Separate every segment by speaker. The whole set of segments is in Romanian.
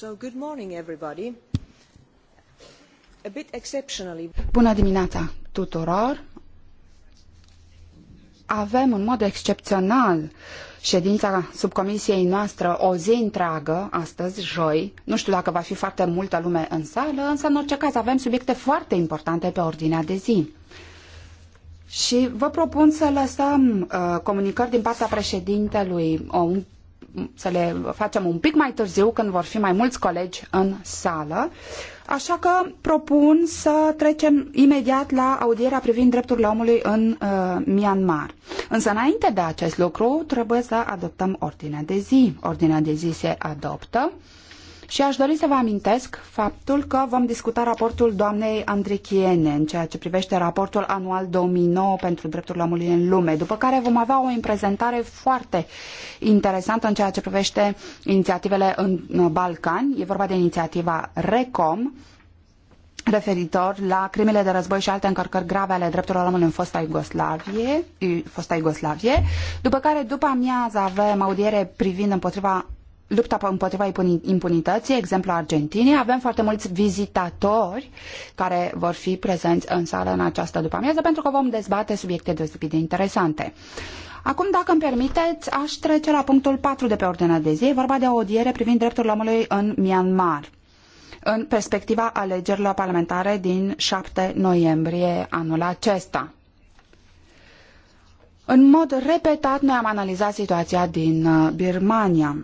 Speaker 1: good morning everybody. A bit exceptionally...
Speaker 2: Bună dimineața tuturor! Avem în mod excepțional ședința subcomisiei noastre o zi întreagă, astăzi, joi. Nu știu dacă va fi foarte multă lume în sală, însă în orice caz avem subiecte foarte importante pe ordinea de zi. Și vă propun să lăsăm uh, comunicări din partea președintelui o, să le facem un pic mai târziu când vor fi mai mulți colegi în sală. Așa că propun să trecem imediat la audierea privind drepturile omului în uh, Myanmar. Însă înainte de acest lucru trebuie să adoptăm ordinea de zi. Ordinea de zi se adoptă. Și aș dori să vă amintesc faptul că vom discuta raportul doamnei Andrichiene în ceea ce privește raportul anual 2009 pentru drepturile omului în lume, după care vom avea o prezentare foarte interesantă în ceea ce privește inițiativele în Balcani. E vorba de inițiativa RECOM, referitor la crimele de război și alte încărcări grave ale drepturilor omului în fosta Iugoslavie, fosta Iugoslavie, după care după amiază avem audiere privind împotriva lupta împotriva impunității, exemplu Argentinii, avem foarte mulți vizitatori care vor fi prezenți în sală în această după-amiază pentru că vom dezbate subiecte deosebit de interesante. Acum, dacă îmi permiteți, aș trece la punctul 4 de pe ordinea de zi, e vorba de o audiere privind drepturile omului în Myanmar în perspectiva alegerilor parlamentare din 7 noiembrie anul acesta. În mod repetat, noi am analizat situația din uh, Birmania.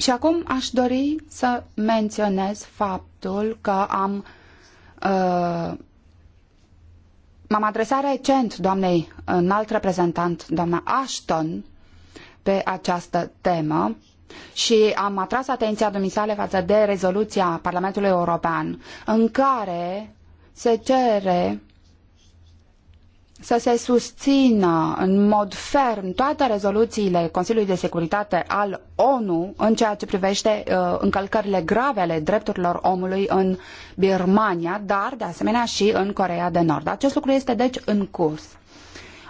Speaker 2: Și acum aș dori să menționez faptul că am uh, m-am adresat recent doamnei înalt reprezentant, doamna Ashton, pe această temă și am atras atenția dumisale față de rezoluția Parlamentului European în care se cere să se susțină în mod ferm toate rezoluțiile Consiliului de Securitate al ONU în ceea ce privește uh, încălcările grave ale drepturilor omului în Birmania, dar de asemenea și în Coreea de Nord. Acest lucru este deci în curs.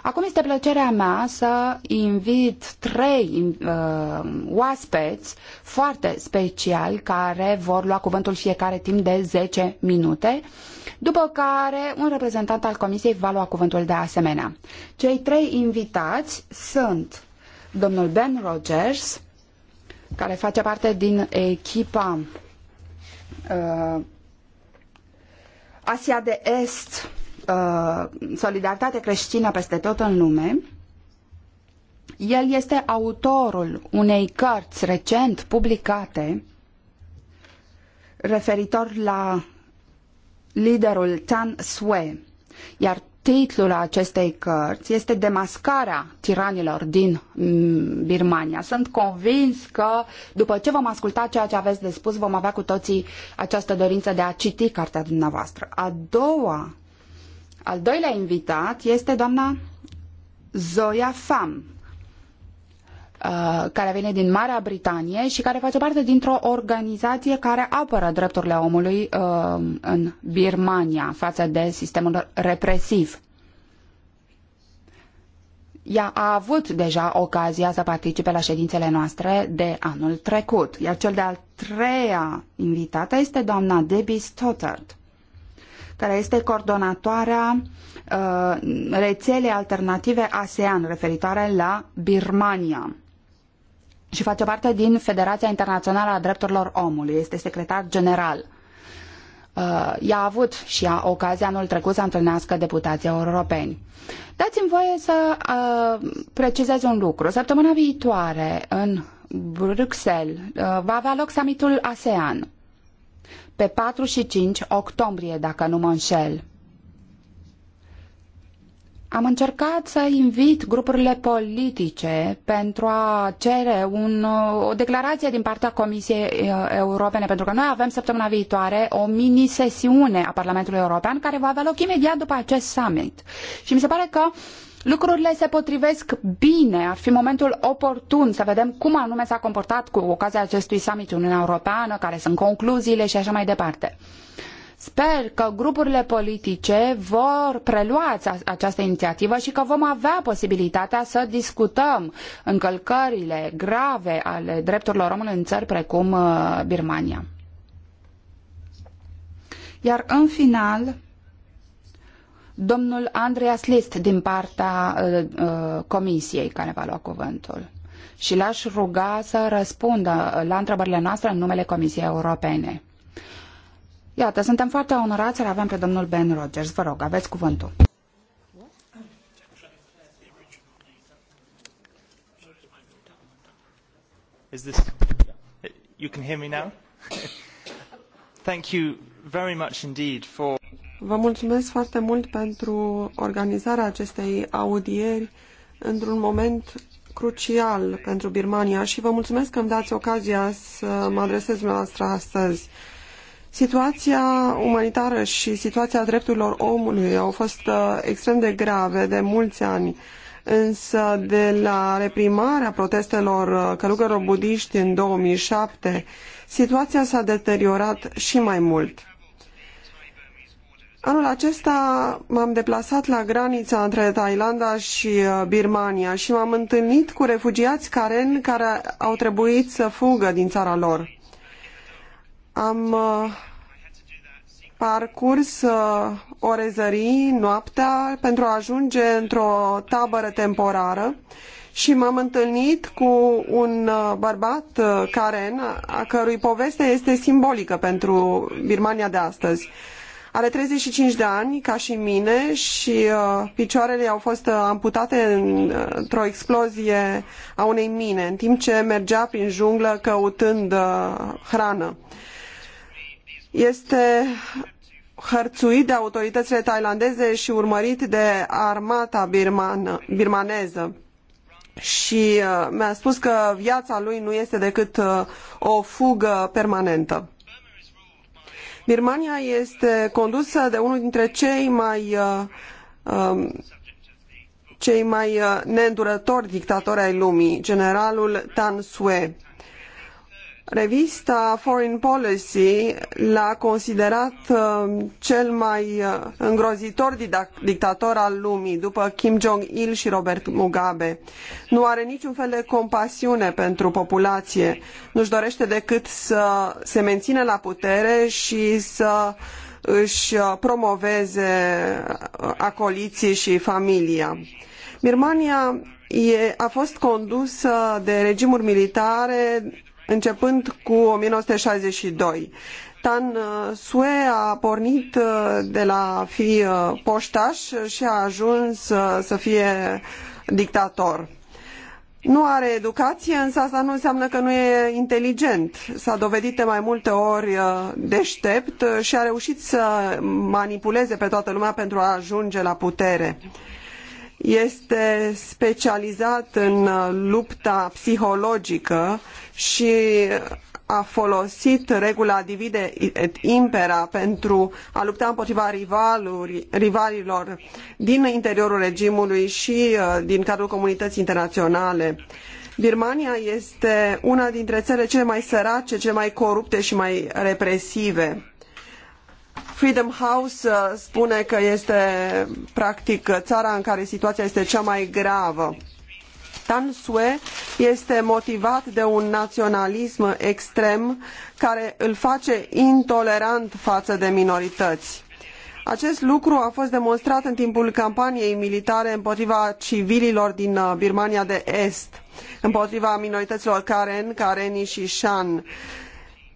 Speaker 2: Acum este plăcerea mea să invit trei uh, oaspeți foarte speciali care vor lua cuvântul fiecare timp de 10 minute, după care un reprezentant al comisiei va lua cuvântul de asemenea. Cei trei invitați sunt domnul Ben Rogers, care face parte din echipa uh, Asia de Est Uh, solidaritate creștină peste tot în lume. El este autorul unei cărți recent publicate referitor la liderul Tan Sue, iar titlul acestei cărți este Demascarea tiranilor din mm, Birmania. Sunt convins că după ce vom asculta ceea ce aveți de spus, vom avea cu toții această dorință de a citi cartea dumneavoastră. A doua al doilea invitat este doamna Zoya Pham, uh, care vine din Marea Britanie și care face parte dintr-o organizație care apără drepturile omului uh, în Birmania față de sistemul represiv. Ea a avut deja ocazia să participe la ședințele noastre de anul trecut, iar cel de-al treia invitată este doamna Debbie Stothert care este coordonatoarea uh, rețelei alternative ASEAN referitoare la Birmania și face parte din Federația Internațională a Drepturilor Omului, este secretar general. ea uh, a avut și a ocazia anul trecut să întâlnească deputații europeni. Dați-mi voie să uh, precizez un lucru. Săptămâna viitoare în Bruxelles uh, va avea loc summitul ASEAN pe 4 și 5 octombrie, dacă nu mă înșel. Am încercat să invit grupurile politice pentru a cere un, o declarație din partea Comisiei uh, Europene, pentru că noi avem săptămâna viitoare o mini-sesiune a Parlamentului European care va avea loc imediat după acest summit. Și mi se pare că uh, Lucrurile se potrivesc bine, ar fi momentul oportun să vedem cum anume s-a comportat cu ocazia acestui summit Uniunea Europeană, care sunt concluziile și așa mai departe. Sper că grupurile politice vor prelua această inițiativă și că vom avea posibilitatea să discutăm încălcările grave ale drepturilor omului în țări precum uh, Birmania. Iar în final, domnul Andreas List din partea uh, uh, comisiei care va lua cuvântul. Și l-aș ruga să răspundă uh, la întrebările noastre în numele Comisiei Europene. Iată, suntem foarte onorați să avem pe domnul Ben Rogers. Vă rog, aveți cuvântul.
Speaker 3: Is this... You can hear me now? Thank you very much indeed for Vă mulțumesc foarte mult pentru organizarea acestei audieri într-un moment crucial pentru Birmania și vă mulțumesc că îmi dați ocazia să mă adresez dumneavoastră astăzi. Situația umanitară și situația drepturilor omului au fost uh, extrem de grave de mulți ani, însă de la reprimarea protestelor uh, călugărilor budiști în 2007, situația s-a deteriorat și mai mult. Anul acesta m-am deplasat la granița între Thailanda și uh, Birmania și m-am întâlnit cu refugiați karen care au trebuit să fugă din țara lor. Am uh, parcurs uh, o rezării noaptea pentru a ajunge într-o tabără temporară și m-am întâlnit cu un bărbat, Karen, a cărui poveste este simbolică pentru Birmania de astăzi. Are 35 de ani, ca și mine, și uh, picioarele au fost uh, amputate uh, într-o explozie a unei mine, în timp ce mergea prin junglă căutând hrană. Este hărțuit de autoritățile tailandeze și urmărit de armata birmană, birmaneză. Și mi-a spus că viața lui nu este decât o fugă permanentă. Birmania este condusă de unul dintre cei mai uh, um, cei mai uh, neîndurători dictatori ai lumii, generalul Tan Sue Revista Foreign Policy l-a considerat uh, cel mai uh, îngrozitor dictator al lumii, după Kim Jong-il și Robert Mugabe. Nu are niciun fel de compasiune pentru populație. Nu-și dorește decât să se mențină la putere și să își uh, promoveze acoliții și familia. Birmania a fost condusă de regimuri militare începând cu 1962. Tan uh, Sue a pornit uh, de la a fi uh, poștaș și a ajuns să fie dictator. Nu are educație, însă asta nu înseamnă că nu e inteligent. S-a dovedit de mai multe ori deștept și a reușit să manipuleze pe toată lumea pentru a ajunge la putere este specializat în uh, lupta psihologică și a folosit regula divide et impera pentru a lupta împotriva rivaluri, rivalilor din interiorul regimului și uh, din cadrul comunității internaționale. Birmania este una dintre țările cele mai sărace, cele mai corupte și mai represive Freedom House uh, spune că este practic uh, țara în care situația este cea mai gravă. Tan Sue este motivat de un naționalism extrem care îl face intolerant față de minorități. Acest lucru a fost demonstrat în timpul campaniei militare împotriva civililor din uh, Birmania de Est, împotriva minorităților Karen, Karenii și Shan.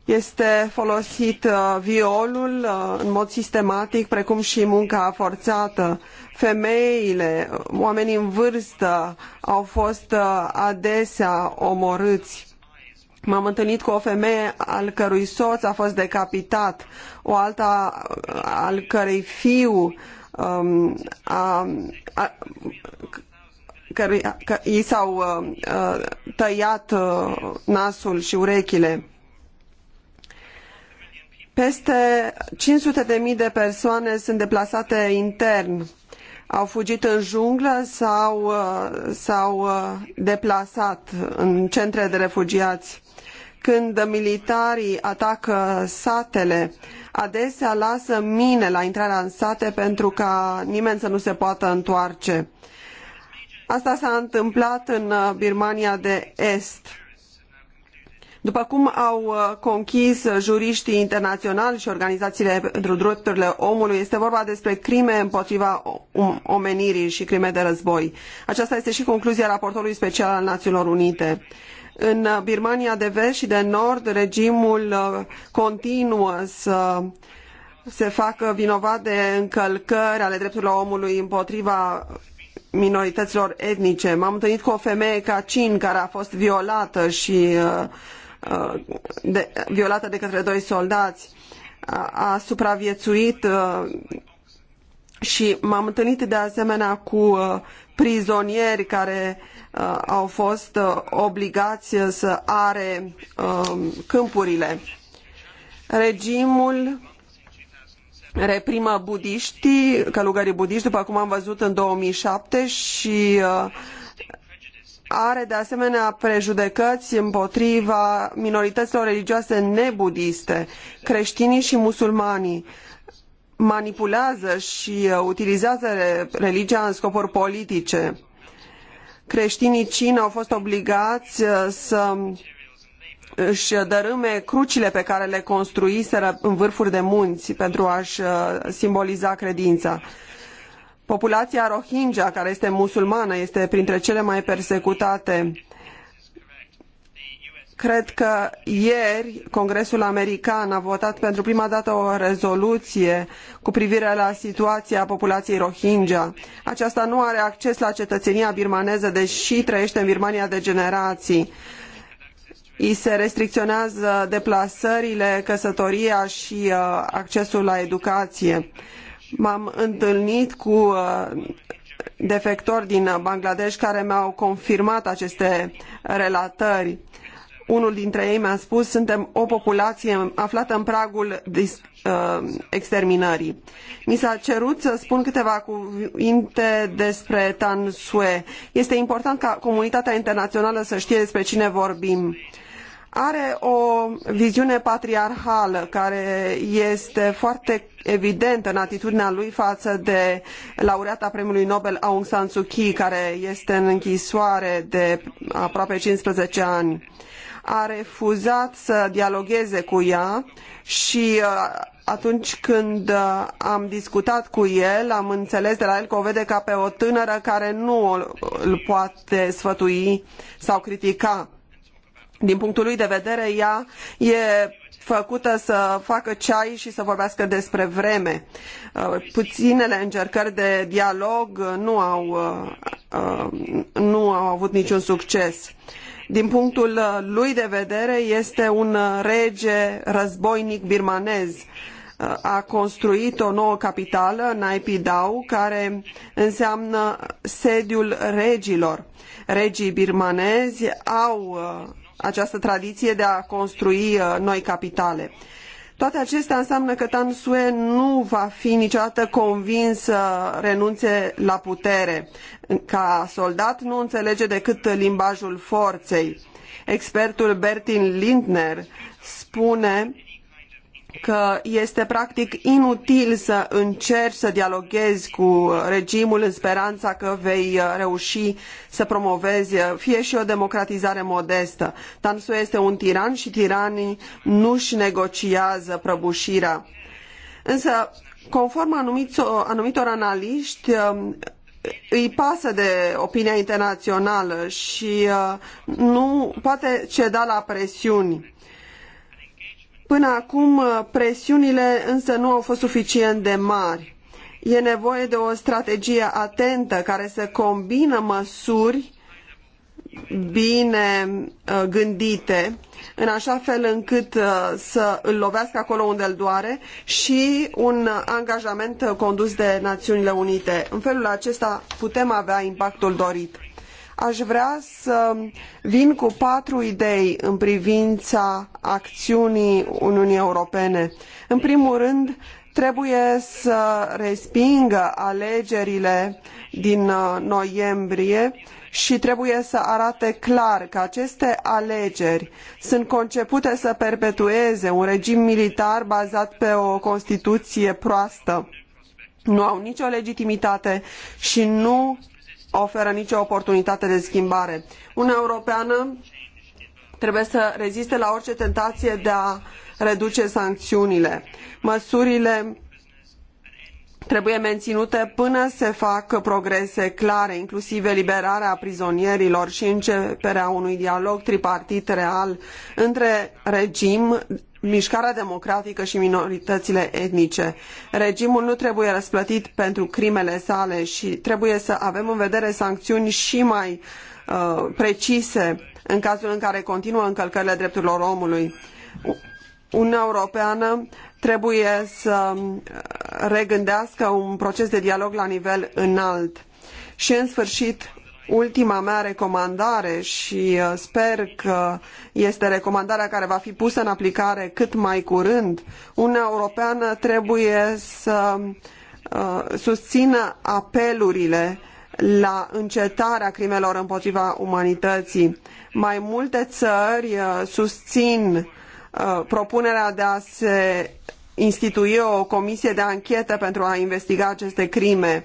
Speaker 3: Este folosit uh, violul uh, în mod sistematic, precum și munca forțată. Femeile, oamenii în vârstă au fost uh, adesea omorâți. M-am întâlnit cu o femeie al cărui soț a fost decapitat, o alta al cărei fiu um, a, a, căruia, că, i s-au uh, tăiat uh, nasul și urechile. Peste 500.000 de persoane sunt deplasate intern. Au fugit în junglă sau uh, s-au uh, deplasat în centre de refugiați. Când militarii atacă satele, adesea lasă mine la intrarea în sate pentru ca nimeni să nu se poată întoarce. Asta s-a întâmplat în uh, Birmania de Est după cum au uh, conchis uh, juriștii internaționali și organizațiile pentru drepturile omului, este vorba despre crime împotriva omenirii și crime de război. Aceasta este și concluzia raportului special al Națiunilor Unite. În uh, Birmania de vest și de nord, regimul continuă să se facă vinovat de încălcări ale drepturilor omului împotriva minorităților etnice. M-am întâlnit cu o femeie Kachin care a fost violată și uh, Uh, de, violată de către doi soldați. A supraviețuit uh, și m-am întâlnit de asemenea cu uh, prizonieri care au fost obligați să are um, câmpurile. Regimul reprimă budiștii, călugării budiști, după cum am văzut în 2007 și are de asemenea prejudecăți împotriva minorităților religioase nebudiste, creștinii și musulmanii manipulează și utilizează religia în scopuri politice. Creștinii cini au fost obligați uh, să își dărâme crucile pe care le construiseră în vârfuri de munți pentru a-și uh, simboliza credința. Populația Rohingya, care este musulmană, este printre cele mai persecutate. Cred că ieri Congresul American a votat pentru prima dată o rezoluție cu privire la situația populației Rohingya. Aceasta nu are acces la cetățenia birmaneză, deși trăiește în Birmania de generații i se restricționează deplasările, căsătoria și uh, accesul la educație. M-am întâlnit cu uh, defectori din Bangladesh care mi-au confirmat aceste relatări. Unul dintre ei mi-a spus, suntem o populație aflată în pragul uh, exterminării. Mi s-a cerut să spun câteva cuvinte despre Tan Sue. Este important ca comunitatea internațională să știe despre cine vorbim are o viziune patriarhală care este foarte evidentă în atitudinea lui față de laureata premiului Nobel Aung San Suu Kyi, care este în închisoare de aproape 15 ani. A refuzat să dialogueze cu ea și uh, atunci când uh, am discutat cu el, am înțeles de la el că o vede ca pe o tânără care nu îl poate sfătui sau critica din punctul lui de vedere, ea e făcută să facă ceai și să vorbească despre vreme. Uh, puținele încercări de dialog nu au, uh, uh, nu au avut niciun succes. Din punctul lui de vedere, este un rege războinic birmanez. A construit o nouă capitală, Naipidau, care înseamnă sediul regilor. Regii birmanezi au această tradiție de a construi uh, noi capitale. Toate acestea înseamnă că Tan Sue nu va fi niciodată convins să uh, renunțe la putere. Ca soldat nu înțelege decât limbajul forței. Expertul Bertin Lindner spune că este practic inutil să încerci să dialoghezi cu regimul în speranța că vei uh, reuși să promovezi uh, fie și o democratizare modestă. Tansu este un tiran și tiranii nu-și negociază prăbușirea. Însă, conform uh, anumitor analiști, um, îi pasă de opinia internațională și nu poate ceda la presiuni Până acum, uh, presiunile însă nu au fost suficient de mari. E nevoie de o strategie atentă care să combină măsuri bine uh, gândite, în așa fel încât uh, să îl lovească acolo unde îl doare și un angajament condus de Națiunile Unite. În felul acesta putem avea impactul dorit. Aș vrea să vin cu patru idei în privința acțiunii Uniunii Europene. În primul rând, trebuie să respingă alegerile din uh, noiembrie și trebuie să arate clar că aceste alegeri sunt concepute să perpetueze un regim militar bazat pe o Constituție proastă. Nu au nicio legitimitate și nu oferă nicio oportunitate de schimbare. Uniunea Europeană trebuie să reziste la orice tentație de a reduce sancțiunile. Măsurile trebuie menținute până se fac progrese clare, inclusiv eliberarea prizonierilor și începerea unui dialog tripartit real între regim mișcarea democratică și minoritățile etnice. Regimul nu trebuie răsplătit pentru crimele sale și trebuie să avem în vedere sancțiuni și mai uh, precise în cazul în care continuă încălcările drepturilor omului. Uniunea Europeană trebuie să uh, regândească un proces de dialog la nivel înalt. Și în sfârșit, ultima mea recomandare și uh, sper că este recomandarea care va fi pusă în aplicare cât mai curând, Uniunea Europeană trebuie să uh, susțină apelurile la încetarea crimelor împotriva umanității. Mai multe țări uh, susțin propunerea de a se institui o comisie de anchetă pentru a investiga aceste crime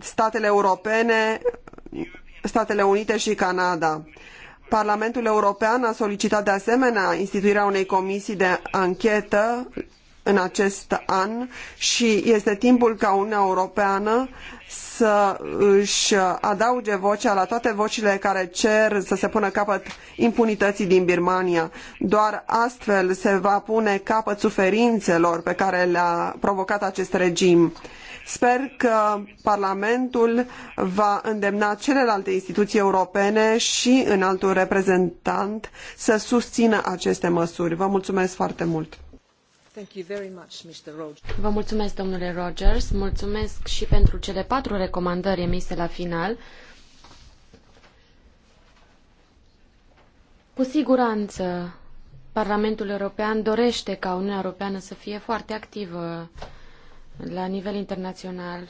Speaker 3: statele europene, Statele Unite și Canada. Parlamentul European a solicitat de asemenea instituirea unei comisii de anchetă în acest an și este timpul ca Uniunea Europeană să își adauge vocea la toate vocile care cer să se pună capăt impunității din Birmania. Doar astfel se va pune capăt suferințelor pe care le-a provocat acest regim. Sper că Parlamentul va îndemna celelalte instituții europene și în altul reprezentant să susțină aceste măsuri. Vă mulțumesc foarte mult!
Speaker 4: Vă mulțumesc, domnule Rogers, mulțumesc și pentru cele patru recomandări emise la final. Cu siguranță, Parlamentul European dorește ca Uniunea Europeană să fie foarte activă la nivel internațional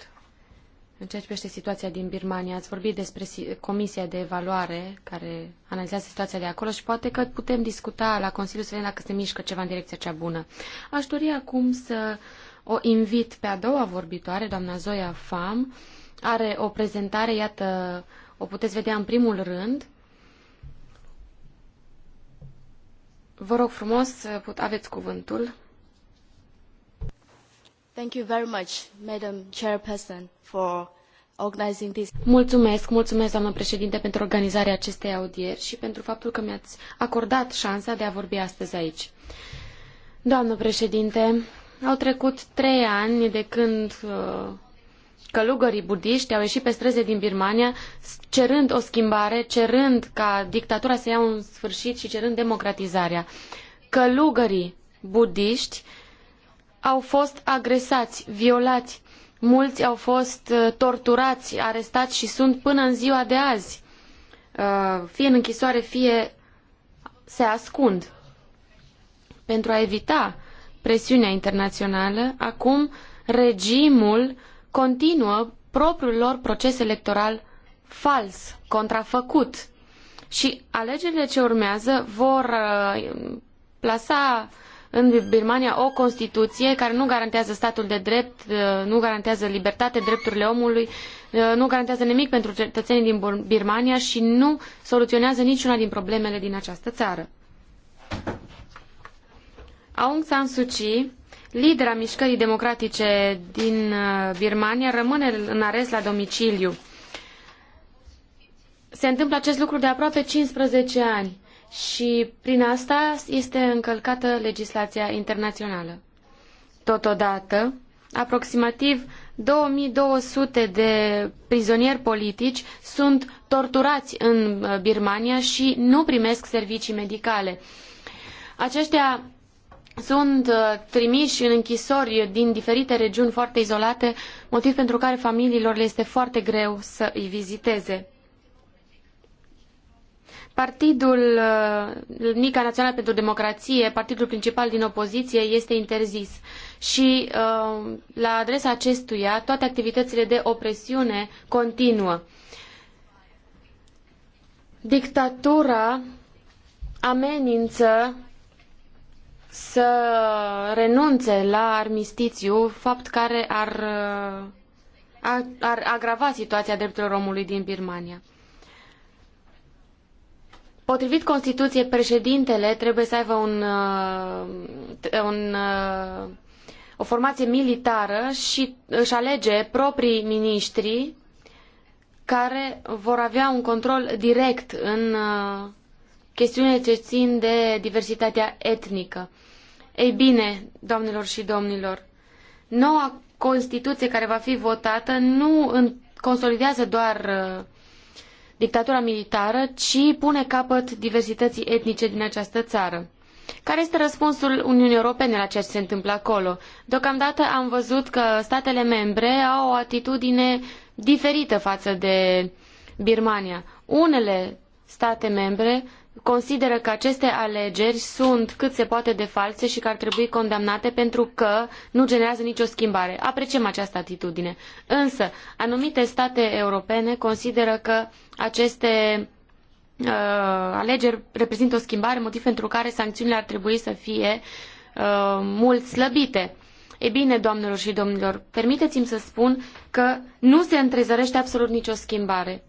Speaker 4: în ceea ce privește situația din Birmania. Ați vorbit despre Comisia de Evaluare care analizează situația de acolo și poate că putem discuta la Consiliu să vedem dacă se mișcă ceva în direcția cea bună. Aș dori acum să o invit pe a doua vorbitoare, doamna Zoia Fam. Are o prezentare, iată, o puteți vedea în primul rând. Vă rog frumos, aveți cuvântul.
Speaker 2: Thank you very much, Madam
Speaker 4: Chairperson, for organizing this. Mulțumesc, mulțumesc, doamnă președinte, pentru organizarea acestei audieri și pentru faptul că mi-ați acordat șansa de a vorbi astăzi aici. Doamnă președinte, au trecut trei ani de când uh, călugării budiști au ieșit pe străzi din Birmania cerând o schimbare, cerând ca dictatura să ia un sfârșit și cerând democratizarea. Călugării budiști au fost agresați, violați, mulți au fost uh, torturați, arestați și sunt până în ziua de azi, uh, fie în închisoare, fie se ascund. Pentru a evita presiunea internațională, acum regimul continuă propriul lor proces electoral fals, contrafăcut. Și alegerile ce urmează vor uh, plasa în Birmania o Constituție care nu garantează statul de drept, uh, nu garantează libertate, drepturile omului, uh, nu garantează nimic pentru cetățenii din Birmania și nu soluționează niciuna din problemele din această țară. Aung San Suu Kyi, lidera mișcării democratice din uh, Birmania, rămâne în arest la domiciliu. Se întâmplă acest lucru de aproape 15 ani și prin asta este încălcată legislația internațională. Totodată, aproximativ 2200 de prizonieri politici sunt torturați în uh, Birmania și nu primesc servicii medicale. Aceștia sunt uh, trimiși în închisori din diferite regiuni foarte izolate, motiv pentru care familiilor le este foarte greu să îi viziteze. Partidul uh, Mica Națională pentru Democrație, partidul principal din opoziție, este interzis. Și uh, la adresa acestuia, toate activitățile de opresiune continuă. Dictatura amenință să renunțe la armistițiu, fapt care ar, uh, ar, ar agrava situația drepturilor omului din Birmania. Potrivit Constituției, președintele trebuie să aibă un, uh, un, uh, o formație militară și își alege proprii miniștri care vor avea un control direct în uh, chestiunile ce țin de diversitatea etnică. Ei bine, doamnelor și domnilor, noua Constituție care va fi votată nu consolidează doar uh, dictatura militară, ci pune capăt diversității etnice din această țară. Care este răspunsul Uniunii Europene la ceea ce se întâmplă acolo? Deocamdată am văzut că statele membre au o atitudine diferită față de Birmania. Unele state membre consideră că aceste alegeri sunt cât se poate de false și că ar trebui condamnate pentru că nu generează nicio schimbare. Apreciem această atitudine. Însă, anumite state europene consideră că aceste uh, alegeri reprezintă o schimbare, motiv pentru care sancțiunile ar trebui să fie uh, mult slăbite. E bine, doamnelor și domnilor, permiteți-mi să spun că nu se întrezărește absolut nicio schimbare.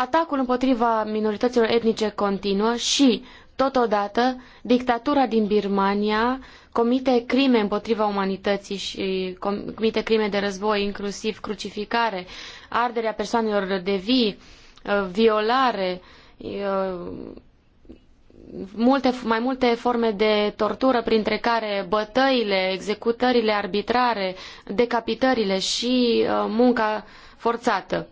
Speaker 4: Atacul împotriva minorităților etnice continuă și, totodată, dictatura din Birmania comite crime împotriva umanității și comite crime de război, inclusiv crucificare, arderea persoanelor de vii, uh, violare, uh, multe, mai multe forme de tortură, printre care bătăile, executările arbitrare, decapitările și uh, munca forțată.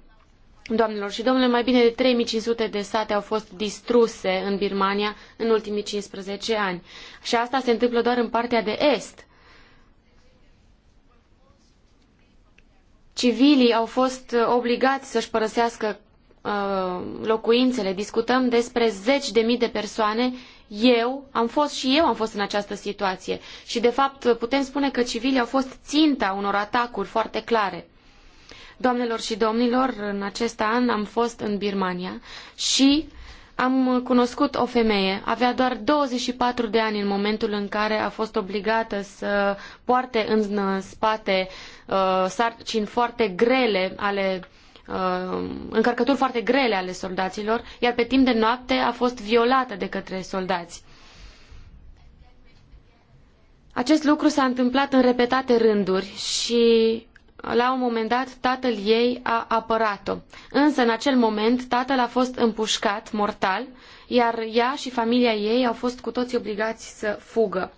Speaker 4: Doamnelor și domnule, mai bine de 3500 de sate au fost distruse în Birmania în ultimii 15 ani. Și asta se întâmplă doar în partea de est. Civilii au fost uh, obligați să-și părăsească uh, locuințele. Discutăm despre zeci de mii de persoane. Eu am fost și eu am fost în această situație. Și de fapt putem spune că civilii au fost ținta unor atacuri foarte clare și în acest an am fost în Birmania și am cunoscut o femeie, avea doar 24 de ani în momentul în care a fost obligată să poarte în spate uh, sarcini foarte grele ale uh, încărcături foarte grele ale soldaților, iar pe timp de noapte a fost violată de către soldați. Acest lucru s-a întâmplat în repetate rânduri și la un moment dat, tatăl ei a apărat-o. Însă, în acel moment, tatăl a fost împușcat mortal, iar ea și familia ei au fost cu toți obligați să fugă.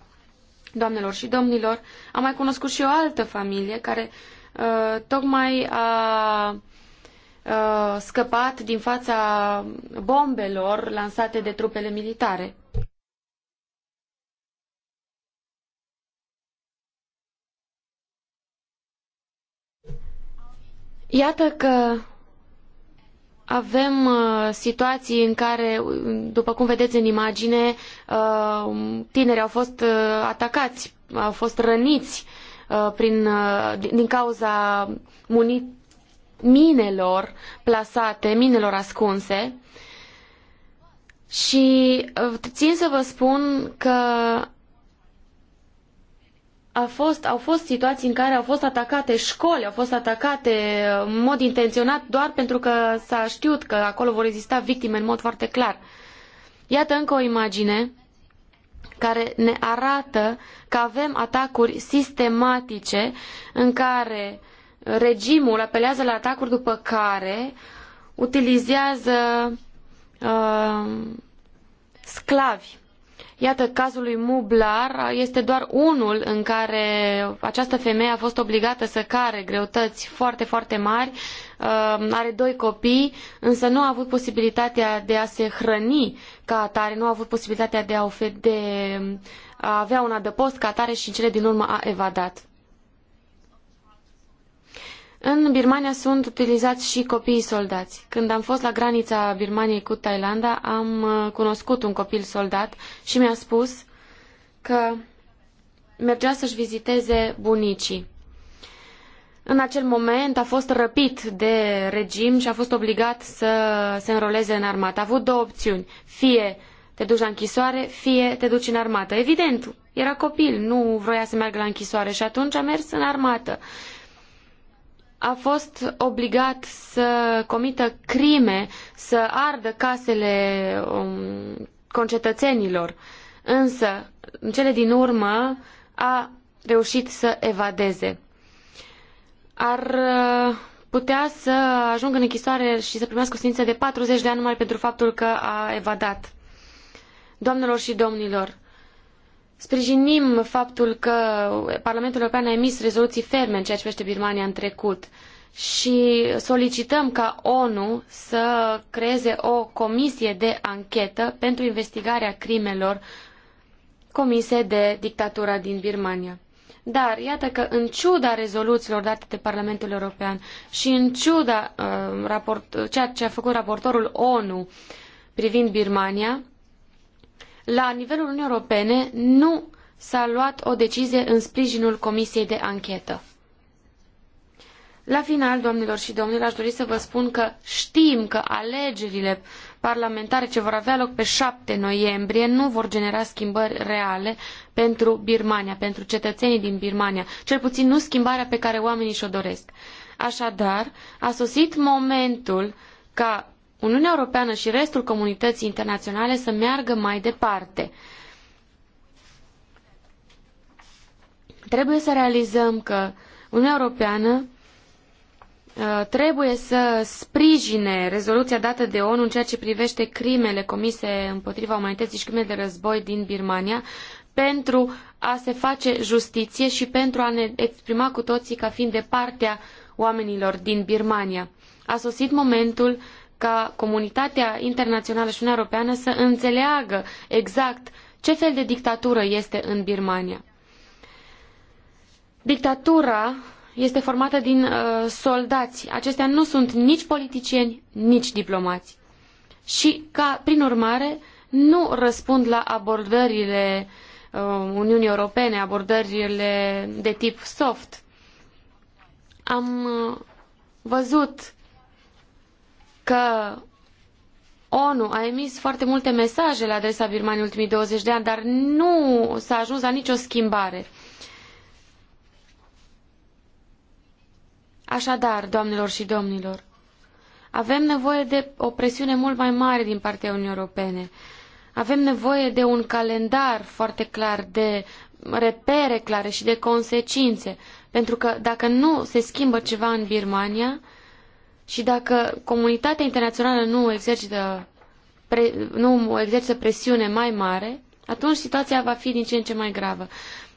Speaker 4: Doamnelor și domnilor, am mai cunoscut și o altă familie care uh, tocmai a uh, scăpat din fața bombelor lansate de trupele militare. Iată că avem uh, situații în care, după cum vedeți în imagine, uh, tineri au fost uh, atacați, au fost răniți uh, prin, din cauza muni- minelor plasate, minelor ascunse. Și țin să vă spun că a fost, au fost situații în care au fost atacate școli, au fost atacate în mod intenționat doar pentru că s-a știut că acolo vor exista victime în mod foarte clar. Iată încă o imagine care ne arată că avem atacuri sistematice în care regimul apelează la atacuri după care utilizează uh, sclavi Iată, cazul lui Mublar este doar unul în care această femeie a fost obligată să care greutăți foarte, foarte mari, uh, are doi copii, însă nu a avut posibilitatea de a se hrăni ca atare, nu a avut posibilitatea de a, ofer, de a avea un adăpost ca atare și în cele din urmă a evadat. În Birmania sunt utilizați și copiii soldați. Când am fost la granița Birmaniei cu Thailanda, am uh, cunoscut un copil soldat și mi-a spus că mergea să-și viziteze bunicii. În acel moment a fost răpit de regim și a fost obligat să se înroleze în armată. A avut două opțiuni. Fie te duci la închisoare, fie te duci în armată. Evident, era copil, nu vroia să meargă la închisoare și atunci a mers în armată a fost obligat să comită crime, să ardă casele um, concetățenilor. Însă, în cele din urmă, a reușit să evadeze. Ar uh, putea să ajungă în închisoare și să primească o sentință de 40 de ani numai pentru faptul că a evadat. Doamnelor și domnilor, Sprijinim faptul că Parlamentul European a emis rezoluții ferme în ceea ce privește Birmania în trecut și solicităm ca ONU să creeze o comisie de anchetă pentru investigarea crimelor comise de dictatura din Birmania. Dar iată că în ciuda rezoluțiilor date de Parlamentul European și în ciuda uh, raport, ceea ce a făcut raportorul ONU privind Birmania, la nivelul Uniunii Europene nu s-a luat o decizie în sprijinul Comisiei de Anchetă. La final, doamnelor și domnilor, aș dori să vă spun că știm că alegerile parlamentare ce vor avea loc pe 7 noiembrie nu vor genera schimbări reale pentru Birmania, pentru cetățenii din Birmania, cel puțin nu schimbarea pe care oamenii și-o doresc. Așadar, a sosit momentul ca Uniunea Europeană și restul comunității internaționale să meargă mai departe. Trebuie să realizăm că Uniunea Europeană uh, trebuie să sprijine rezoluția dată de ONU în ceea ce privește crimele comise împotriva umanității și crimele de război din Birmania pentru a se face justiție și pentru a ne exprima cu toții ca fiind de partea oamenilor din Birmania. A sosit momentul uh, ca comunitatea internațională și Uniunea Europeană să înțeleagă exact ce fel de dictatură este în Birmania. Dictatura este formată din uh, soldați. Aceștia nu sunt nici politicieni, nici diplomați. Și ca, prin urmare, nu răspund la abordările uh, Uniunii Europene, abordările de tip soft. Am uh, văzut că ONU a emis foarte multe mesaje la adresa Birmaniei în ultimii 20 de ani, dar nu s-a ajuns la nicio schimbare. Așadar, doamnelor și domnilor, avem nevoie de o presiune mult mai mare din partea Uniunii Europene. Avem nevoie de un calendar foarte clar, de repere clare și de consecințe. Pentru că dacă nu se schimbă ceva în Birmania, și dacă comunitatea internațională nu exercită, pre, nu exercită presiune mai mare, atunci situația va fi din ce în ce mai gravă.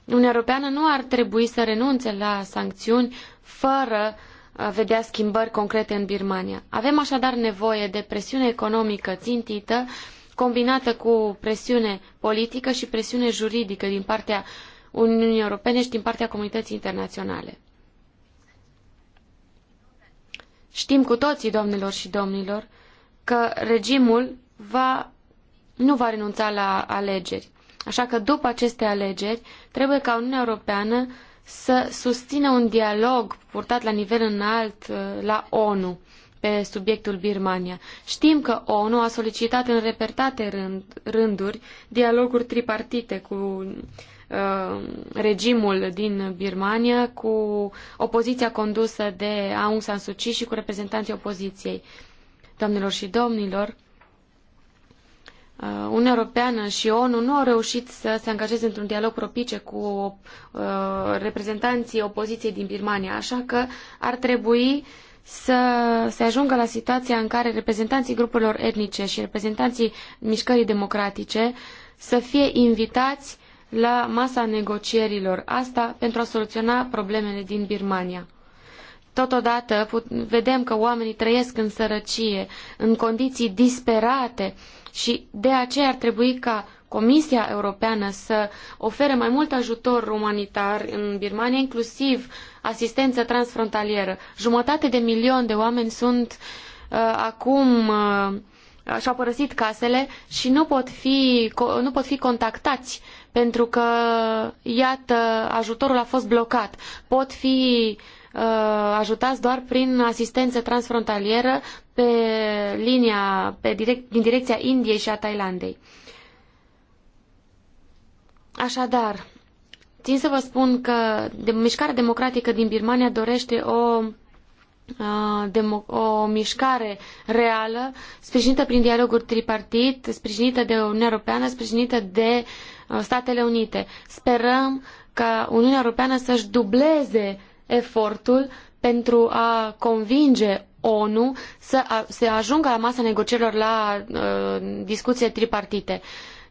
Speaker 4: Uniunea Europeană nu ar trebui să renunțe la sancțiuni fără a vedea schimbări concrete în Birmania. Avem așadar nevoie de presiune economică țintită, combinată cu presiune politică și presiune juridică din partea Uniunii Europene și din partea comunității internaționale. Știm cu toții, domnilor și domnilor, că regimul va, nu va renunța la alegeri. Așa că după aceste alegeri trebuie ca Uniunea Europeană să susțină un dialog purtat la nivel înalt uh, la ONU pe subiectul Birmania. Știm că ONU a solicitat în repetate rând, rânduri dialoguri tripartite cu Uh, regimul din Birmania cu opoziția condusă de Aung San Suu Kyi și cu reprezentanții opoziției. Doamnelor și domnilor, uh, Uniunea Europeană și ONU nu au reușit să se angajeze într-un dialog propice cu uh, reprezentanții opoziției din Birmania, așa că ar trebui să se ajungă la situația în care reprezentanții grupurilor etnice și reprezentanții mișcării democratice să fie invitați la masa negocierilor, asta pentru a soluționa problemele din Birmania. Totodată vedem că oamenii trăiesc în sărăcie, în condiții disperate și de aceea ar trebui ca Comisia Europeană să ofere mai mult ajutor umanitar în Birmania, inclusiv asistență transfrontalieră. Jumătate de milion de oameni sunt uh, acum uh, și-au părăsit casele și nu pot fi, nu pot fi contactați uh, pentru că, iată, ajutorul a fost blocat. Pot fi uh, ajutați doar prin asistență transfrontalieră pe linia, pe direct, din direcția Indiei și a Thailandei. Așadar, țin să vă spun că de, mișcarea democratică din Birmania dorește o uh, o mișcare reală, sprijinită prin dialoguri tripartit, sprijinită de Uniunea Europeană, sprijinită de Uh, Statele Unite. Sperăm ca Uniunea Europeană să-și dubleze efortul pentru a convinge ONU să a, se ajungă la masa negocierilor la uh, discuție tripartite.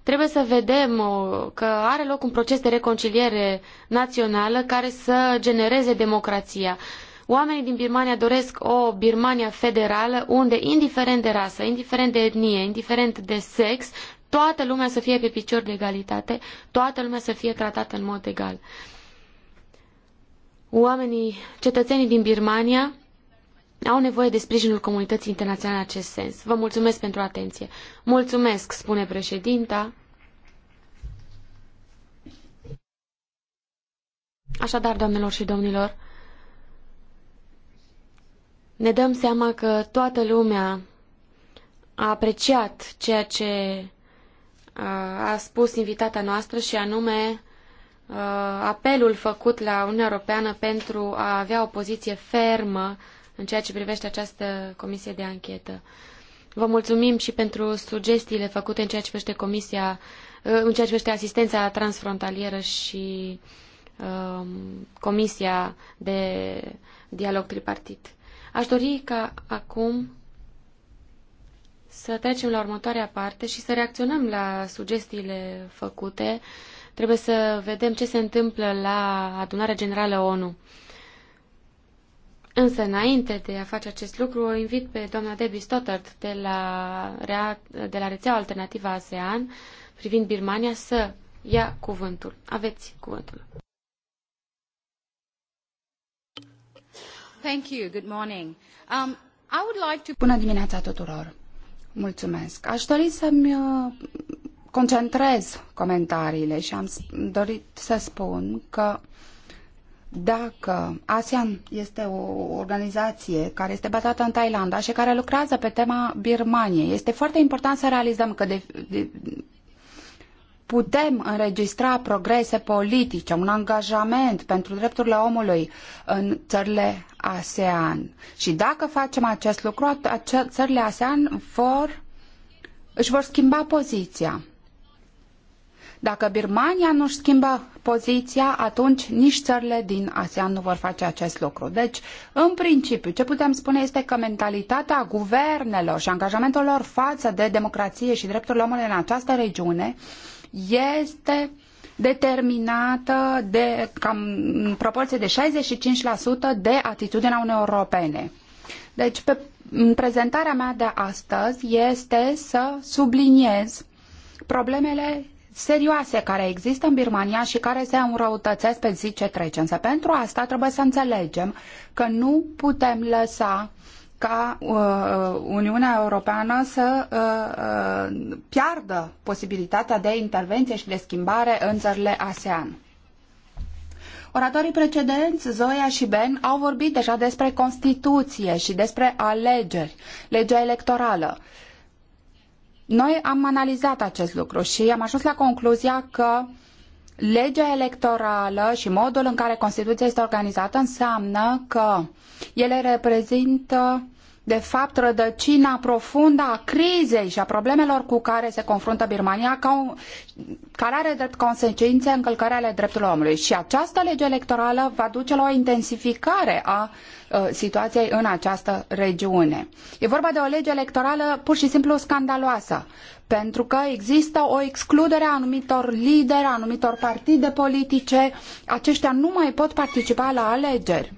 Speaker 4: Trebuie să vedem uh, că are loc un proces de reconciliere națională care să genereze democrația. Oamenii din Birmania doresc o Birmania federală unde, indiferent de rasă, indiferent de etnie, indiferent de sex, toată lumea să fie pe picior de egalitate, toată lumea să fie tratată în mod egal. Oamenii, cetățenii din Birmania au nevoie de sprijinul comunității internaționale în acest sens. Vă mulțumesc pentru atenție. Mulțumesc, spune președinta. Așadar, doamnelor și domnilor, ne dăm seama că toată lumea a apreciat ceea ce a spus invitata noastră și anume apelul făcut la Uniunea Europeană pentru a avea o poziție fermă în ceea ce privește această comisie de anchetă. Vă mulțumim și pentru sugestiile făcute în ceea ce privește comisia, în ceea ce privește asistența transfrontalieră și um, comisia de dialog tripartit. Aș dori ca acum să trecem la următoarea parte și să reacționăm la sugestiile făcute. Trebuie să vedem ce se întâmplă la adunarea generală ONU. Însă, înainte de a face acest lucru, o invit pe doamna Debbie Stottert de la, rea, de la rețeaua alternativă ASEAN privind Birmania să ia cuvântul. Aveți
Speaker 2: cuvântul. Thank you. Good morning. Um, I would like to... Bună dimineața tuturor! Mulțumesc. Aș dori să-mi uh, concentrez comentariile și am dorit să spun că dacă ASEAN este o organizație care este bazată în Thailanda și care lucrează pe tema Birmaniei, este foarte important să realizăm că de, de, putem înregistra progrese politice, un angajament pentru drepturile omului în țările ASEAN. Și dacă facem acest lucru, țările ASEAN vor, își vor schimba poziția. Dacă Birmania nu-și schimbă poziția, atunci nici țările din ASEAN nu vor face acest lucru. Deci, în principiu, ce putem spune este că mentalitatea guvernelor și lor față de democrație și drepturile omului în această regiune uh, este determinată de cam în proporție de 65% de atitudinea unei Europene. Deci, pe, prezentarea mea de astăzi este să subliniez problemele serioase care există în Birmania și care se înrăutățesc pe zi ce trece. Însă pentru asta trebuie să înțelegem că nu putem lăsa ca uh, uh, Uniunea Europeană să uh, piardă posibilitatea de intervenție și de schimbare în țările ASEAN. Oratorii precedenți, Zoia și Ben, au vorbit deja despre Constituție și despre alegeri, legea electorală. Noi am analizat acest lucru și am ajuns la concluzia că uh, legea electorală și modul în care Constituția este organizată înseamnă că ele reprezintă de fapt, rădăcina profundă a crizei și a problemelor cu care se confruntă Birmania, ca care are drept consecințe încălcarea ale drepturilor omului. Și această lege electorală va duce la o intensificare a uh, situației în această regiune. E vorba de o lege electorală pur și simplu scandaloasă, pentru că există o excludere a anumitor lideri, a anumitor partide politice. Aceștia nu mai pot participa la alegeri.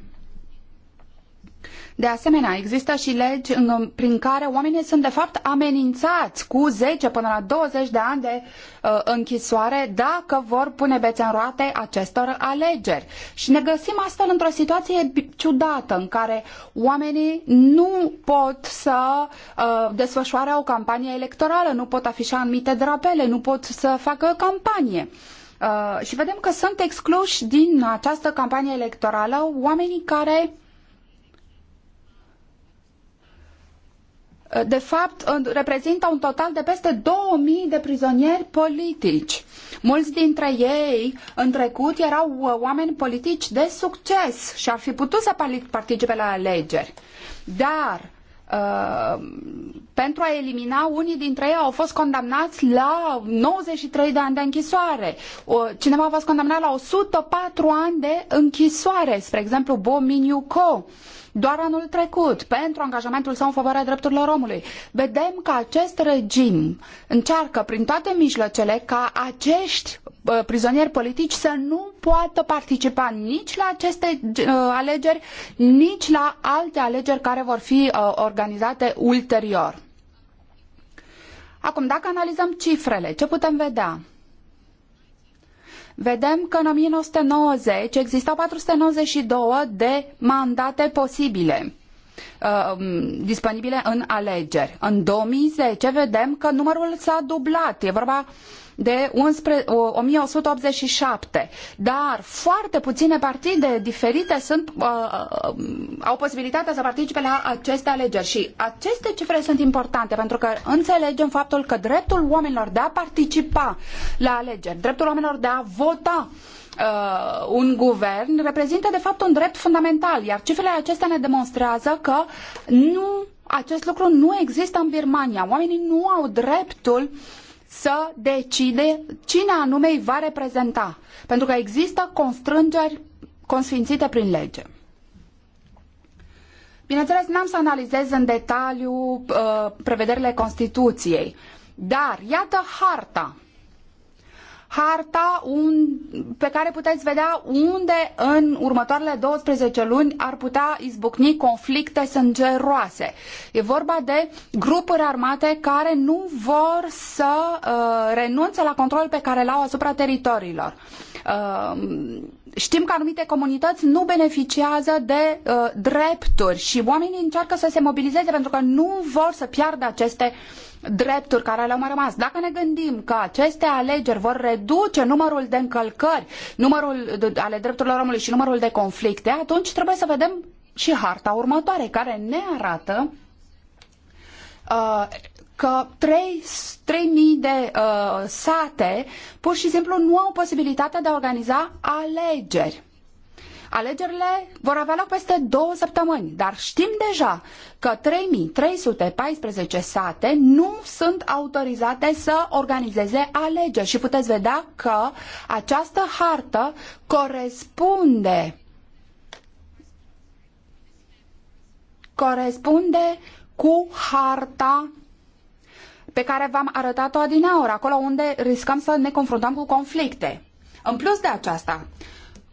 Speaker 2: De asemenea, există și legi în, prin care oamenii sunt de fapt amenințați cu 10 până la 20 de ani de uh, închisoare dacă vor pune bețe în roate acestor alegeri. Și ne găsim astfel într-o situație ciudată în care oamenii nu pot să uh, desfășoare o campanie electorală, nu pot afișa anumite drapele, nu pot să facă campanie. Uh, și vedem că sunt excluși din această campanie electorală oamenii care de fapt reprezintă un total de peste 2000 de prizonieri politici. Mulți dintre ei în trecut erau uh, oameni politici de succes și ar fi putut să participe la alegeri. Dar Uh, pentru a elimina unii dintre ei au fost condamnați la 93 de ani de închisoare. Uh, cineva a fost condamnat la 104 ani de închisoare, spre exemplu Bo Min Yuko. Uh, doar anul trecut pentru angajamentul său în favoarea drepturilor omului. Vedem că acest regim încearcă prin toate mijloacele ca acești uh, prizonieri politici să nu poată participa nici la aceste uh, alegeri, nici la alte alegeri care vor fi uh, organizate ulterior. Acum, dacă analizăm cifrele, ce putem vedea? vedem că în 1990 existau 492 de mandate posibile uh, disponibile în alegeri. În 2010 vedem că numărul s-a dublat. E vorba de 11, 1187, dar foarte puține partide diferite sunt, uh, uh, au posibilitatea să participe la aceste alegeri și aceste cifre sunt importante pentru că înțelegem faptul că dreptul oamenilor de a participa la alegeri, dreptul oamenilor de a vota Uh, un guvern reprezintă de fapt un drept fundamental, iar cifrele acestea ne demonstrează că nu, acest lucru nu există în Birmania. Oamenii nu au dreptul să decide cine anume îi va reprezenta, pentru că există constrângeri consfințite prin lege. Bineînțeles, n-am să analizez în detaliu uh, prevederile Constituției, dar iată harta harta un, pe care puteți vedea unde în următoarele 12 luni ar putea izbucni conflicte sângeroase. E vorba de grupuri armate care nu vor să uh, renunțe la controlul pe care l-au asupra teritoriilor. Uh, Știm că anumite comunități nu beneficiază de uh, drepturi și oamenii încearcă să se mobilizeze pentru că nu vor să piardă aceste drepturi care le-au mai rămas. Dacă ne gândim că aceste alegeri vor reduce numărul de încălcări, numărul de, ale drepturilor omului și numărul de conflicte, atunci trebuie să vedem și harta următoare, care ne arată uh, că trei 3000 de uh, sate pur și simplu nu au posibilitatea de a organiza alegeri. Alegerile vor avea loc peste două săptămâni, dar știm deja că 3314 sate nu sunt autorizate să organizeze alegeri și puteți vedea că această hartă corespunde corespunde cu harta pe care v-am arătat-o adineaori, acolo unde riscăm să ne confruntăm cu conflicte. În plus de aceasta,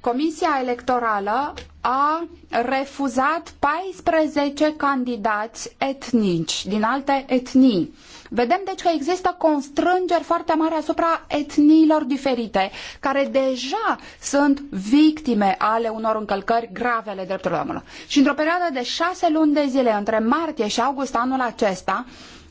Speaker 2: Comisia Electorală a refuzat 14 candidați etnici, din alte etnii. Vedem deci că există constrângeri foarte mari asupra etniilor diferite, care deja sunt victime ale unor încălcări grave ale drepturilor omului. Și într-o perioadă de șase luni de zile, între martie și august anul acesta,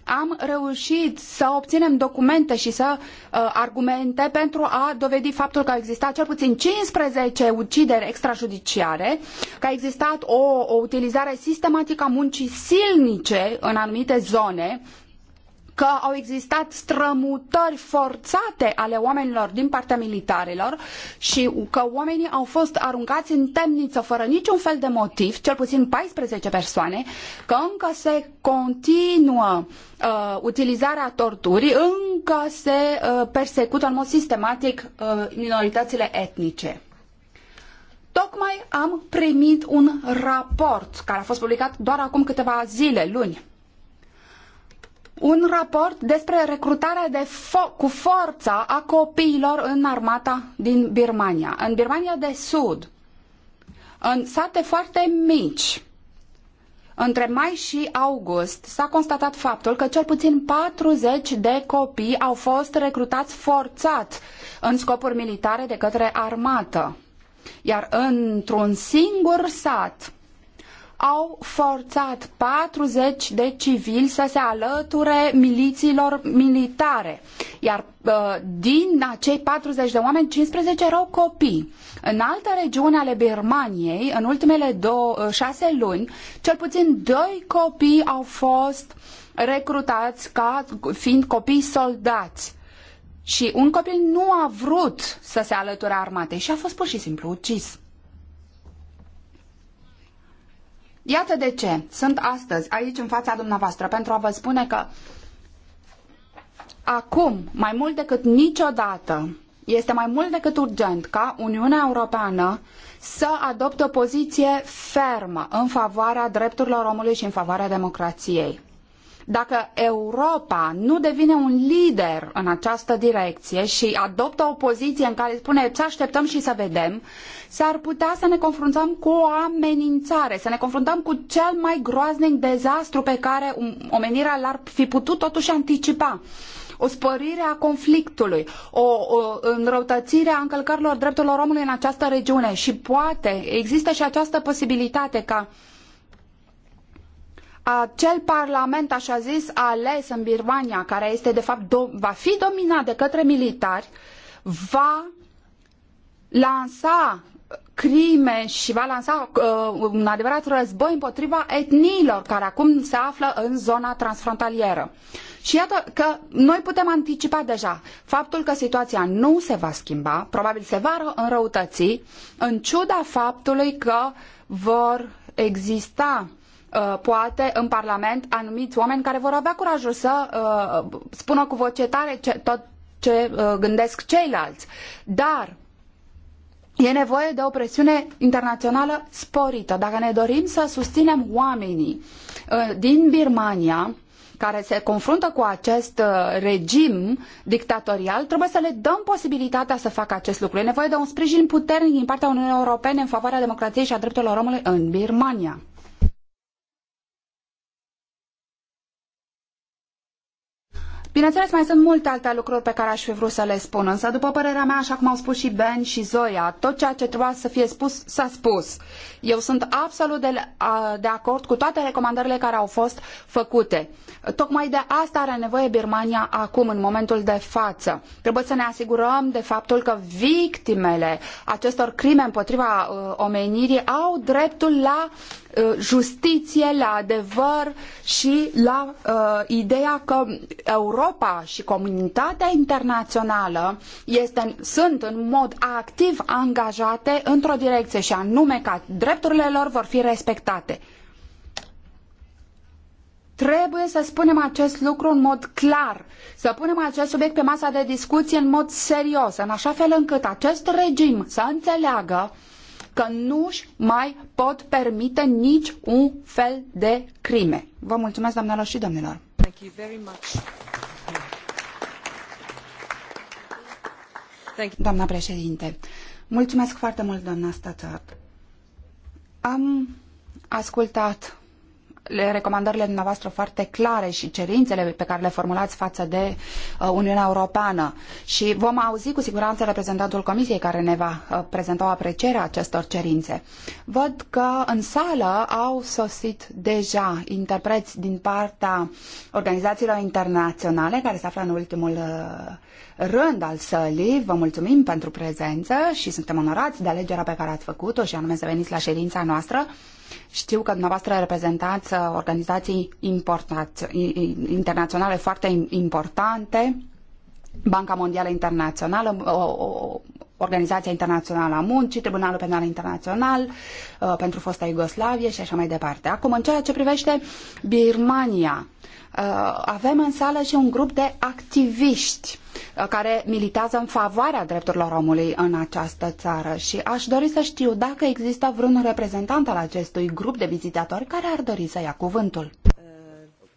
Speaker 2: am reușit să obținem documente și să uh, argumente pentru a dovedi faptul că au existat cel puțin 15 ucideri extrajudiciare, că a existat o, o utilizare sistematică a muncii silnice în anumite zone, că au existat strămutări forțate ale oamenilor din partea militarilor și că oamenii au fost aruncați în temniță fără niciun fel de motiv, cel puțin 14 persoane, că încă se continuă uh, utilizarea torturii, încă se uh, persecută în mod sistematic uh, minoritățile etnice. Tocmai am primit un raport care a fost publicat doar acum câteva zile, luni, un raport despre recrutarea de fo- cu forța a copiilor în armata din Birmania. În Birmania de Sud, în sate foarte mici, între mai și august s-a constatat faptul că cel puțin 40 de copii au fost recrutați forțat în scopuri militare de către armată. Iar într-un singur sat, au forțat 40 de civili să se alăture milițiilor militare, iar uh, din acei 40 de oameni, 15 erau copii. În alte regiuni ale Birmaniei, în ultimele două, uh, luni, cel puțin doi copii au fost recrutați ca fiind copii soldați. Și un copil nu a vrut să se alăture armatei și a fost pur și simplu ucis. Iată de ce sunt astăzi aici în fața dumneavoastră pentru a vă spune că acum, mai mult decât niciodată, este mai mult decât urgent ca Uniunea Europeană să adopte o poziție fermă în favoarea drepturilor omului și în favoarea democrației. Dacă Europa nu devine un lider în această direcție și adoptă o poziție în care spune să așteptăm și să vedem, s-ar putea să ne confruntăm cu o amenințare, să ne confruntăm cu cel mai groaznic dezastru pe care um, omenirea l-ar fi putut totuși anticipa o spărire a conflictului, o, o înrăutățire a încălcărilor drepturilor omului în această regiune și poate există și această posibilitate ca acel parlament, așa zis, ales în Birmania, care este de fapt, va fi dominat de către militari, va lansa crime și va lansa uh, un adevărat război împotriva etniilor care acum se află în zona transfrontalieră. Și iată că noi putem anticipa deja faptul că situația nu se va schimba, probabil se va înrăutăți, în ciuda faptului că vor exista Uh, poate în Parlament anumiți oameni care vor avea curajul să uh, spună cu voce tare ce, tot ce uh, gândesc ceilalți. Dar e nevoie de o presiune internațională sporită. Dacă ne dorim să susținem oamenii uh, din Birmania, care se confruntă cu acest uh, regim dictatorial, trebuie să le dăm posibilitatea să facă acest lucru. E nevoie de un sprijin puternic din partea Uniunii Europene în favoarea democrației și a drepturilor omului în Birmania. Bineînțeles, mai sunt multe alte lucruri pe care aș fi vrut să le spun, însă, după părerea mea, așa cum au spus și Ben și Zoia, tot ceea ce trebuia să fie spus, s-a spus. Eu sunt absolut de, de acord cu toate recomandările care au fost făcute. Tocmai de asta are nevoie Birmania acum, în momentul de față. Trebuie să ne asigurăm de faptul că victimele acestor crime împotriva uh, omenirii au dreptul la Uh, justiție, la adevăr și la uh, ideea că Europa și comunitatea internațională este, sunt în mod activ angajate într-o direcție și anume că drepturile lor vor fi respectate. Trebuie să spunem acest lucru în mod clar, să punem acest subiect pe masa de discuție în mod serios, în așa fel încât acest regim să înțeleagă uh, că nu își mai pot permite nici un fel de crime. Vă mulțumesc, doamnelor și domnilor. Doamna președinte, mulțumesc foarte mult, doamna Stațart. Am ascultat recomandările dumneavoastră foarte clare și cerințele pe care le formulați față de uh, Uniunea Europeană și vom auzi cu siguranță reprezentantul Comisiei care ne va uh, prezenta o apreciere a acestor cerințe. Văd că în sală au sosit deja interpreți din partea organizațiilor internaționale care se află în ultimul uh, rând al sălii. Vă mulțumim pentru prezență și suntem onorați de alegerea pe care ați făcut-o și anume să veniți la ședința noastră. Știu că dumneavoastră reprezentați uh, organizații internaționale foarte importante, Banca Mondială Internațională, o, uh, o, uh, Organizația Internațională a Muncii, Tribunalul Penal Internațional uh, pentru fosta Iugoslavie și așa mai departe. Acum, în ceea ce privește Birmania, uh, avem în sală și un grup de activiști uh, care militează în favoarea drepturilor omului în această țară și aș dori să știu dacă există vreun reprezentant al acestui grup de vizitatori care ar dori să ia cuvântul. Uh,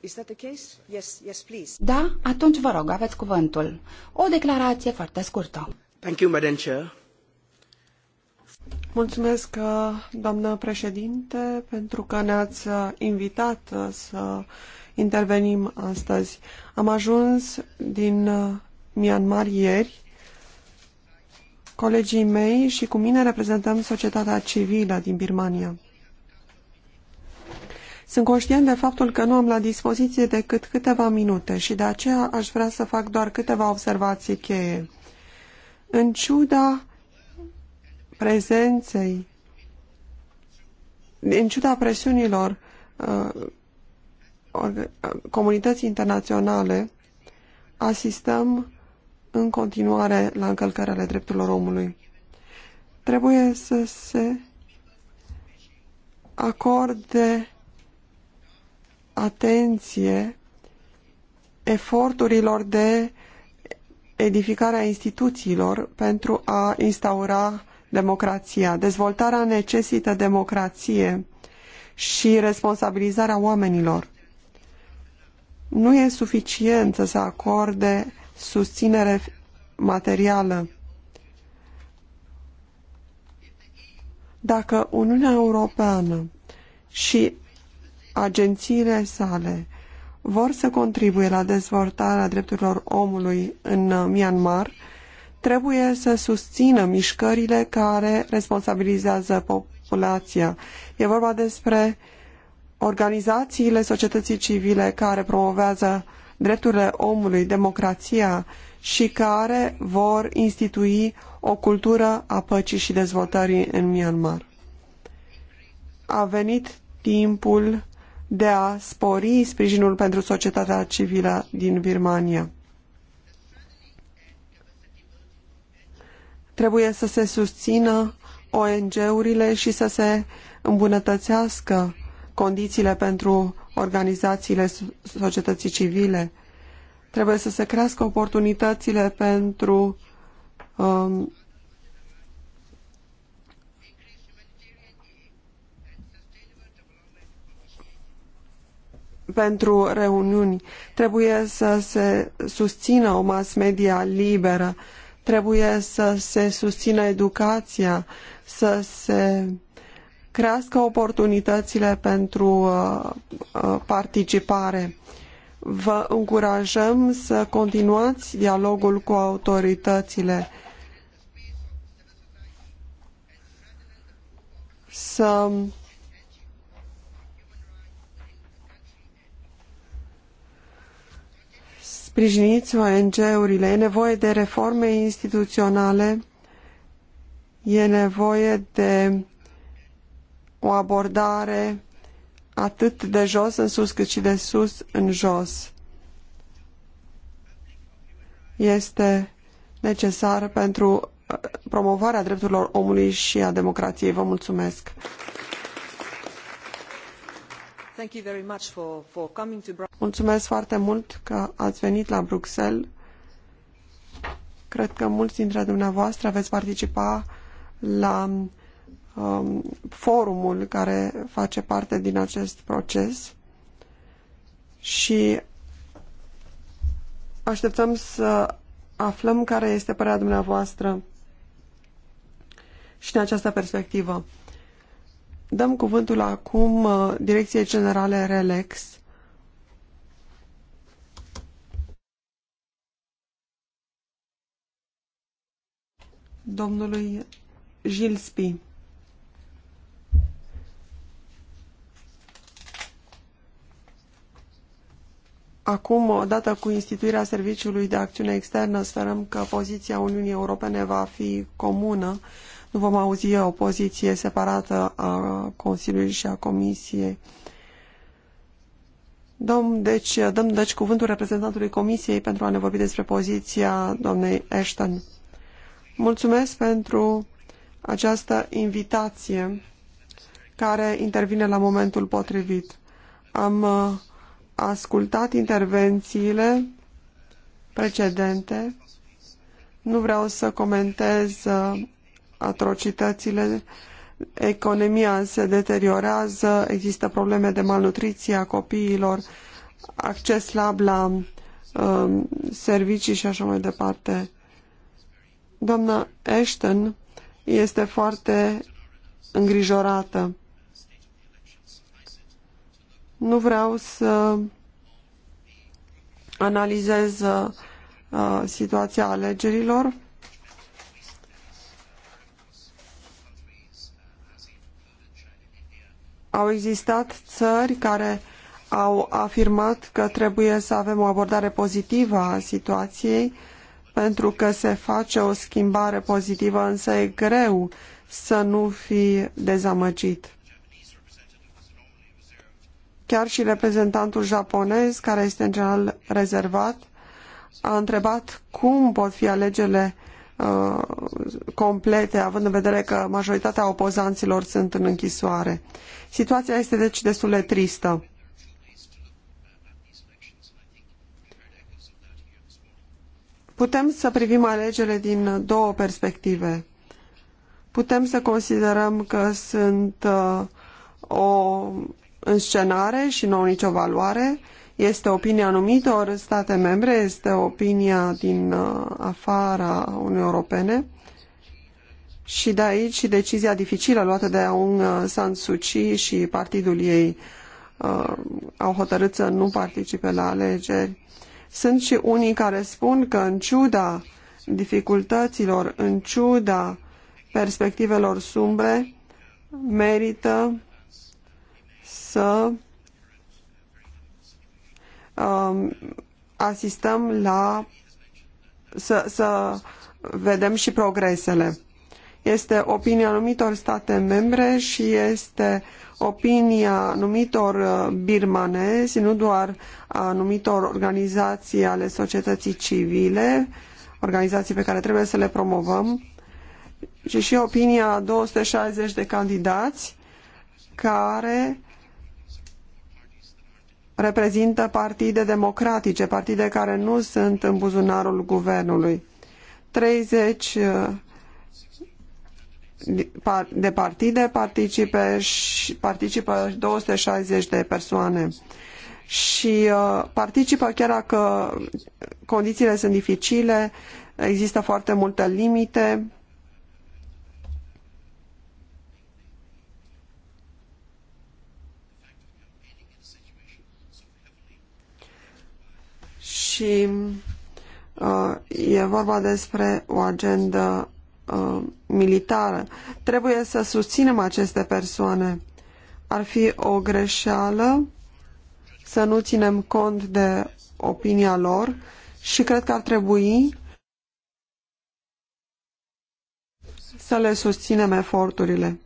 Speaker 1: is that the case? Yes, yes, please. Da?
Speaker 2: Atunci vă rog, aveți
Speaker 3: cuvântul. O declarație foarte scurtă. Thank Mulțumesc, uh, doamnă președinte, pentru că ne-ați uh, invitat uh, să intervenim astăzi. Am ajuns din Myanmar ieri. Colegii mei și cu mine reprezentăm societatea civilă din Birmania. Sunt conștient de faptul că nu am la dispoziție decât câteva minute și de aceea aș vrea să fac doar câteva observații cheie în ciuda prezenței, în ciuda presiunilor uh, uh comunității internaționale, asistăm în continuare la încălcarea drepturilor omului. Trebuie să se acorde atenție eforturilor de edificarea instituțiilor pentru a instaura democrația. Dezvoltarea necesită democrație și responsabilizarea oamenilor. Nu e suficient să se acorde susținere materială. Dacă Uniunea Europeană și agențiile sale vor să contribuie la dezvoltarea drepturilor omului în uh, Myanmar, trebuie să susțină mișcările care responsabilizează populația. E vorba despre organizațiile societății civile care promovează drepturile omului, democrația și care vor institui o cultură a păcii și dezvoltării în Myanmar. A venit timpul de a spori sprijinul pentru societatea civilă din Birmania. Trebuie să se susțină ONG-urile și să se îmbunătățească condițiile pentru organizațiile societății civile. Trebuie să se crească oportunitățile pentru um, pentru reuniuni. Trebuie să se susțină o mass media liberă. Trebuie să se susțină educația, să se crească oportunitățile pentru uh, uh, participare. Vă încurajăm să continuați dialogul cu autoritățile, să sprijiniți ONG-urile, e nevoie de reforme instituționale, e nevoie de o abordare atât de jos în sus cât și de sus în jos. Este necesar pentru uh, promovarea drepturilor omului și a democrației. Vă mulțumesc!
Speaker 1: Thank
Speaker 3: Mulțumesc foarte mult că ați venit la Bruxelles. Cred că mulți dintre dumneavoastră veți participa la um, forumul care face parte din acest proces și așteptăm să aflăm care este părerea dumneavoastră și în această perspectivă. Dăm cuvântul acum uh, Direcției Generale Relex. Domnului Gilspi. Acum, odată uh, cu instituirea Serviciului de Acțiune Externă, sperăm că poziția Uniunii Europene va fi comună nu vom auzi o poziție separată a Consiliului și a Comisiei. Dom, deci, dăm deci cuvântul reprezentantului Comisiei pentru a ne vorbi despre poziția doamnei Ashton. Mulțumesc pentru această invitație care intervine la momentul potrivit. Am uh, ascultat intervențiile precedente. Nu vreau să comentez uh, atrocitățile, economia se deteriorează, există probleme de malnutriție a copiilor, acces slab la um, servicii și așa mai departe. Doamna Ashton este foarte îngrijorată. Nu vreau să analizez uh, situația alegerilor, Au existat țări care au afirmat că trebuie să avem o abordare pozitivă a situației pentru că se face o schimbare pozitivă, însă e greu să nu fii dezamăgit. Chiar și reprezentantul japonez, care este în general rezervat, a întrebat cum pot fi alegerile Uh, complete, având în vedere că majoritatea opozanților sunt în închisoare. Situația este deci destul de tristă. Putem să privim alegerile din două perspective. Putem să considerăm că sunt uh, o înscenare și nu au nicio valoare, este opinia anumitor state membre, este opinia din uh, afara Uniunii Europene și de aici decizia dificilă luată de Aung San Suu Kyi și partidul ei uh, au hotărât să nu participe la alegeri. Sunt și unii care spun că în ciuda dificultăților, în ciuda perspectivelor sumbre, merită să Um, asistăm la să, să vedem și progresele. Este opinia anumitor state membre și este opinia anumitor uh, birmanezi, nu doar a anumitor organizații ale societății civile, organizații pe care trebuie să le promovăm, ci și opinia a 260 de candidați care reprezintă partide democratice, partide care nu sunt în buzunarul guvernului. 30 uh, de partide participe și participă 260 de persoane și uh, participă chiar dacă condițiile sunt dificile, există foarte multe limite și uh, e vorba despre o agendă uh, militară. Trebuie să susținem aceste persoane. Ar fi o greșeală să nu ținem cont de opinia lor și cred că ar trebui să le susținem eforturile.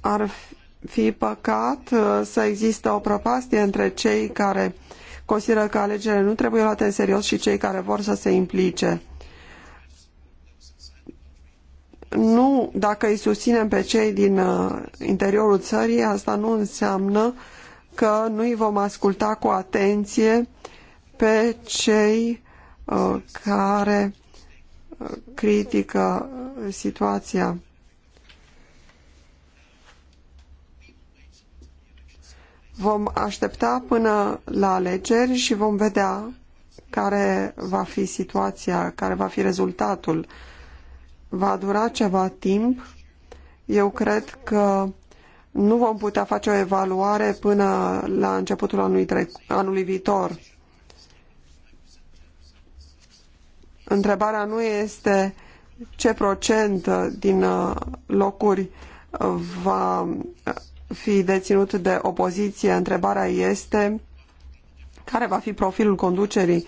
Speaker 3: Ar fi păcat uh, să existe o prăpastie între cei care uh, consideră că alegerile nu trebuie luate în serios și cei care vor să se implice. Nu, dacă îi susținem pe cei din uh, interiorul țării, asta nu înseamnă că nu îi vom asculta cu atenție pe cei uh, care uh, critică situația. Vom aștepta până la alegeri și vom vedea care va fi situația, care va fi rezultatul. Va dura ceva timp. Eu cred că nu vom putea face o evaluare până la începutul anului, trec, anului viitor. Întrebarea nu este ce procent din locuri va fi deținut de opoziție, întrebarea este care va fi profilul conducerii,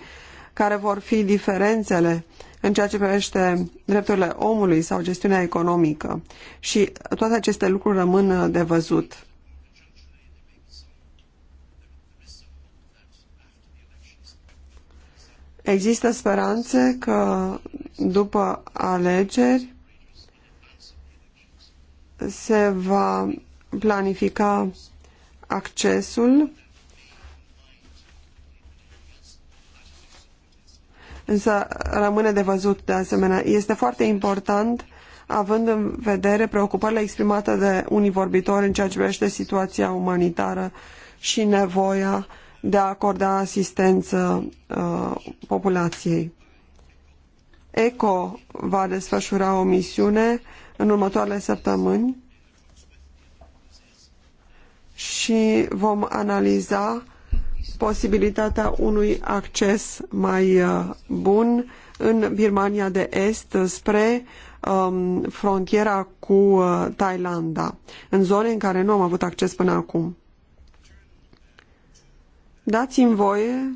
Speaker 3: care vor fi diferențele în ceea ce privește drepturile omului sau gestiunea economică. Și toate aceste lucruri rămân de văzut. Există speranțe că după alegeri se va planifica accesul, însă rămâne de văzut de asemenea. Este foarte important având în vedere preocupările exprimate de unii vorbitori în ceea ce privește situația umanitară și nevoia de a acorda asistență uh, populației. ECO va desfășura o misiune în următoarele săptămâni și vom analiza posibilitatea unui acces mai uh, bun în Birmania de Est spre um, frontiera cu uh, Thailanda, în zone în care nu am avut acces până acum. Dați-mi voie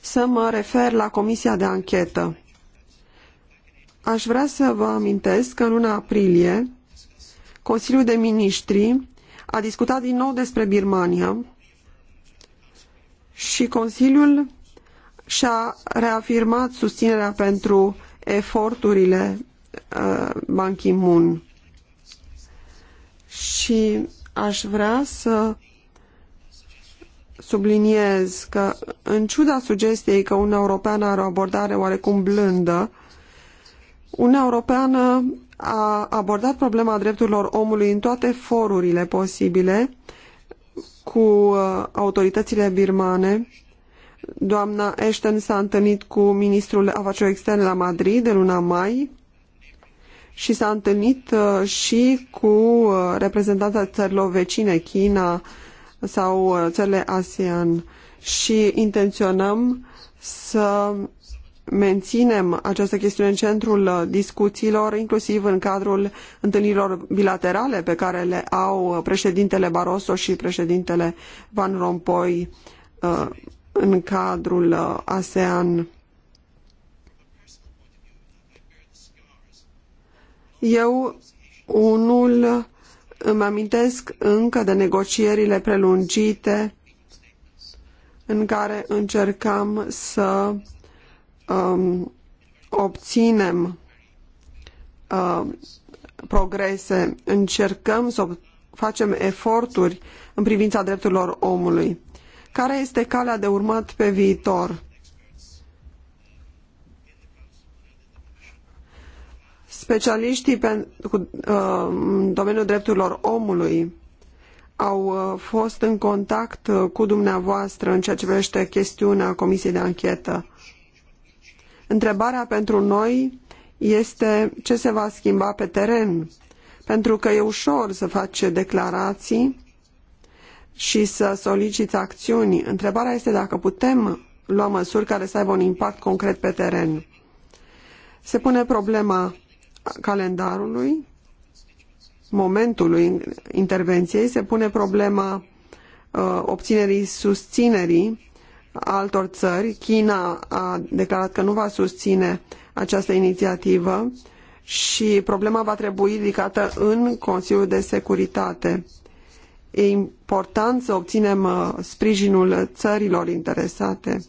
Speaker 3: să mă refer la Comisia de Anchetă aș vrea să vă amintesc că în luna aprilie Consiliul de Ministri a discutat din nou despre Birmania și Consiliul și-a reafirmat susținerea pentru eforturile uh, Ban Ki-moon. Și aș vrea să subliniez că, în ciuda sugestiei că Uniunea Europeană are o abordare oarecum blândă, uh, Uniunea Europeană a abordat problema drepturilor omului în toate forurile posibile cu uh, autoritățile birmane. Doamna Ashton s-a întâlnit cu ministrul afacerilor externe la Madrid în luna mai și s-a întâlnit uh, și cu uh, reprezentanța țărilor vecine, China sau țările ASEAN și intenționăm să menținem această chestiune în centrul uh, discuțiilor, inclusiv în cadrul întâlnirilor bilaterale pe care le au uh, președintele Barroso și președintele Van Rompuy uh, în cadrul ASEAN. Eu, unul, îmi amintesc încă de negocierile prelungite în care încercam să um, obținem uh, progrese, încercăm să facem eforturi în privința drepturilor omului. Care este calea de urmat pe viitor? Specialiștii pe, cu, uh, în domeniul drepturilor omului au uh, fost în contact uh, cu dumneavoastră în ceea ce privește chestiunea Comisiei de Anchetă. Întrebarea pentru noi este ce se va schimba pe teren, pentru că e ușor să faci declarații și să soliciți acțiuni. Întrebarea este dacă putem lua măsuri care să aibă un impact concret pe teren. Se pune problema calendarului, momentului intervenției, se pune problema uh, obținerii susținerii altor țări. China a declarat că nu va susține această inițiativă și problema va trebui ridicată în Consiliul de Securitate. E important să obținem uh, sprijinul țărilor interesate.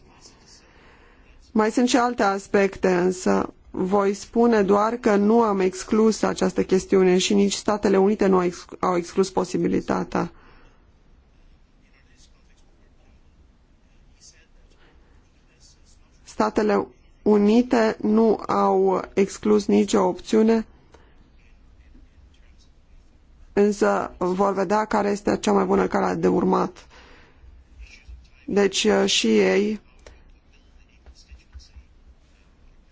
Speaker 3: Mai sunt și alte aspecte, însă voi spune doar că nu am exclus această chestiune și nici Statele Unite nu au exclus posibilitatea. Statele Unite nu au exclus nicio opțiune, însă vor vedea care este cea mai bună cale de urmat. Deci uh, și ei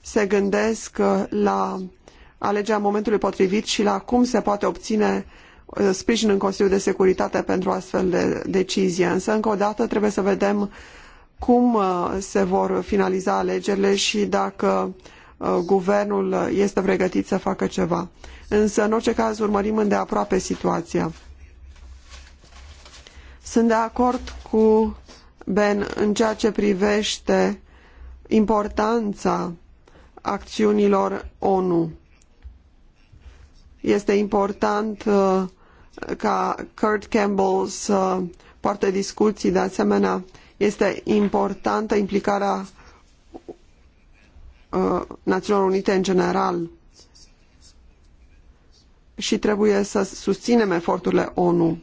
Speaker 3: se gândesc uh, la alegerea momentului potrivit și la cum se poate obține uh, sprijin în Consiliul de Securitate pentru astfel de decizie. Însă, încă o dată, trebuie să vedem cum uh, se vor finaliza alegerile și dacă uh, guvernul este pregătit să facă ceva. Însă, în orice caz, urmărim îndeaproape situația. Sunt de acord cu Ben în ceea ce privește importanța acțiunilor ONU. Este important uh, ca Kurt Campbell să poarte discuții de asemenea este importantă implicarea uh, Națiunilor Unite în general și trebuie să susținem eforturile ONU.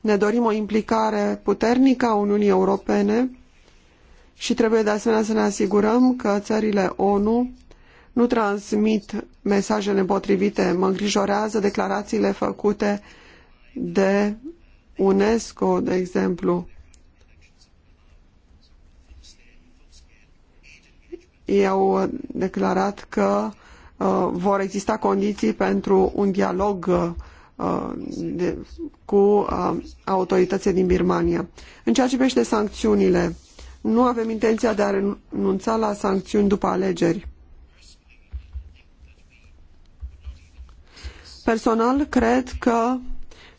Speaker 3: Ne dorim o implicare puternică a Uniunii Europene și trebuie de asemenea să ne asigurăm că țările ONU nu transmit mesaje nepotrivite. Mă îngrijorează declarațiile făcute uh, de UNESCO, de exemplu. Ei au declarat că uh, vor exista condiții pentru un dialog uh, de, cu uh, autoritățile din Birmania. În ceea ce privește sancțiunile, nu avem intenția de a renunța la sancțiuni după alegeri. Personal, cred că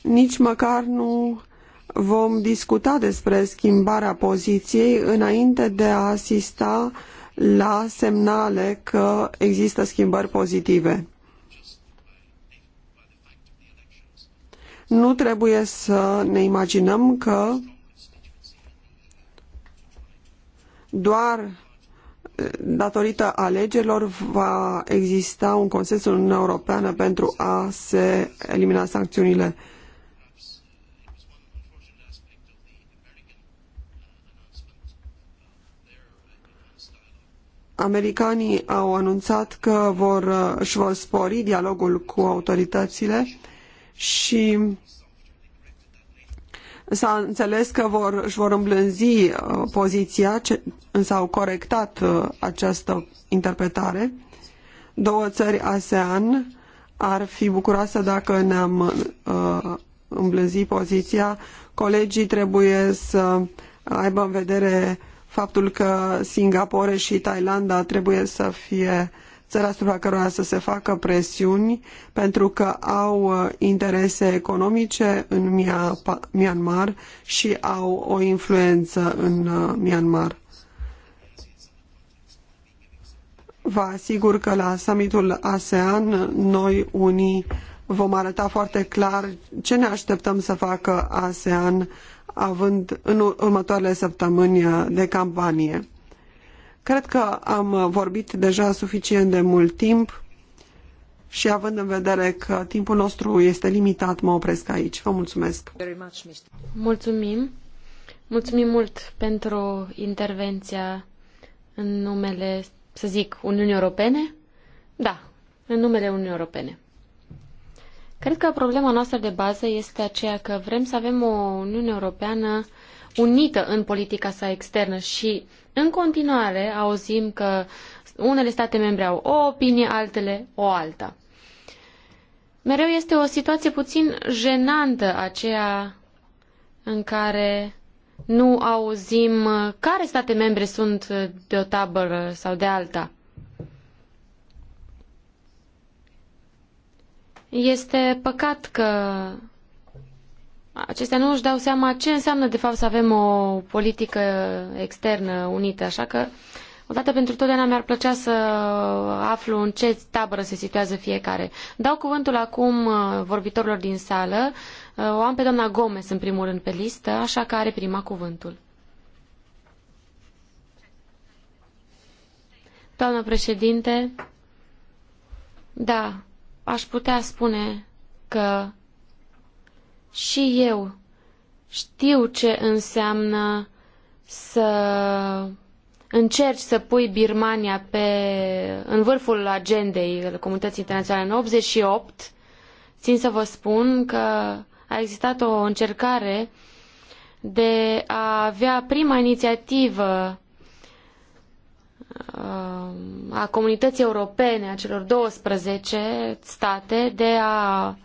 Speaker 3: nici măcar nu vom discuta despre schimbarea poziției înainte de a asista la semnale că există schimbări pozitive. Nu trebuie să ne imaginăm că doar eh, datorită alegerilor va exista un consens în Uniunea Europeană pentru a se elimina sancțiunile americanii au anunțat că vor, își vor spori dialogul cu autoritățile și s-a înțeles că vor, își vor îmblânzi uh, poziția, ce, însă au corectat uh, această interpretare. Două țări ASEAN ar fi bucuroase dacă ne-am uh, îmblânzi poziția. Colegii trebuie să aibă în vedere uh, faptul că Singapore și Thailanda trebuie să fie țări asupra cărora să se facă presiuni pentru că au uh, interese economice în Myanmar și au o influență în uh, Myanmar. Vă asigur că la summitul ASEAN noi unii vom arăta foarte clar ce ne așteptăm să facă ASEAN având în următoarele săptămâni uh, de campanie. Cred că am uh, vorbit deja suficient de mult timp și având în vedere că timpul nostru este limitat, mă opresc aici. Vă mulțumesc!
Speaker 4: Mulțumim! Mulțumim mult pentru intervenția în numele, să zic, Uniunii Europene? Da, în numele Uniunii Europene. Cred că problema noastră de bază este aceea că vrem să avem o Uniune Europeană unită în politica sa externă și în continuare auzim că unele state membre au o opinie, altele o alta. Mereu este o situație puțin jenantă aceea în care nu auzim care state membre sunt de o tabără sau de alta. Este păcat că acestea nu își dau seama ce înseamnă de fapt să avem o politică externă unită, așa că odată pentru totdeauna mi-ar plăcea să aflu în ce tabără se situează fiecare. Dau cuvântul acum uh, vorbitorilor din sală. Uh, o am pe doamna Gomes în primul rând pe listă, așa că are prima cuvântul. Doamna președinte, da, aș putea spune că și eu știu ce înseamnă să încerci să pui Birmania pe, în vârful agendei comunității internaționale. În 88, țin să vă spun că a existat o încercare de a avea prima inițiativă Uh, a comunității europene, a celor 12 state, de a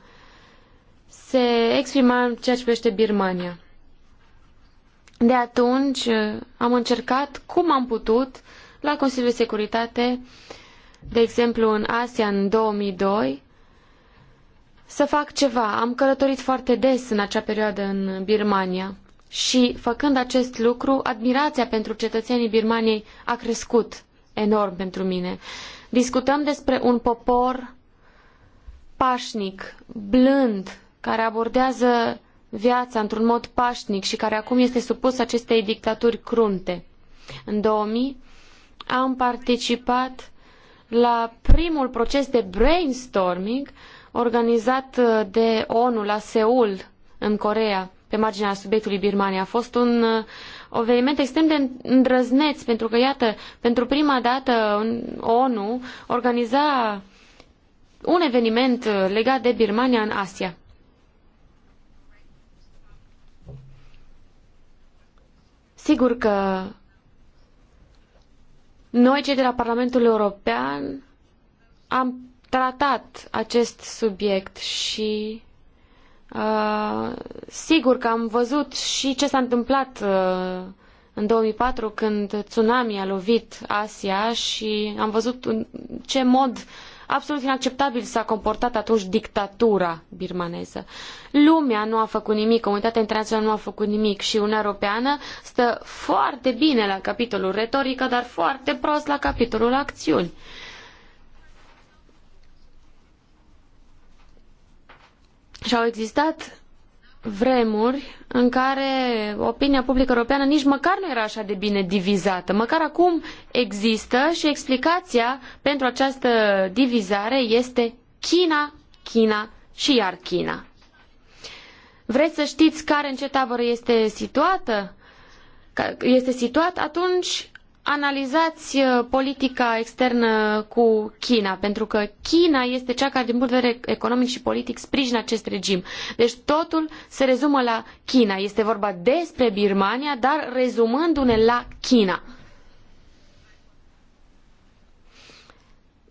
Speaker 4: se exprima în ceea ce privește Birmania. De atunci uh, am încercat cum am putut la Consiliul de Securitate, de exemplu în Asia în 2002, să fac ceva. Am călătorit foarte des în acea perioadă în Birmania. Și făcând acest lucru, admirația pentru cetățenii Birmaniei a crescut enorm pentru mine. Discutăm despre un popor pașnic, blând, care abordează viața într-un mod pașnic și care acum este supus acestei dictaturi crunte. În 2000 am participat la primul proces de brainstorming organizat de ONU la Seul, în Corea pe marginea subiectului Birmania. A fost un uh, eveniment extrem de îndrăzneț, pentru că, iată, pentru prima dată ONU organiza un eveniment uh, legat de Birmania în Asia. Sigur că noi, cei de la Parlamentul European, am tratat acest subiect și Uh, sigur că am văzut și ce s-a întâmplat uh, în 2004 când tsunami a lovit Asia și am văzut în ce mod absolut inacceptabil s-a comportat atunci dictatura birmaneză. Lumea nu a făcut nimic, comunitatea internațională nu a făcut nimic și Uniunea Europeană stă foarte bine la capitolul retorică, dar foarte prost la capitolul acțiuni. Uh, Și au existat vremuri în care opinia publică europeană nici măcar nu era așa de bine divizată. Măcar acum există și explicația pentru această divizare este China, China și iar China. Vreți să știți care în ce tabără este situată? Este situat, atunci analizați uh, politica externă cu China, pentru că China este cea care, din punct de vedere economic și politic, sprijină acest regim. Deci totul se rezumă la China. Este vorba despre Birmania, dar rezumându-ne la China.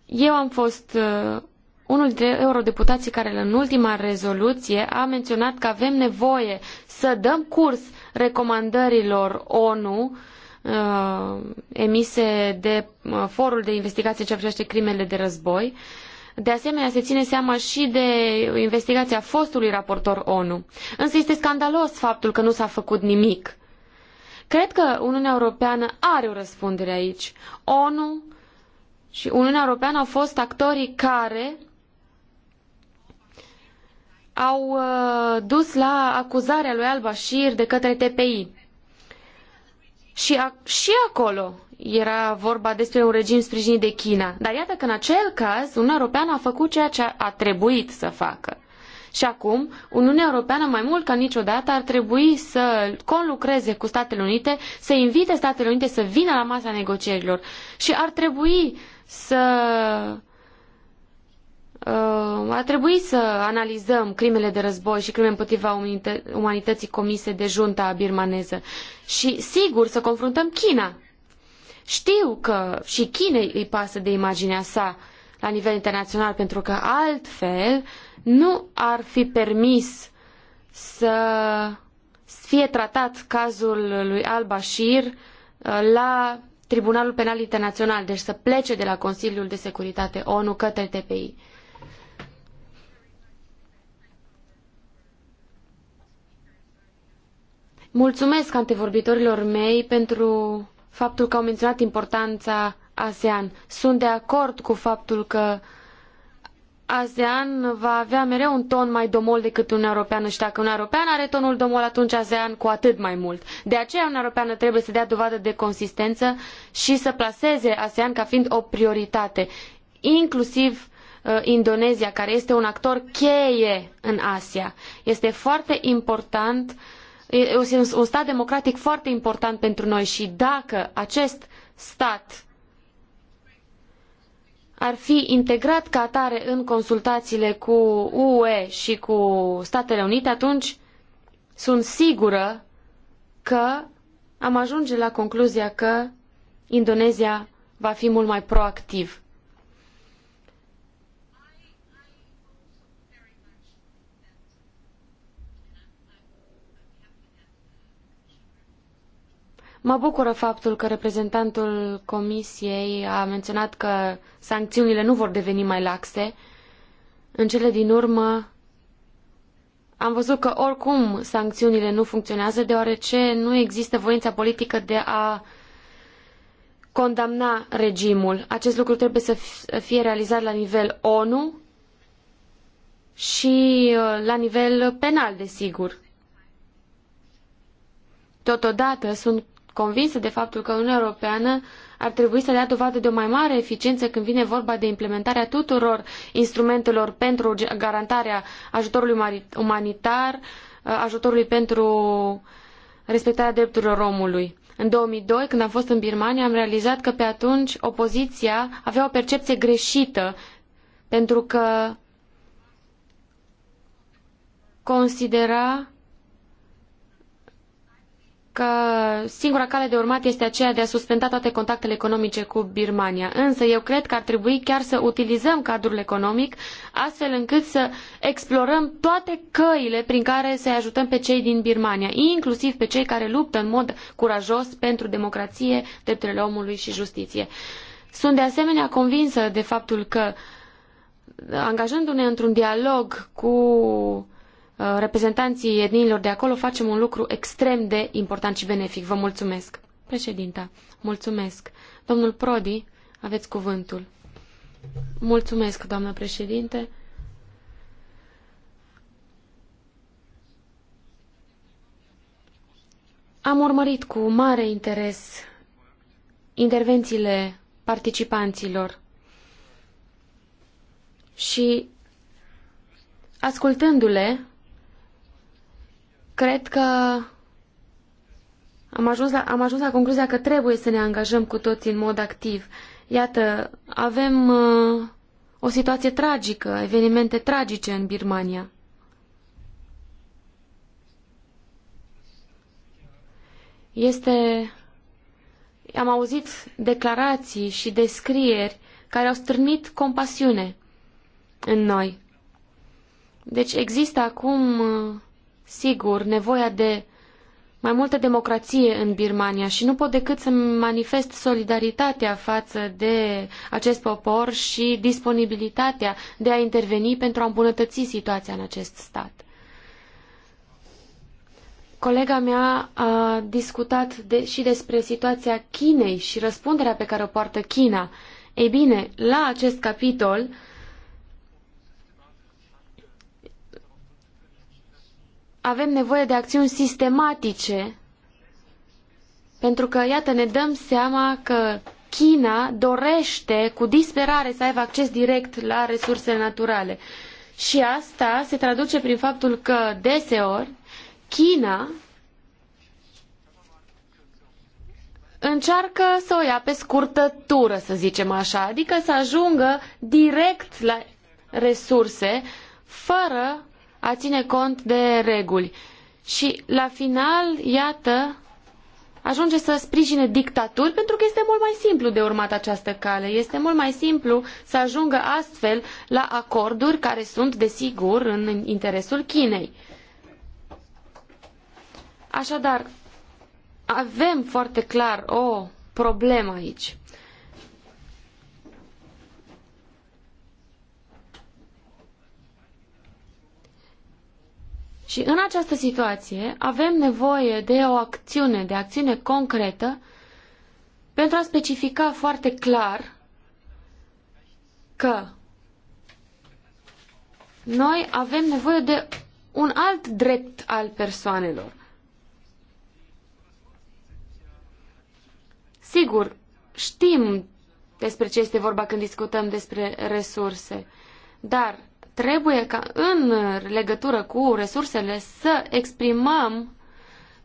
Speaker 4: Eu am fost uh, unul dintre eurodeputații care în ultima rezoluție a menționat că avem nevoie să dăm curs recomandărilor ONU uh, uh, emise de uh, forul de investigație ce privește crimele de război. De asemenea, se ține seama și de investigația fostului raportor ONU. Însă este scandalos faptul că nu s-a făcut nimic. Cred că Uniunea Europeană are o răspundere aici. ONU și Uniunea Europeană au fost actorii care au uh, dus la acuzarea lui Al-Bashir de către TPI. Și, a, și acolo era vorba despre un regim sprijinit de China. Dar iată că în acel caz Uniunea Europeană a făcut ceea ce a, a trebuit să facă. Și acum, Uniunea Europeană mai mult ca niciodată ar trebui să conlucreze cu Statele Unite, să invite Statele Unite să vină la masa negocierilor și ar trebui să Uh, a trebuit să analizăm crimele de război și crime împotriva umanității comise de junta birmaneză și, sigur, să confruntăm China. Știu că și Chinei îi pasă de imaginea sa la nivel internațional, pentru că altfel nu ar fi permis să fie tratat cazul lui al-Bashir uh, la Tribunalul Penal Internațional, deci să plece de la Consiliul de Securitate ONU către TPI. Mulțumesc antevorbitorilor mei pentru faptul că au menționat importanța ASEAN. Sunt de acord cu faptul că ASEAN va avea mereu un ton mai domol decât Uniunea Europeană și dacă Uniunea Europeană are tonul domol, atunci ASEAN cu atât mai mult. De aceea Uniunea Europeană trebuie să dea dovadă de consistență și să plaseze ASEAN ca fiind o prioritate, inclusiv uh, Indonezia, care este un actor cheie în Asia. Este foarte important uh, este un stat democratic foarte important pentru noi și dacă acest stat ar fi integrat ca atare în consultațiile cu UE și cu Statele Unite, atunci sunt sigură că am ajunge la concluzia că Indonezia va fi mult mai proactiv Mă bucură faptul că reprezentantul Comisiei a menționat că sancțiunile nu vor deveni mai laxe. În cele din urmă, am văzut că oricum sancțiunile nu funcționează deoarece nu există voința politică de a condamna regimul. Acest lucru trebuie să fie realizat la nivel ONU și uh, la nivel penal, desigur. Totodată sunt convinsă de faptul că Uniunea Europeană ar trebui să dea dovadă de o mai mare eficiență când vine vorba de implementarea tuturor instrumentelor pentru garantarea ajutorului umanitar, uh, ajutorului pentru respectarea drepturilor omului. În 2002, când am fost în Birmania, am realizat că pe atunci opoziția avea o percepție greșită, pentru că considera că singura cale de urmat este aceea de a suspenda toate contactele economice cu Birmania. Însă eu cred că ar trebui chiar să utilizăm cadrul economic astfel încât să explorăm toate căile prin care să ajutăm pe cei din Birmania, inclusiv pe cei care luptă în mod curajos pentru democrație, drepturile omului și justiție. Sunt de asemenea convinsă de faptul că angajându-ne într-un dialog cu Uh, reprezentanții etniilor de acolo facem un lucru extrem de important și benefic. Vă mulțumesc. Președinta, mulțumesc. Domnul Prodi, aveți cuvântul. Mulțumesc, doamnă președinte. Am urmărit cu mare interes intervențiile participanților și ascultându-le Cred că am ajuns, la, am ajuns la concluzia că trebuie să ne angajăm cu toții în mod activ. Iată, avem uh, o situație tragică, evenimente tragice în Birmania. Este... Am auzit declarații și descrieri care au strânit compasiune în noi. Deci există acum uh, Sigur, nevoia de mai multă democrație în Birmania și nu pot decât să manifest solidaritatea față de acest popor și disponibilitatea de a interveni pentru a îmbunătăți situația în acest stat. Colega mea a discutat de, și despre situația Chinei și răspunderea pe care o poartă China. Ei bine, la acest capitol, uh, avem nevoie de acțiuni sistematice, pentru că, iată, ne dăm seama că China dorește cu disperare să aibă acces direct la resursele naturale. Și asta se traduce prin faptul că, deseori, China încearcă să o ia pe scurtătură, să zicem așa, adică să ajungă direct la resurse, fără a ține cont de reguli. Și la final, iată, ajunge să sprijine dictaturi pentru că este mult mai simplu de urmat această cale. Este mult mai simplu să ajungă astfel la acorduri care sunt, desigur, în interesul Chinei. Așadar, avem foarte clar o problemă aici. Și în această situație avem nevoie de o acțiune, de acțiune concretă pentru a specifica foarte clar că noi avem nevoie de un alt drept al persoanelor. Sigur, știm despre ce este vorba când discutăm despre resurse, dar trebuie ca în legătură cu resursele să exprimăm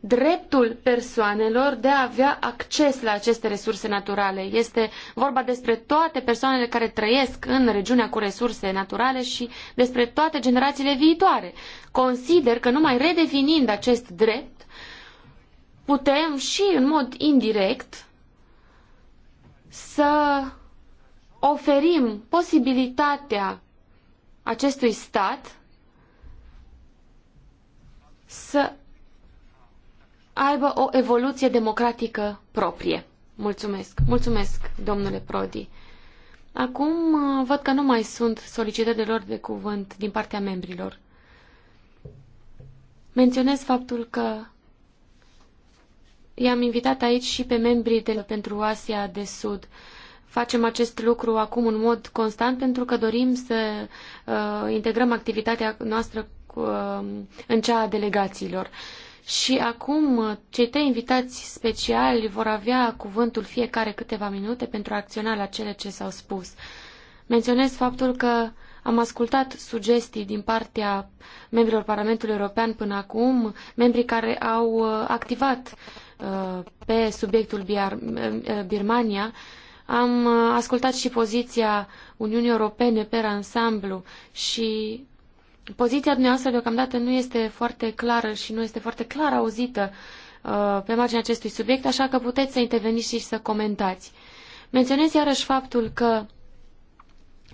Speaker 4: dreptul persoanelor de a avea acces la aceste resurse naturale. Este vorba despre toate persoanele care trăiesc în regiunea cu resurse naturale și despre toate generațiile viitoare. Consider că numai redefinind acest drept, putem și în mod indirect să oferim posibilitatea acestui stat să aibă o evoluție democratică proprie. Mulțumesc. Mulțumesc, domnule Prodi. Acum uh, văd că nu mai sunt solicitări de lor de cuvânt din partea membrilor. Menționez faptul că i-am invitat aici și pe membrii de pentru Asia de Sud. Facem acest lucru acum în mod constant pentru că dorim să uh, integrăm activitatea noastră cu, uh, în cea a delegațiilor. Și acum uh, cei trei invitați speciali vor avea cuvântul fiecare câteva minute pentru a acționa la cele ce s-au spus. Menționez faptul că am ascultat sugestii din partea membrilor Parlamentului European până acum, membrii care au uh, activat uh, pe subiectul Birmania am uh, ascultat și poziția Uniunii Europene per ansamblu și poziția dumneavoastră deocamdată nu este foarte clară și nu este foarte clar auzită uh, pe marginea acestui subiect, așa că puteți să interveniți și să comentați. Menționez iarăși faptul că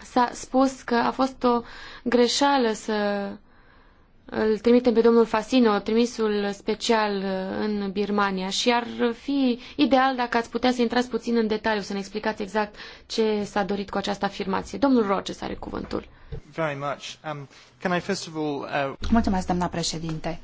Speaker 4: s-a spus că a fost o greșeală să îl trimitem pe domnul Fasino, trimisul special uh, în Birmania și ar fi ideal dacă ați putea să intrați puțin în detaliu, să ne explicați exact ce s-a dorit cu această afirmație.
Speaker 2: Domnul Rogers are cuvântul. Very much. Um, can I first of all, uh... Mulțumesc, doamna președinte.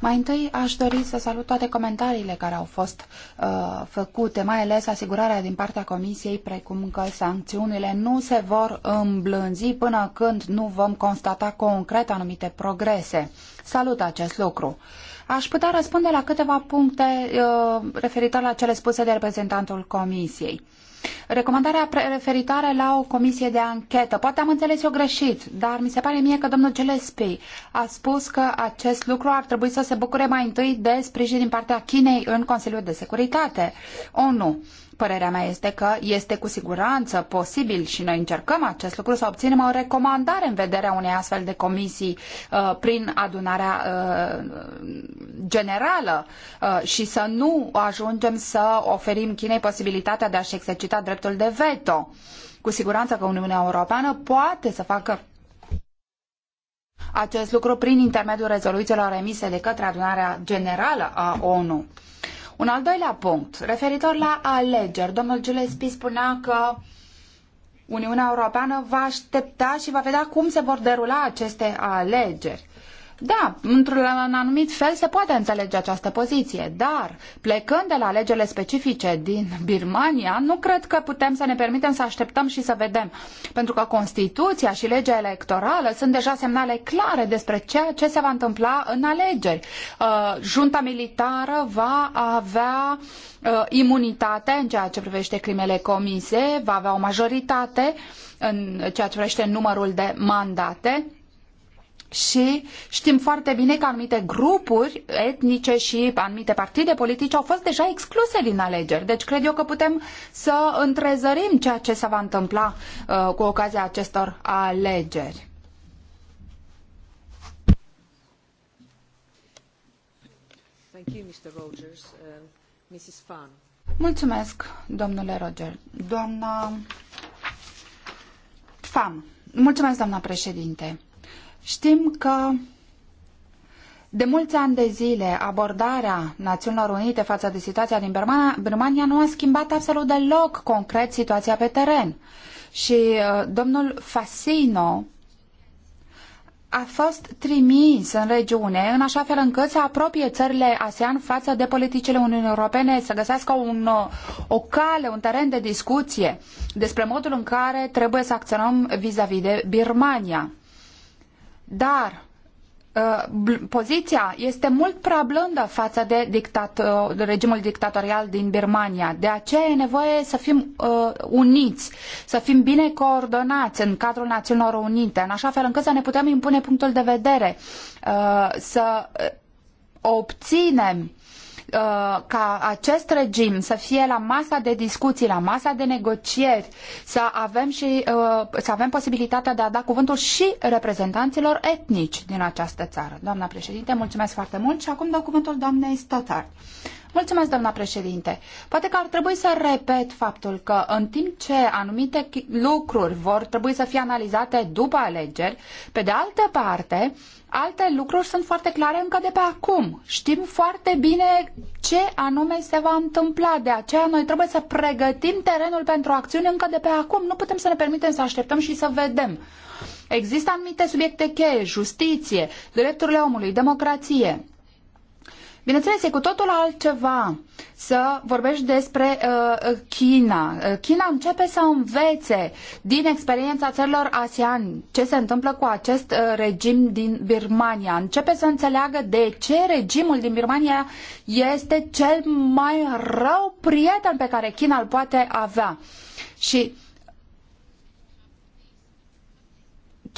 Speaker 2: Mai întâi aș dori să salut toate comentariile care au fost uh, făcute, mai ales asigurarea din partea Comisiei, precum că sancțiunile nu se vor îmblânzi până când nu vom constata concret anumite progrese. Salut acest lucru. Aș putea răspunde la câteva puncte uh, referitor la cele spuse de reprezentantul Comisiei. Uh, Recomandarea referitoare la o comisie de anchetă. Poate am înțeles eu greșit, dar mi se pare mie că domnul Gillespie a spus că acest lucru ar trebui să se bucure mai întâi de sprijin din partea Chinei în Consiliul de Securitate. ONU. Părerea mea este că este cu siguranță posibil și noi încercăm acest lucru să obținem o recomandare în vederea unei astfel de comisii uh, prin adunarea uh, generală uh, și să nu ajungem să oferim Chinei posibilitatea de a-și exercita dreptul de veto. Cu siguranță că Uniunea Europeană poate să facă acest lucru prin intermediul rezoluțiilor emise de către adunarea generală a ONU. Un al doilea punct, referitor la alegeri. Domnul Gillespie spunea că Uniunea Europeană va aștepta și va vedea cum se vor derula aceste alegeri. Da, într-un anumit fel se poate înțelege această poziție, dar plecând de la legele specifice din Birmania, nu cred că putem să ne permitem să așteptăm și să vedem, pentru că Constituția și legea electorală sunt deja semnale clare despre ceea ce se va întâmpla în alegeri. Uh, junta militară va avea uh, imunitate în ceea ce privește crimele comise, va avea o majoritate în ceea ce privește numărul de mandate și știm foarte bine că anumite grupuri etnice și anumite partide politice au fost deja excluse din alegeri. Deci cred eu că putem să întrezărim ceea ce se va întâmpla uh, cu ocazia acestor alegeri.
Speaker 1: Uh,
Speaker 2: Mulțumesc, domnule Roger. Doamna Fan. Mulțumesc, doamna președinte. Știm că de mulți ani de zile, abordarea Națiunilor Unite față de situația din Birmania, nu a schimbat absolut deloc concret situația pe teren. Și uh, domnul Fasino a fost trimis în regiune în așa fel încât să apropie țările ASEAN față de politicile Uniunii Europene, să găsească un, uh, o cale, un teren de discuție despre modul în care trebuie să acționăm vis a -vis de Birmania. Dar uh, poziția este mult prea blândă față de dictat, uh, regimul dictatorial din Birmania. De aceea e nevoie să fim uh, uniți, să fim bine coordonați în cadrul Națiunilor Unite, în așa fel încât să ne putem impune punctul de vedere, uh, să uh, obținem Uh, ca acest regim să fie la masa de discuții, la masa de negocieri, să avem, și, uh, să avem posibilitatea de a da cuvântul și reprezentanților etnici din această țară. Doamna președinte, mulțumesc foarte mult și acum dau cuvântul doamnei Stotard. Mulțumesc, doamna președinte. Poate că ar trebui să repet faptul că în timp ce anumite lucruri vor trebui să fie analizate după alegeri, pe de altă parte, uh, Alte lucruri sunt foarte clare încă de pe acum. Știm foarte bine ce anume se va întâmpla. De aceea noi trebuie să pregătim terenul pentru acțiune încă de pe acum. Nu putem să ne permitem să așteptăm și să vedem. Există anumite subiecte cheie, justiție, drepturile omului, democrație Bineînțeles, e cu totul altceva să vorbești despre uh, China. Uh, China începe să învețe din experiența țărilor ASEAN ce se întâmplă cu acest uh, regim din Birmania. Începe să înțeleagă de ce regimul din Birmania este cel mai rău prieten pe care China îl poate avea. Și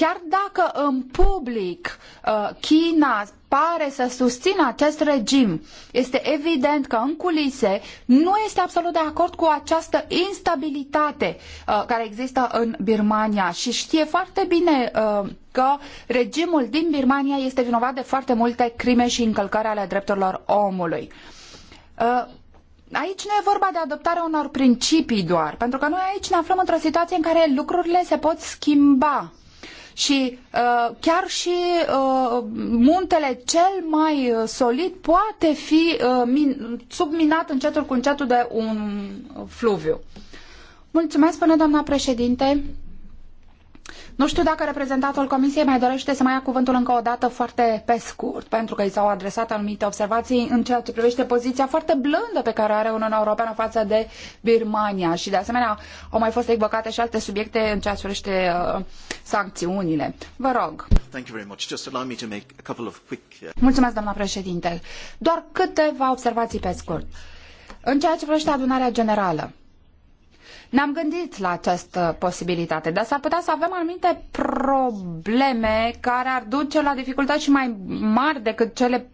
Speaker 2: Chiar dacă în public uh, China pare să susțină acest regim, este evident că în culise nu este absolut de acord cu această instabilitate uh, care există în Birmania și știe foarte bine uh, că regimul din Birmania este vinovat de foarte multe crime și încălcări ale drepturilor omului aici nu e vorba de adoptarea unor principii doar, pentru că noi aici ne aflăm într-o situație în care lucrurile se pot schimba și uh, chiar și uh, muntele cel mai uh, solid poate fi uh, min, subminat încetul cu încetul de un uh, fluviu. Mulțumesc, până doamna președinte. Nu știu dacă reprezentantul Comisiei mai dorește să mai ia cuvântul încă o dată foarte pe scurt, pentru că i s-au adresat anumite observații în ceea ce privește poziția foarte blândă pe care are Uniunea Europeană față de Birmania și de asemenea au mai fost evocate și alte subiecte în ceea ce privește uh, sancțiunile. Vă rog.
Speaker 1: Uh,
Speaker 2: Mulțumesc, doamna președinte. Doar câteva observații pe scurt. În ceea ce privește adunarea generală, ne-am gândit la această posibilitate, dar s-ar putea să avem anumite probleme care ar duce la dificultăți și mai mari decât cele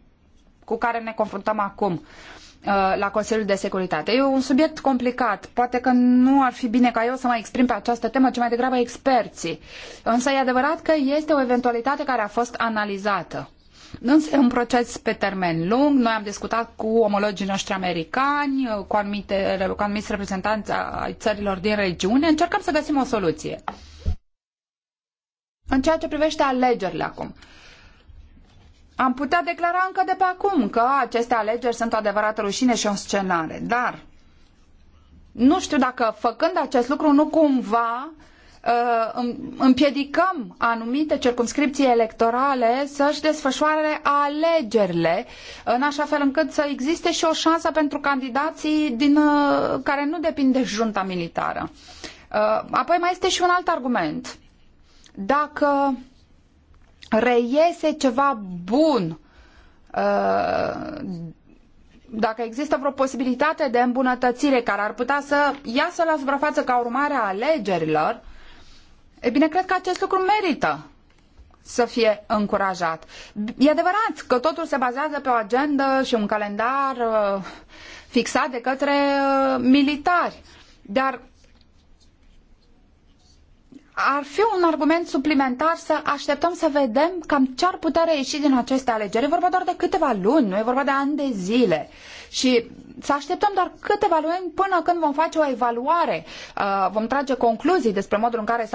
Speaker 2: cu care ne confruntăm acum uh, la Consiliul de Securitate. E un subiect complicat. Poate că nu ar fi bine ca eu să mă exprim pe această temă, ci mai degrabă experții. Însă e adevărat că este o eventualitate care a fost analizată. Însă e un proces pe termen lung. Noi am discutat cu omologii noștri americani, cu, anumite, cu anumiți reprezentanți ai țărilor din regiune. Încercăm să găsim o soluție. În ceea ce privește alegerile acum, am putea declara încă de pe acum că aceste alegeri sunt o adevărată rușine și o scenare, dar nu știu dacă făcând acest lucru nu cumva uh, Uh, împiedicăm anumite circumscripții electorale să-și desfășoare alegerile în așa fel încât să existe și o șansă pentru candidații din, uh, care nu depind de junta militară. Uh, apoi mai este și un alt argument. Dacă reiese ceva bun dacă există vreo posibilitate de îmbunătățire care ar putea să iasă la suprafață ca urmare a alegerilor, E bine, cred că acest lucru merită să fie încurajat. E adevărat că totul se bazează pe o agendă și un calendar uh, fixat de către uh, militari, dar ar fi un argument suplimentar să așteptăm să vedem cam ce ar putea reieși din aceste alegeri. E vorba doar de câteva luni, nu e vorba de ani de zile. Uh, și să așteptăm doar câteva luni până când vom face o evaluare, uh, vom trage concluzii despre modul în care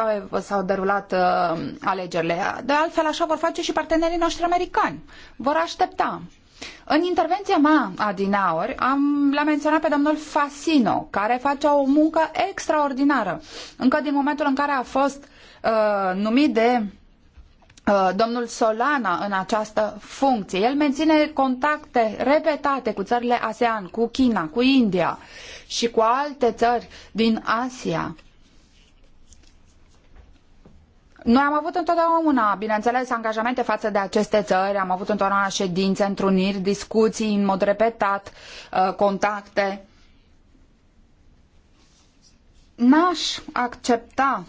Speaker 2: s-au, derulat uh, alegerile. De altfel, așa vor face și partenerii noștri americani. Vor aștepta. În intervenția mea, Adinaur, am, l-am menționat pe domnul Fasino, care face o muncă extraordinară. Încă din momentul în care a fost uh, numit de Uh, domnul Solana în această funcție. El menține contacte repetate cu țările ASEAN, cu China, cu India și cu alte țări din Asia. Noi am avut întotdeauna, bineînțeles, angajamente față de aceste țări, am avut întotdeauna ședințe, întruniri, discuții în mod repetat, uh, contacte. N-aș accepta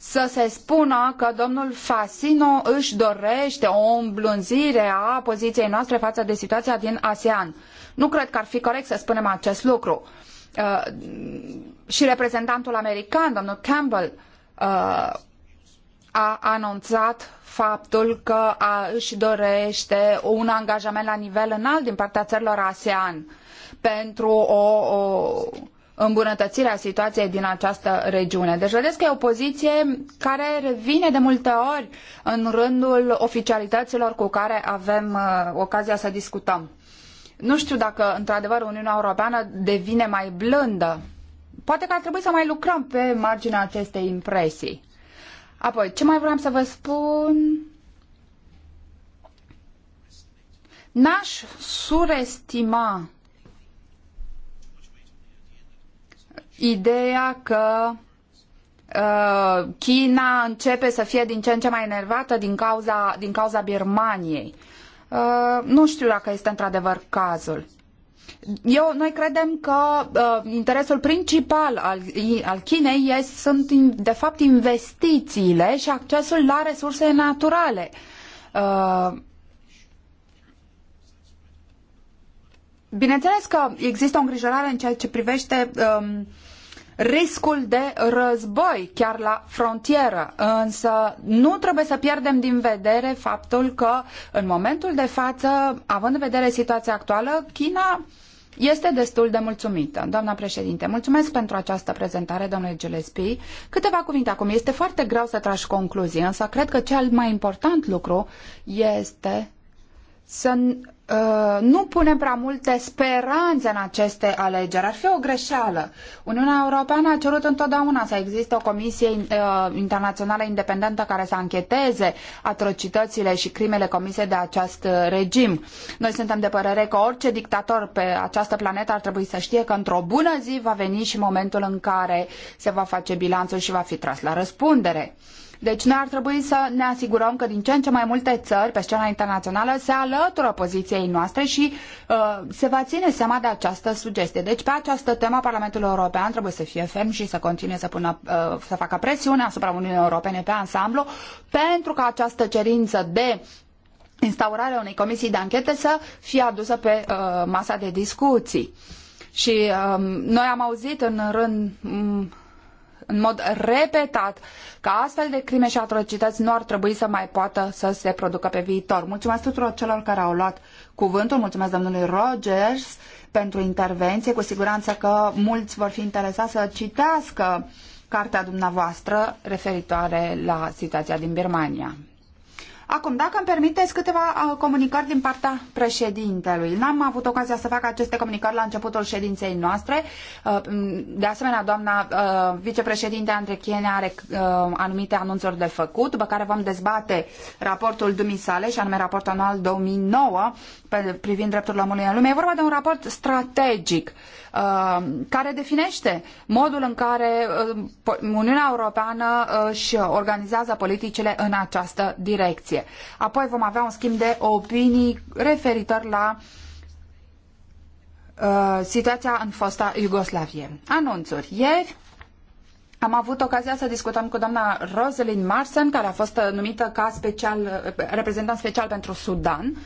Speaker 2: să se spună că domnul Fasino își dorește o îmblânzire a poziției noastre față de situația din ASEAN. Nu cred că ar fi corect să spunem acest lucru. Uh, și reprezentantul american, domnul Campbell, uh, a anunțat faptul că a, își dorește un angajament la nivel înalt din partea țărilor ASEAN pentru o, o îmbunătățirea situației din această regiune. Deci vedeți că e o poziție care revine de multe ori în rândul oficialităților cu care avem uh, ocazia să discutăm. Nu știu dacă, într-adevăr, Uniunea Europeană devine mai blândă. Poate că ar trebui să mai lucrăm pe marginea acestei impresii. Apoi, ce mai vreau să vă spun? N-aș surestima ideea că uh, China începe să fie din ce în ce mai enervată din cauza, din cauza Birmaniei. Uh, nu știu dacă este într-adevăr cazul. Eu, noi credem că uh, interesul principal al, al Chinei este, sunt, de fapt, investițiile și accesul la resurse naturale. Uh, bineînțeles că există o îngrijorare în ceea ce privește uh, riscul de război chiar la frontieră. Însă nu trebuie să pierdem din vedere faptul că în momentul de față, având în vedere situația actuală, China este destul de mulțumită. Doamna președinte, mulțumesc pentru această prezentare, domnule Gillespie. Câteva cuvinte acum. Este foarte greu să tragi concluzii, însă cred că cel mai important lucru este să Uh, nu punem prea multe speranțe în aceste alegeri. Ar fi o greșeală. Uniunea Europeană a cerut întotdeauna să existe o comisie uh, internațională independentă care să ancheteze atrocitățile și crimele comise de acest uh, regim. Noi suntem de părere că orice dictator pe această planetă ar trebui să știe că într-o bună zi va veni și momentul în care se va face bilanțul și va fi tras la răspundere. Uh, deci noi ar trebui să ne asigurăm că din ce în ce mai multe țări pe scena internațională se alătură poziției noastre și uh, se va ține seama de această sugestie. Deci pe această temă Parlamentul European trebuie să fie ferm și să continue să, pună, uh, să facă presiune asupra Uniunii Europene pe ansamblu pentru ca această cerință de instaurarea unei comisii de anchetă să fie adusă pe uh, masa de discuții. Și um, noi am auzit în rând um, în mod repetat că astfel de crime și atrocități nu ar trebui să mai poată să se producă pe viitor. Mulțumesc tuturor celor care au luat cuvântul, mulțumesc domnului Rogers pentru intervenție. Cu siguranță că mulți vor fi interesați să citească cartea dumneavoastră referitoare la situația din Birmania. Acum, dacă îmi permiteți câteva uh, comunicări din partea președintelui. N-am avut ocazia să fac aceste comunicări la începutul ședinței noastre. Uh, de asemenea, doamna uh, vicepreședinte Andrechiene are anumite anunțuri de făcut, după care vom dezbate raportul dumisale și anume raportul anual 2009 privind drepturile omului în lume. E vorba de un raport strategic care definește modul în care Uniunea Europeană își organizează politicile în această direcție comisie. Apoi vom avea un schimb de opinii referitor la uh, situația în fosta Iugoslavie. Anunțuri. Ieri am avut ocazia să discutăm cu doamna Rosalind Marsen, care a fost numită ca special, reprezentant special pentru Sudan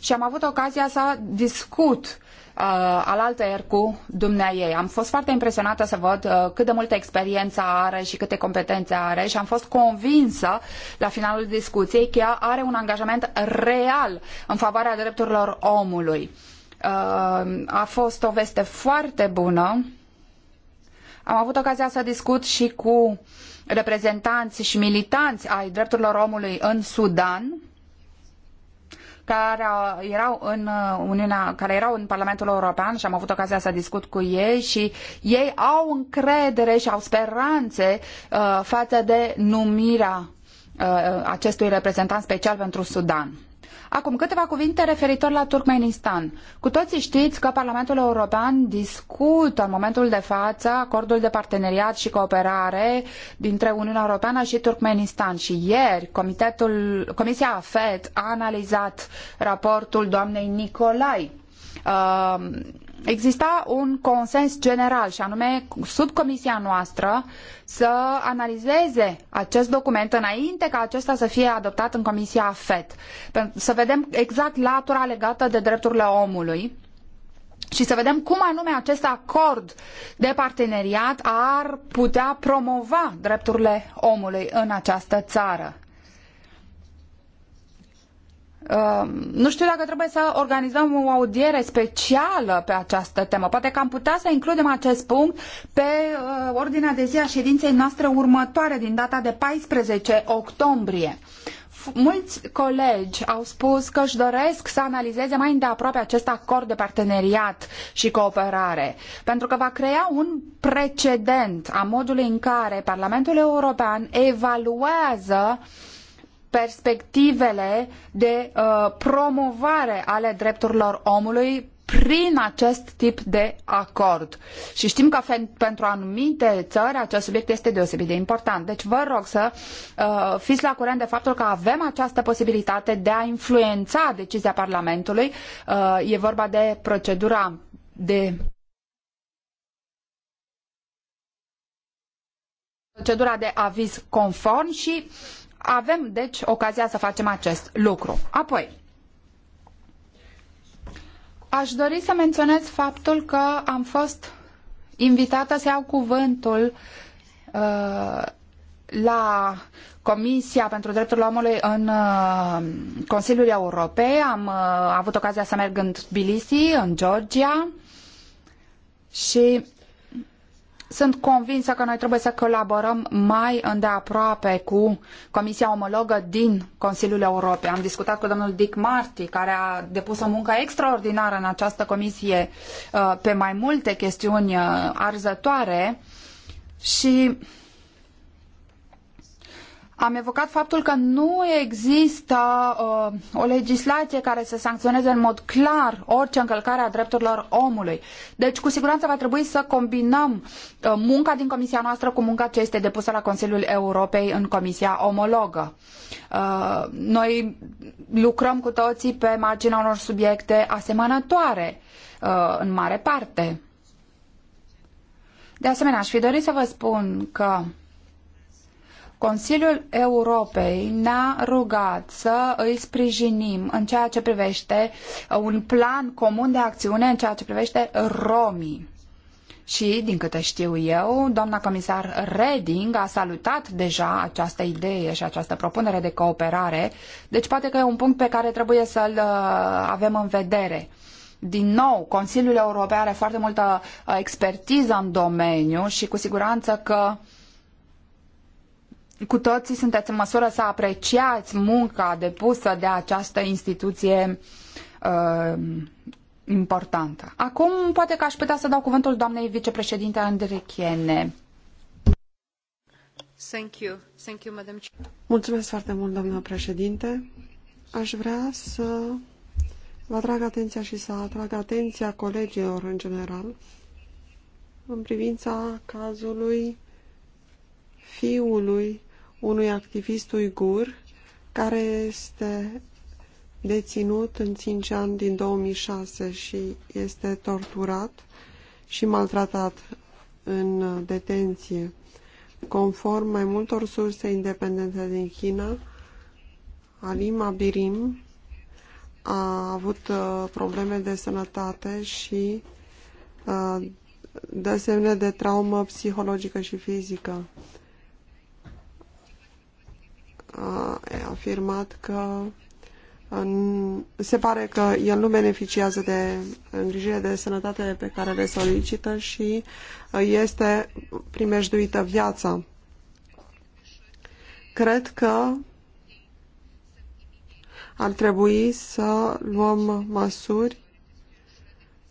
Speaker 2: și am avut ocazia să discut uh, alaltăieri cu dumnea ei. Am fost foarte impresionată să văd uh, cât de multă experiență are și câte competențe are și am fost convinsă la finalul discuției că ea are un angajament real în favoarea drepturilor omului. Uh, a fost o veste foarte bună. Am avut ocazia să discut și cu reprezentanți și militanți ai drepturilor omului în Sudan care erau în uh, Uniunea, care erau în Parlamentul European și am avut ocazia să discut cu ei și ei au încredere și au speranțe uh, față de numirea uh, acestui reprezentant special pentru Sudan. Acum câteva cuvinte referitor la Turkmenistan. Cu toții știți că Parlamentul European discută în momentul de față acordul de parteneriat și cooperare dintre Uniunea Europeană și Turkmenistan și ieri Comitetul, Comisia AFET a analizat raportul doamnei Nicolai. Uh, exista un consens general și anume subcomisia noastră să analizeze acest document înainte ca acesta să fie adoptat în comisia FET, să vedem exact latura legată de drepturile omului și să vedem cum anume acest acord de parteneriat ar putea promova drepturile omului în această țară. Uh, nu știu dacă trebuie să organizăm o audiere specială pe această temă. Poate că am putea să includem acest punct pe uh, ordinea de zi a ședinței noastre următoare din data de 14 octombrie. Mulți colegi au spus că își doresc să analizeze mai îndeaproape acest acord de parteneriat și cooperare, pentru că va crea un precedent a modului în care Parlamentul European evaluează uh, perspectivele de uh, promovare ale drepturilor omului prin acest tip de acord. Și știm că pentru anumite țări acest subiect este deosebit de important. Deci vă rog să uh, fiți la curent de faptul că avem această posibilitate de a influența decizia Parlamentului. Uh, e vorba de procedura de procedura de aviz conform și uh, avem, deci, ocazia să facem acest lucru. Apoi, aș dori să menționez faptul că am fost invitată să iau cuvântul uh, la Comisia pentru Drepturile Omului în uh, Consiliul Europei. Am uh, avut ocazia să merg în Tbilisi, în Georgia și sunt convinsă că noi trebuie să colaborăm mai îndeaproape cu Comisia Omologă din Consiliul Europei. Am discutat cu domnul Dick Marty, care a depus o muncă extraordinară în această comisie uh, pe mai multe chestiuni uh, arzătoare și am evocat faptul că nu există uh, o legislație care să sancționeze în mod clar orice încălcare a drepturilor omului. Deci, cu siguranță va trebui să combinăm uh, munca din comisia noastră cu munca ce este depusă la Consiliul Europei în comisia omologă. Uh, noi lucrăm cu toții pe marginea unor subiecte asemănătoare uh, în mare parte. De asemenea, aș fi dorit să vă spun că Consiliul Europei ne-a rugat să îi sprijinim în ceea ce privește uh, un plan comun de acțiune în ceea ce privește romii. Și, din câte știu eu, doamna comisar Reding a salutat deja această idee și această propunere de cooperare, deci poate că e un punct pe care trebuie să-l uh, avem în vedere. Din nou, Consiliul European are foarte multă uh, expertiză în domeniu și cu siguranță că uh, cu toții sunteți în măsură să apreciați munca depusă de această instituție uh, importantă. Acum, poate că aș putea să dau cuvântul doamnei vicepreședinte Andrechiene. Thank you. Thank you, Madam
Speaker 3: Mulțumesc foarte mult, doamnă președinte. Aș vrea să vă atrag atenția și să atrag atenția colegilor în general în privința cazului fiului unui activist uigur care este deținut în 5 ani din 2006 și este torturat și maltratat în detenție. Conform mai multor surse independente din China, Alim Abirim a avut uh, probleme de sănătate și uh, de semne de traumă psihologică și fizică a afirmat că se pare că el nu beneficiază de îngrijire de sănătate pe care le solicită și este primejduită viața. Cred că ar trebui să luăm măsuri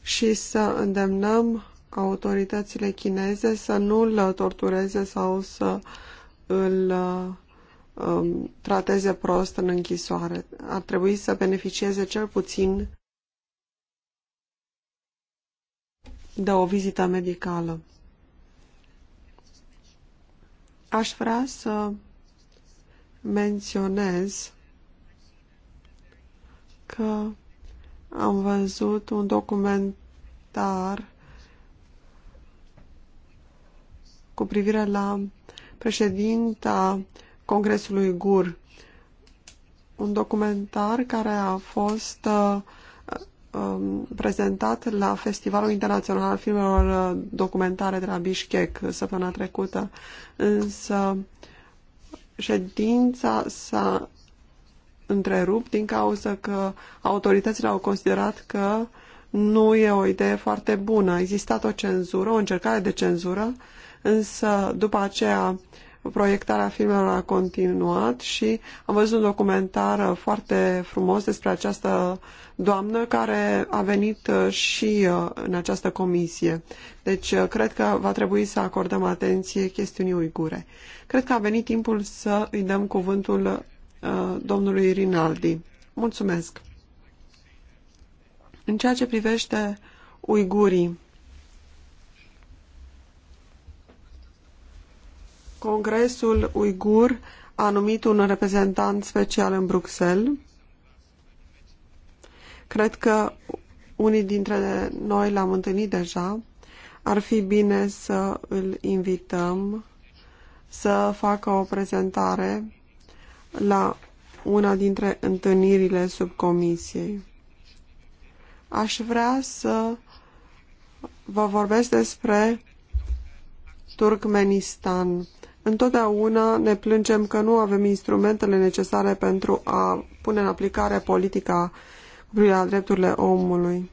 Speaker 3: și să îndemnăm autoritățile chineze să nu îl tortureze sau să îl um, trateze prost în închisoare. Ar trebui să beneficieze cel puțin de o vizită medicală. Aș vrea să menționez că am văzut un documentar cu privire la președinta Congresului GUR. Un documentar care a fost uh, um, prezentat la Festivalul Internațional al Filmelor uh, Documentare de la Bishkek săptămâna trecută, însă ședința s-a întrerupt din cauza că autoritățile au considerat că nu e o idee foarte bună. A existat o cenzură, o încercare de cenzură, însă după aceea proiectarea filmelor a continuat și am văzut un documentar foarte frumos despre această doamnă care a venit uh, și uh, în această comisie. Deci uh, cred că va trebui să acordăm atenție chestiunii uigure. Cred că a venit timpul să îi dăm cuvântul domnului Rinaldi. Mulțumesc! În ceea ce privește uigurii, Congresul Uigur a numit un reprezentant special în Bruxelles. Cred că unii dintre noi l-am întâlnit deja. Ar fi bine să îl invităm să facă o prezentare la una dintre întâlnirile subcomisiei. Aș vrea să vă vorbesc despre Turkmenistan. Întotdeauna ne plângem că nu avem instrumentele necesare pentru a pune în aplicare politica cu la drepturile omului.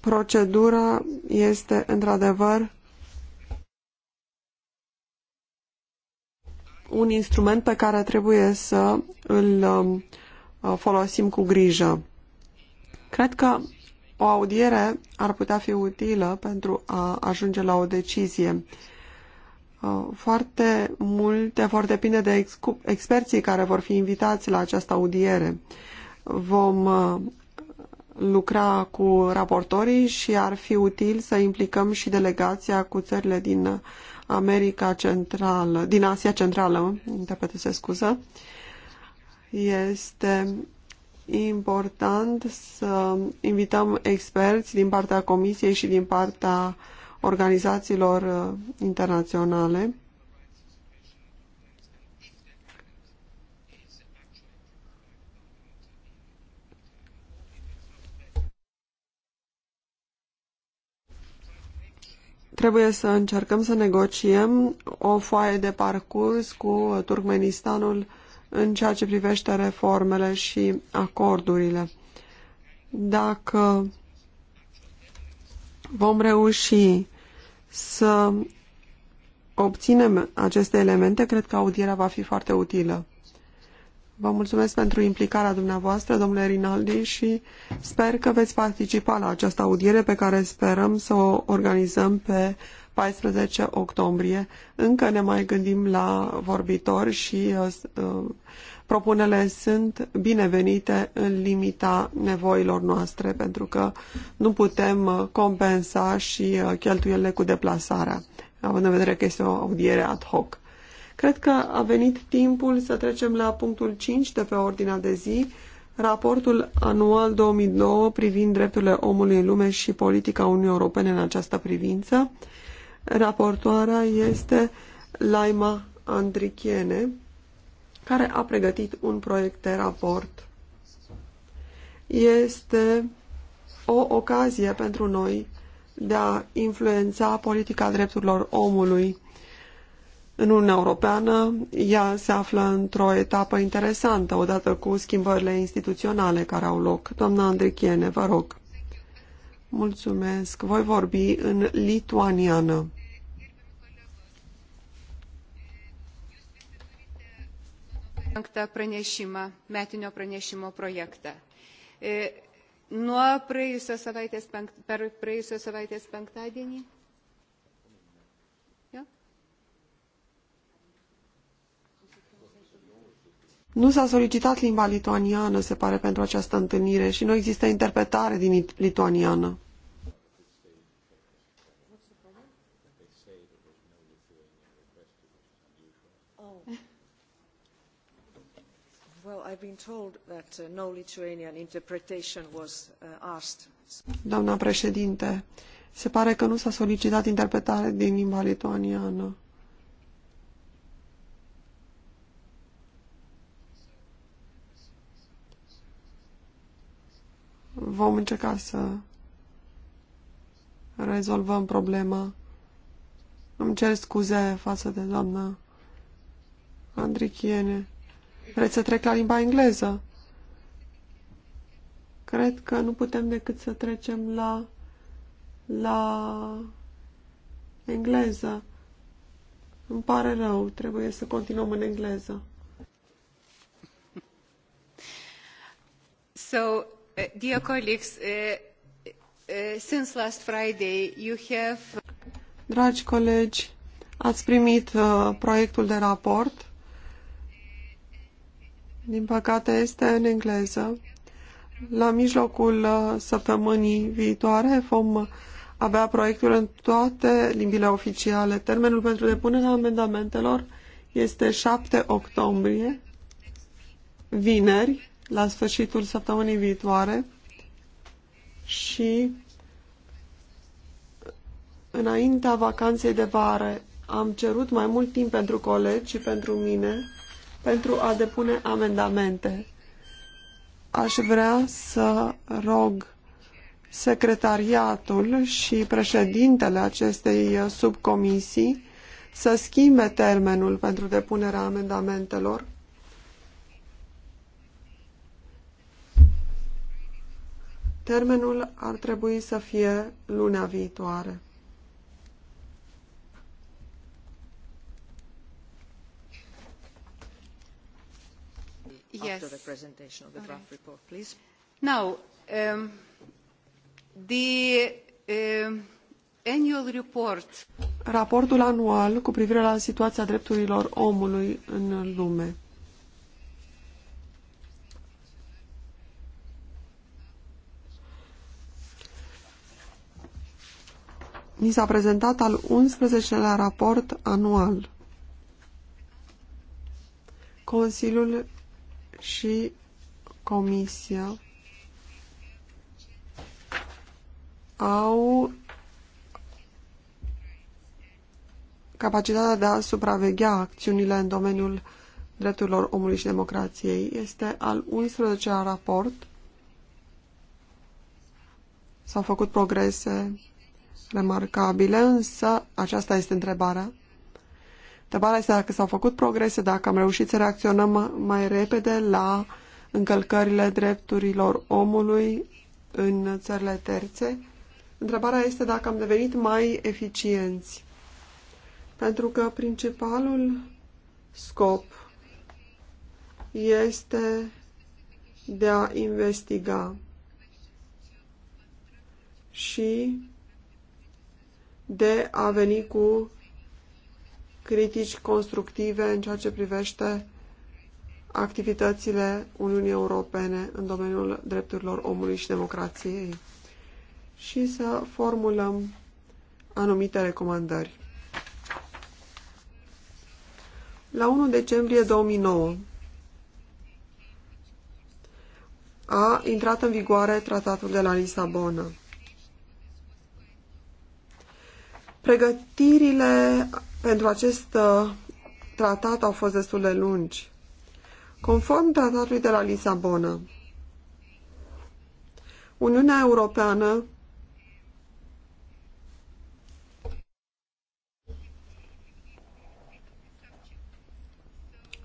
Speaker 3: Procedura este într-adevăr un instrument pe care trebuie să îl um, folosim cu grijă. Cred că o audiere ar putea fi utilă pentru a ajunge la o decizie. Uh, foarte multe vor depinde de experții care vor fi invitați la această audiere. Vom uh, lucra cu raportorii și ar fi util să implicăm și delegația cu țările din America Centrală, din Asia Centrală, se scuză, este important să invităm experți din partea Comisiei și din partea organizațiilor uh, internaționale. Trebuie să încercăm să negociem o foaie de parcurs cu Turkmenistanul în ceea ce privește reformele și acordurile. Dacă vom reuși să obținem aceste elemente, cred că audierea va fi foarte utilă. Vă mulțumesc pentru implicarea dumneavoastră, domnule Rinaldi, și sper că veți participa la această audiere pe care sperăm să o organizăm pe 14 octombrie. Încă ne mai gândim la vorbitori și uh, uh propunele sunt binevenite în limita nevoilor noastre, pentru că nu putem uh, compensa și uh, cheltuielile cu deplasarea, având în vedere că este o audiere ad hoc. Cred că a venit timpul să trecem la punctul 5 de pe ordinea de zi, raportul anual 2002 privind drepturile omului în lume și politica Uniunii Europene în această privință. Raportoarea este Laima Andrichiene, care a pregătit un proiect de raport. Este o ocazie pentru noi de a influența politica drepturilor omului în Uniunea Europeană, ea se află într-o etapă interesantă, odată cu schimbările instituționale care au loc. Doamna Andrichiene, vă rog. Mulțumesc. Voi vorbi în lituaniană.
Speaker 1: penktą pranešimą, metinio pranešimo projektą. Nuo praėjusios savaitės, penkt, per praėjusios savaitės penktadienį
Speaker 3: Nu s-a solicitat limba lituaniană, se pare, pentru această întâlnire și nu există interpretare din lituaniană.
Speaker 1: I've been told that uh, no Lithuanian interpretation was uh, asked.
Speaker 3: Doamna președinte, se pare că nu s-a solicitat interpretare din limba lituaniană. Vom încerca să rezolvăm problema. Îmi cer scuze față de doamna Andrichiene. Vreți să trec la limba engleză? Cred că nu putem decât să trecem la, la engleză. Îmi pare rău, trebuie să continuăm în engleză.
Speaker 1: So, uh, dear colleagues, uh, uh, since last Friday you have...
Speaker 3: Dragi colegi, ați primit uh, proiectul de raport din păcate este în engleză. La mijlocul uh, săptămânii viitoare vom avea proiectul în toate limbile oficiale. Termenul pentru depunerea amendamentelor este 7 octombrie, vineri, la sfârșitul săptămânii viitoare și înaintea vacanței de vară am cerut mai mult timp pentru colegi și pentru mine pentru a depune amendamente. Aș vrea să rog secretariatul și președintele acestei subcomisii să schimbe termenul pentru depunerea amendamentelor Termenul ar trebui să fie luna viitoare.
Speaker 1: yes. after the presentation of the draft right. report, please. Now, um, the um, annual report.
Speaker 3: Raportul anual cu privire la situația drepturilor omului în lume. ni s-a prezentat al 11-lea raport anual. Consiliul și Comisia au capacitatea de a supraveghea acțiunile în domeniul drepturilor omului și democrației. Este al 11-lea raport. S-au făcut progrese remarcabile, însă aceasta este întrebarea. Întrebarea este dacă s-au făcut progrese, dacă am reușit să reacționăm mai repede la încălcările drepturilor omului în țările terțe. Întrebarea este dacă am devenit mai eficienți. Pentru că principalul scop este de a investiga și de a veni cu critici constructive în ceea ce privește activitățile Uniunii Europene în domeniul drepturilor omului și democrației și să formulăm anumite recomandări. La 1 decembrie 2009 a intrat în vigoare tratatul de la Lisabona. Pregătirile pentru acest uh, tratat au fost destul de lungi. Conform tratatului de la Lisabona, Uniunea Europeană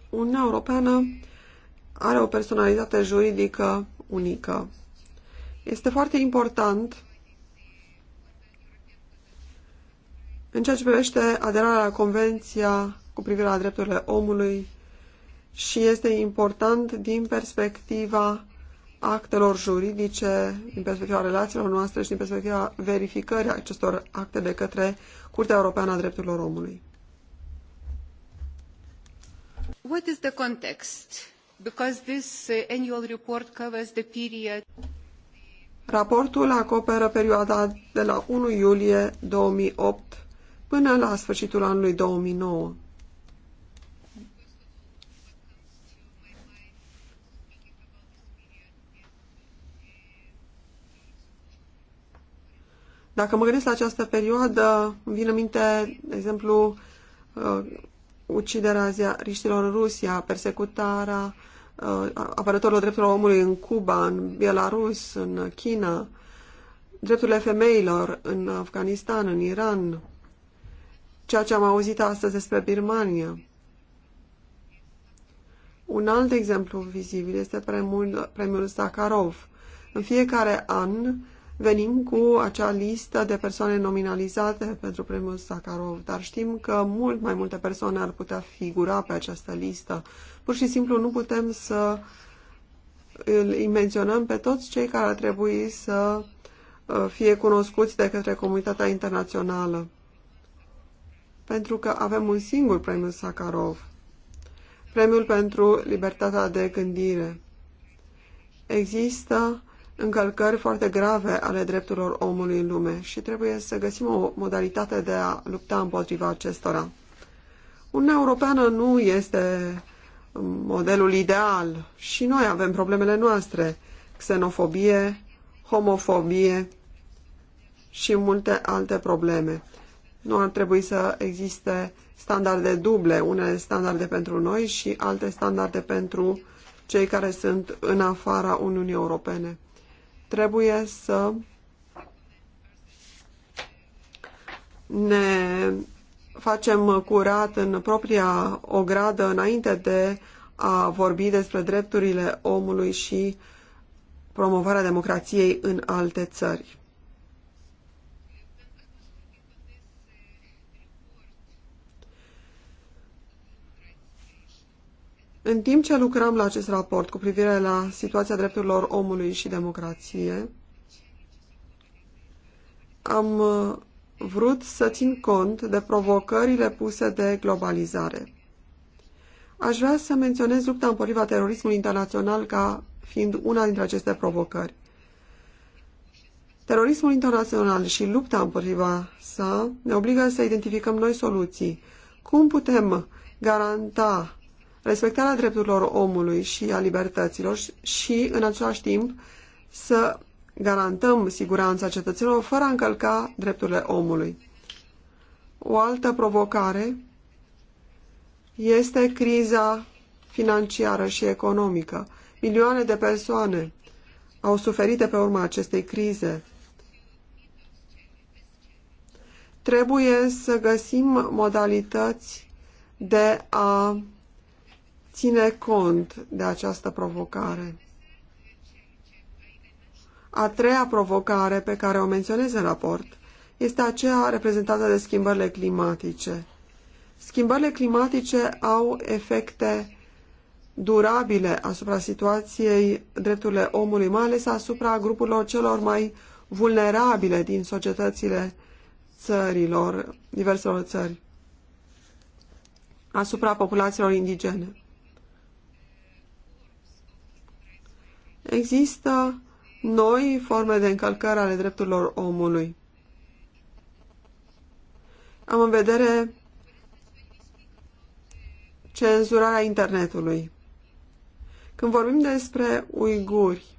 Speaker 3: Uniunea Europeană are o personalitate juridică unică. Este foarte important În ceea ce privește aderarea la Convenția cu privire la drepturile omului și este important din perspectiva actelor juridice, din perspectiva relațiilor noastre și din perspectiva verificării acestor acte de către Curtea Europeană a Drepturilor Omului.
Speaker 1: What is the context? Because this uh, annual report covers the period
Speaker 3: Raportul acoperă perioada de la 1 iulie 2008 până la sfârșitul anului 2009. Dacă mă gândesc la această perioadă, îmi vine în minte, de exemplu, uh, uciderea ziariștilor în Rusia, persecutarea uh, apărătorilor drepturilor omului în Cuba, în Belarus, în China, drepturile femeilor în Afganistan, în Iran, ceea ce am auzit astăzi despre Birmania. Un alt exemplu vizibil este premiul, premiul Sakharov. În fiecare an venim cu acea listă de persoane nominalizate pentru premiul Sakharov, dar știm că mult mai multe persoane ar putea figura pe această listă. Pur și simplu nu putem să îl menționăm pe toți cei care ar trebui să uh, fie cunoscuți de către comunitatea internațională pentru că avem un singur premiu Sakharov, premiul pentru libertatea de gândire. Există încălcări foarte grave ale drepturilor omului în lume și trebuie să găsim o modalitate de a lupta împotriva acestora. Uniunea Europeană nu este modelul ideal și noi avem problemele noastre, xenofobie, homofobie și multe alte probleme. Nu ar trebui să existe standarde duble, unele standarde pentru noi și alte standarde pentru cei care sunt în afara Uniunii Europene. Trebuie să ne facem curat în propria ogradă înainte de a vorbi despre drepturile omului și promovarea democrației în alte țări. În timp ce lucram la acest raport cu privire la situația drepturilor omului și democrație, am uh, vrut să țin cont de provocările puse de globalizare. Aș vrea să menționez lupta împotriva terorismului internațional ca fiind una dintre aceste provocări. Terorismul internațional și lupta împotriva sa ne obligă să identificăm noi soluții. Cum putem garanta respectarea drepturilor omului și a libertăților și, în același timp, să garantăm siguranța cetățenilor fără a încălca drepturile omului. O altă provocare este criza financiară și economică. Milioane de persoane au suferit de pe urma acestei crize. Trebuie să găsim modalități de a ține cont de această provocare. A treia provocare pe care o menționez în raport este aceea reprezentată de schimbările climatice. Schimbările climatice au efecte durabile asupra situației drepturile omului, mai ales asupra grupurilor celor mai vulnerabile din societățile țărilor, diverselor țări, asupra populațiilor indigene. există noi forme de încălcări ale drepturilor omului. Am în vedere cenzurarea internetului. Când vorbim despre uiguri,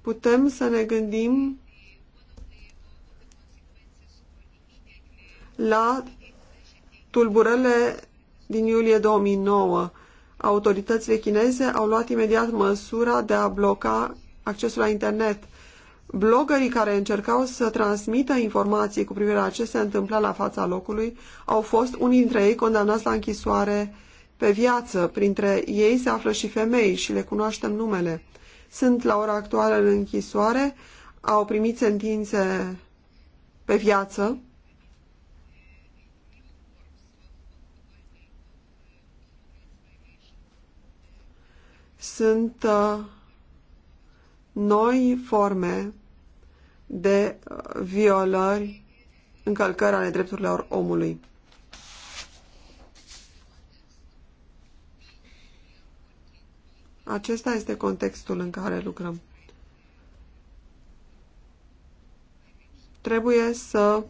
Speaker 3: putem să ne gândim la tulburările din iulie 2009 autoritățile chineze au luat imediat măsura de a bloca accesul la internet. Blogării care încercau să transmită informații cu privire la ce se întâmpla la fața locului au fost unii dintre ei condamnați la închisoare pe viață. Printre ei se află și femei și le cunoaștem numele. Sunt la ora actuală în închisoare, au primit sentințe pe viață sunt uh, noi forme de uh, violări, încălcări ale drepturilor omului. Acesta este contextul în care lucrăm. Trebuie să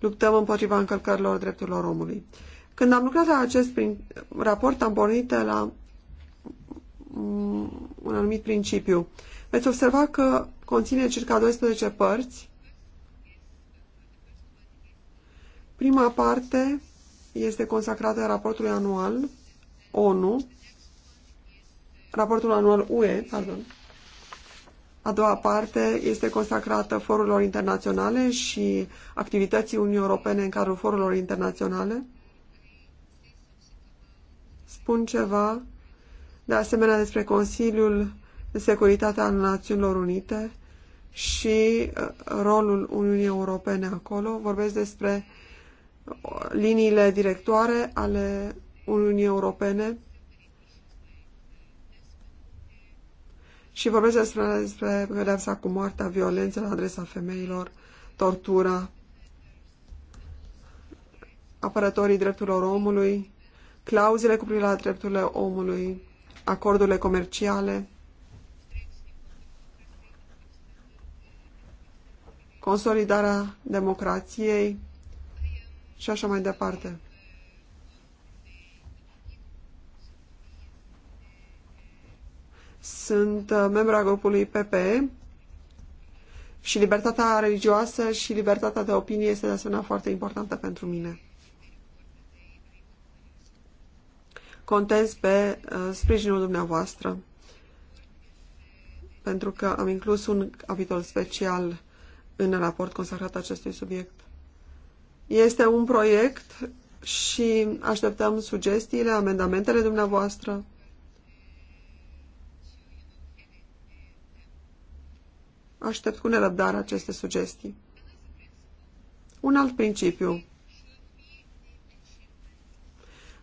Speaker 3: luptăm împotriva încălcărilor drepturilor omului. Când am lucrat la acest raport, am pornit la Mm, un anumit principiu. Veți observa că conține circa 12 părți. Prima parte este consacrată raportului anual ONU, raportul anual UE, pardon. A doua parte este consacrată forurilor internaționale și activității Uniunii Europene în cadrul forurilor internaționale. Spun ceva de asemenea despre Consiliul de Securitate al Națiunilor Unite și uh, rolul Uniunii Europene acolo. Vorbesc despre uh, liniile directoare ale Uniunii Europene și vorbesc despre, despre pedeapsa cu moartea, violența la adresa femeilor, tortura, apărătorii drepturilor omului, clauzele cu privire la drepturile omului, acordurile comerciale, consolidarea democrației și așa mai departe. Sunt uh, membra grupului PPE și libertatea religioasă și libertatea de opinie este de asemenea foarte importantă pentru mine. contez pe uh, sprijinul dumneavoastră pentru că am inclus un capitol special în raport consacrat acestui subiect. Este un proiect și așteptăm sugestiile, amendamentele dumneavoastră. Aștept cu nerăbdare aceste sugestii. Un alt principiu.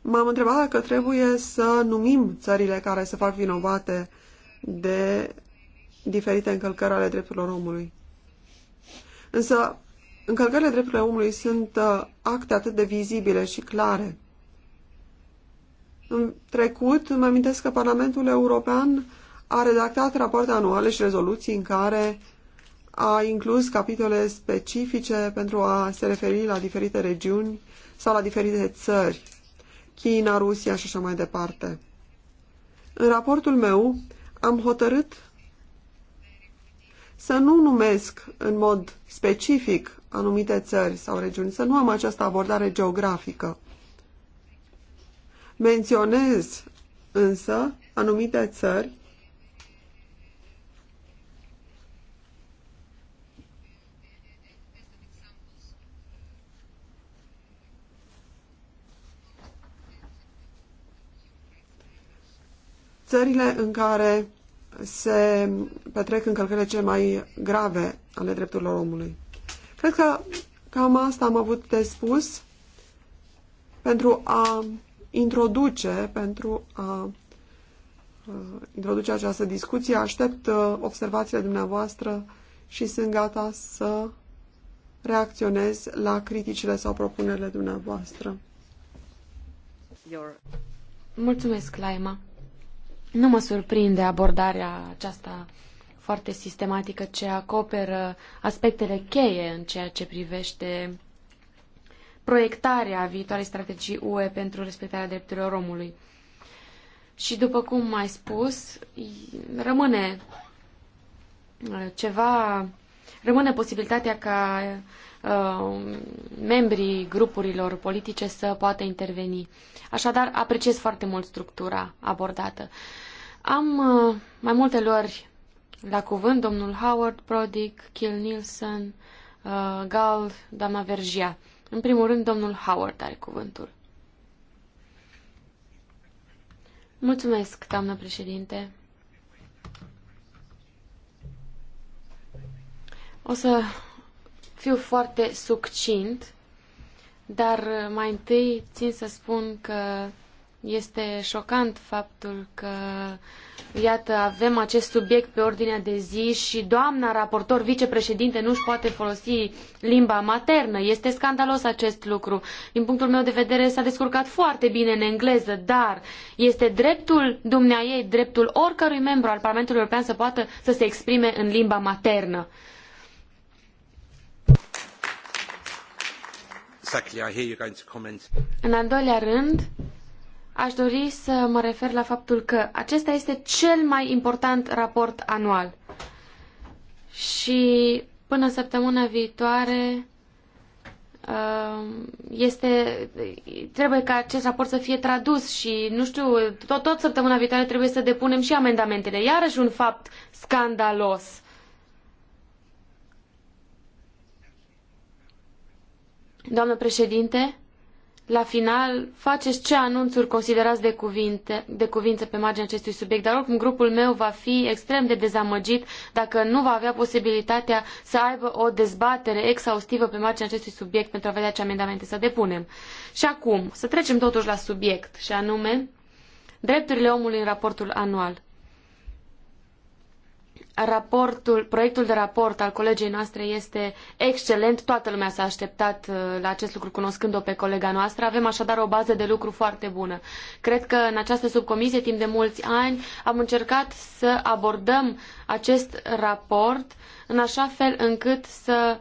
Speaker 3: M-am întrebat dacă trebuie să numim țările care se fac vinovate de diferite încălcări ale drepturilor omului. Însă, încălcările drepturilor omului sunt uh, acte atât de vizibile și clare. În trecut, îmi amintesc că Parlamentul European a redactat rapoarte anuale și rezoluții în care a inclus capitole specifice pentru a se referi la diferite regiuni sau la diferite țări. China, Rusia și așa mai departe. În raportul meu am hotărât să nu numesc în mod specific anumite țări sau regiuni, să nu am această abordare geografică. Menționez însă anumite țări țările în care se petrec încălcările cele mai grave ale drepturilor omului. Cred că cam asta am avut de spus pentru a introduce, pentru a introduce această discuție. Aștept observațiile dumneavoastră și sunt gata să reacționez la criticile sau propunerile dumneavoastră.
Speaker 4: Mulțumesc, Laima. Nu mă surprinde abordarea aceasta foarte sistematică ce acoperă aspectele cheie în ceea ce privește proiectarea viitoarei strategii UE pentru respectarea drepturilor omului. Și după cum ai spus, rămâne uh, ceva, rămâne posibilitatea ca Uh, membrii grupurilor politice să poată interveni. Așadar, apreciez foarte mult structura abordată. Am uh, mai multe lor la cuvânt, domnul Howard, Prodic, Kill Nielsen, uh, Gal, doamna Vergia. În primul rând, domnul Howard are cuvântul. Mulțumesc, doamnă președinte. O să fiu foarte succint, dar uh, mai întâi țin să spun că este șocant faptul că, iată, avem acest subiect pe ordinea de zi și doamna raportor vicepreședinte nu-și poate folosi limba maternă. Este scandalos acest lucru. Din punctul meu de vedere s-a descurcat foarte bine în engleză, dar este dreptul dumneaei, dreptul oricărui membru al Parlamentului European să poată să se exprime în limba maternă. În al doilea rând, aș dori să mă refer la faptul că acesta este cel mai important raport anual. Și până săptămâna viitoare uh, este, trebuie ca acest raport să fie tradus și, nu știu, tot, tot săptămâna viitoare trebuie să depunem și amendamentele. Iarăși un fapt scandalos. Doamnă președinte, la final faceți ce anunțuri considerați de, cuvinte, de cuvință pe marginea acestui subiect, dar oricum grupul meu va fi extrem de dezamăgit dacă nu va avea posibilitatea să aibă o dezbatere exhaustivă pe marginea acestui subiect pentru a vedea ce amendamente să depunem. Și acum, să trecem totuși la subiect, și anume drepturile omului în raportul anual raportul, proiectul de raport al colegei noastre este excelent. Toată lumea s-a așteptat uh, la acest lucru cunoscând-o pe colega noastră. Avem așadar o bază de lucru foarte bună. Cred că în această subcomisie, timp de mulți ani, am încercat să abordăm acest raport în așa fel încât să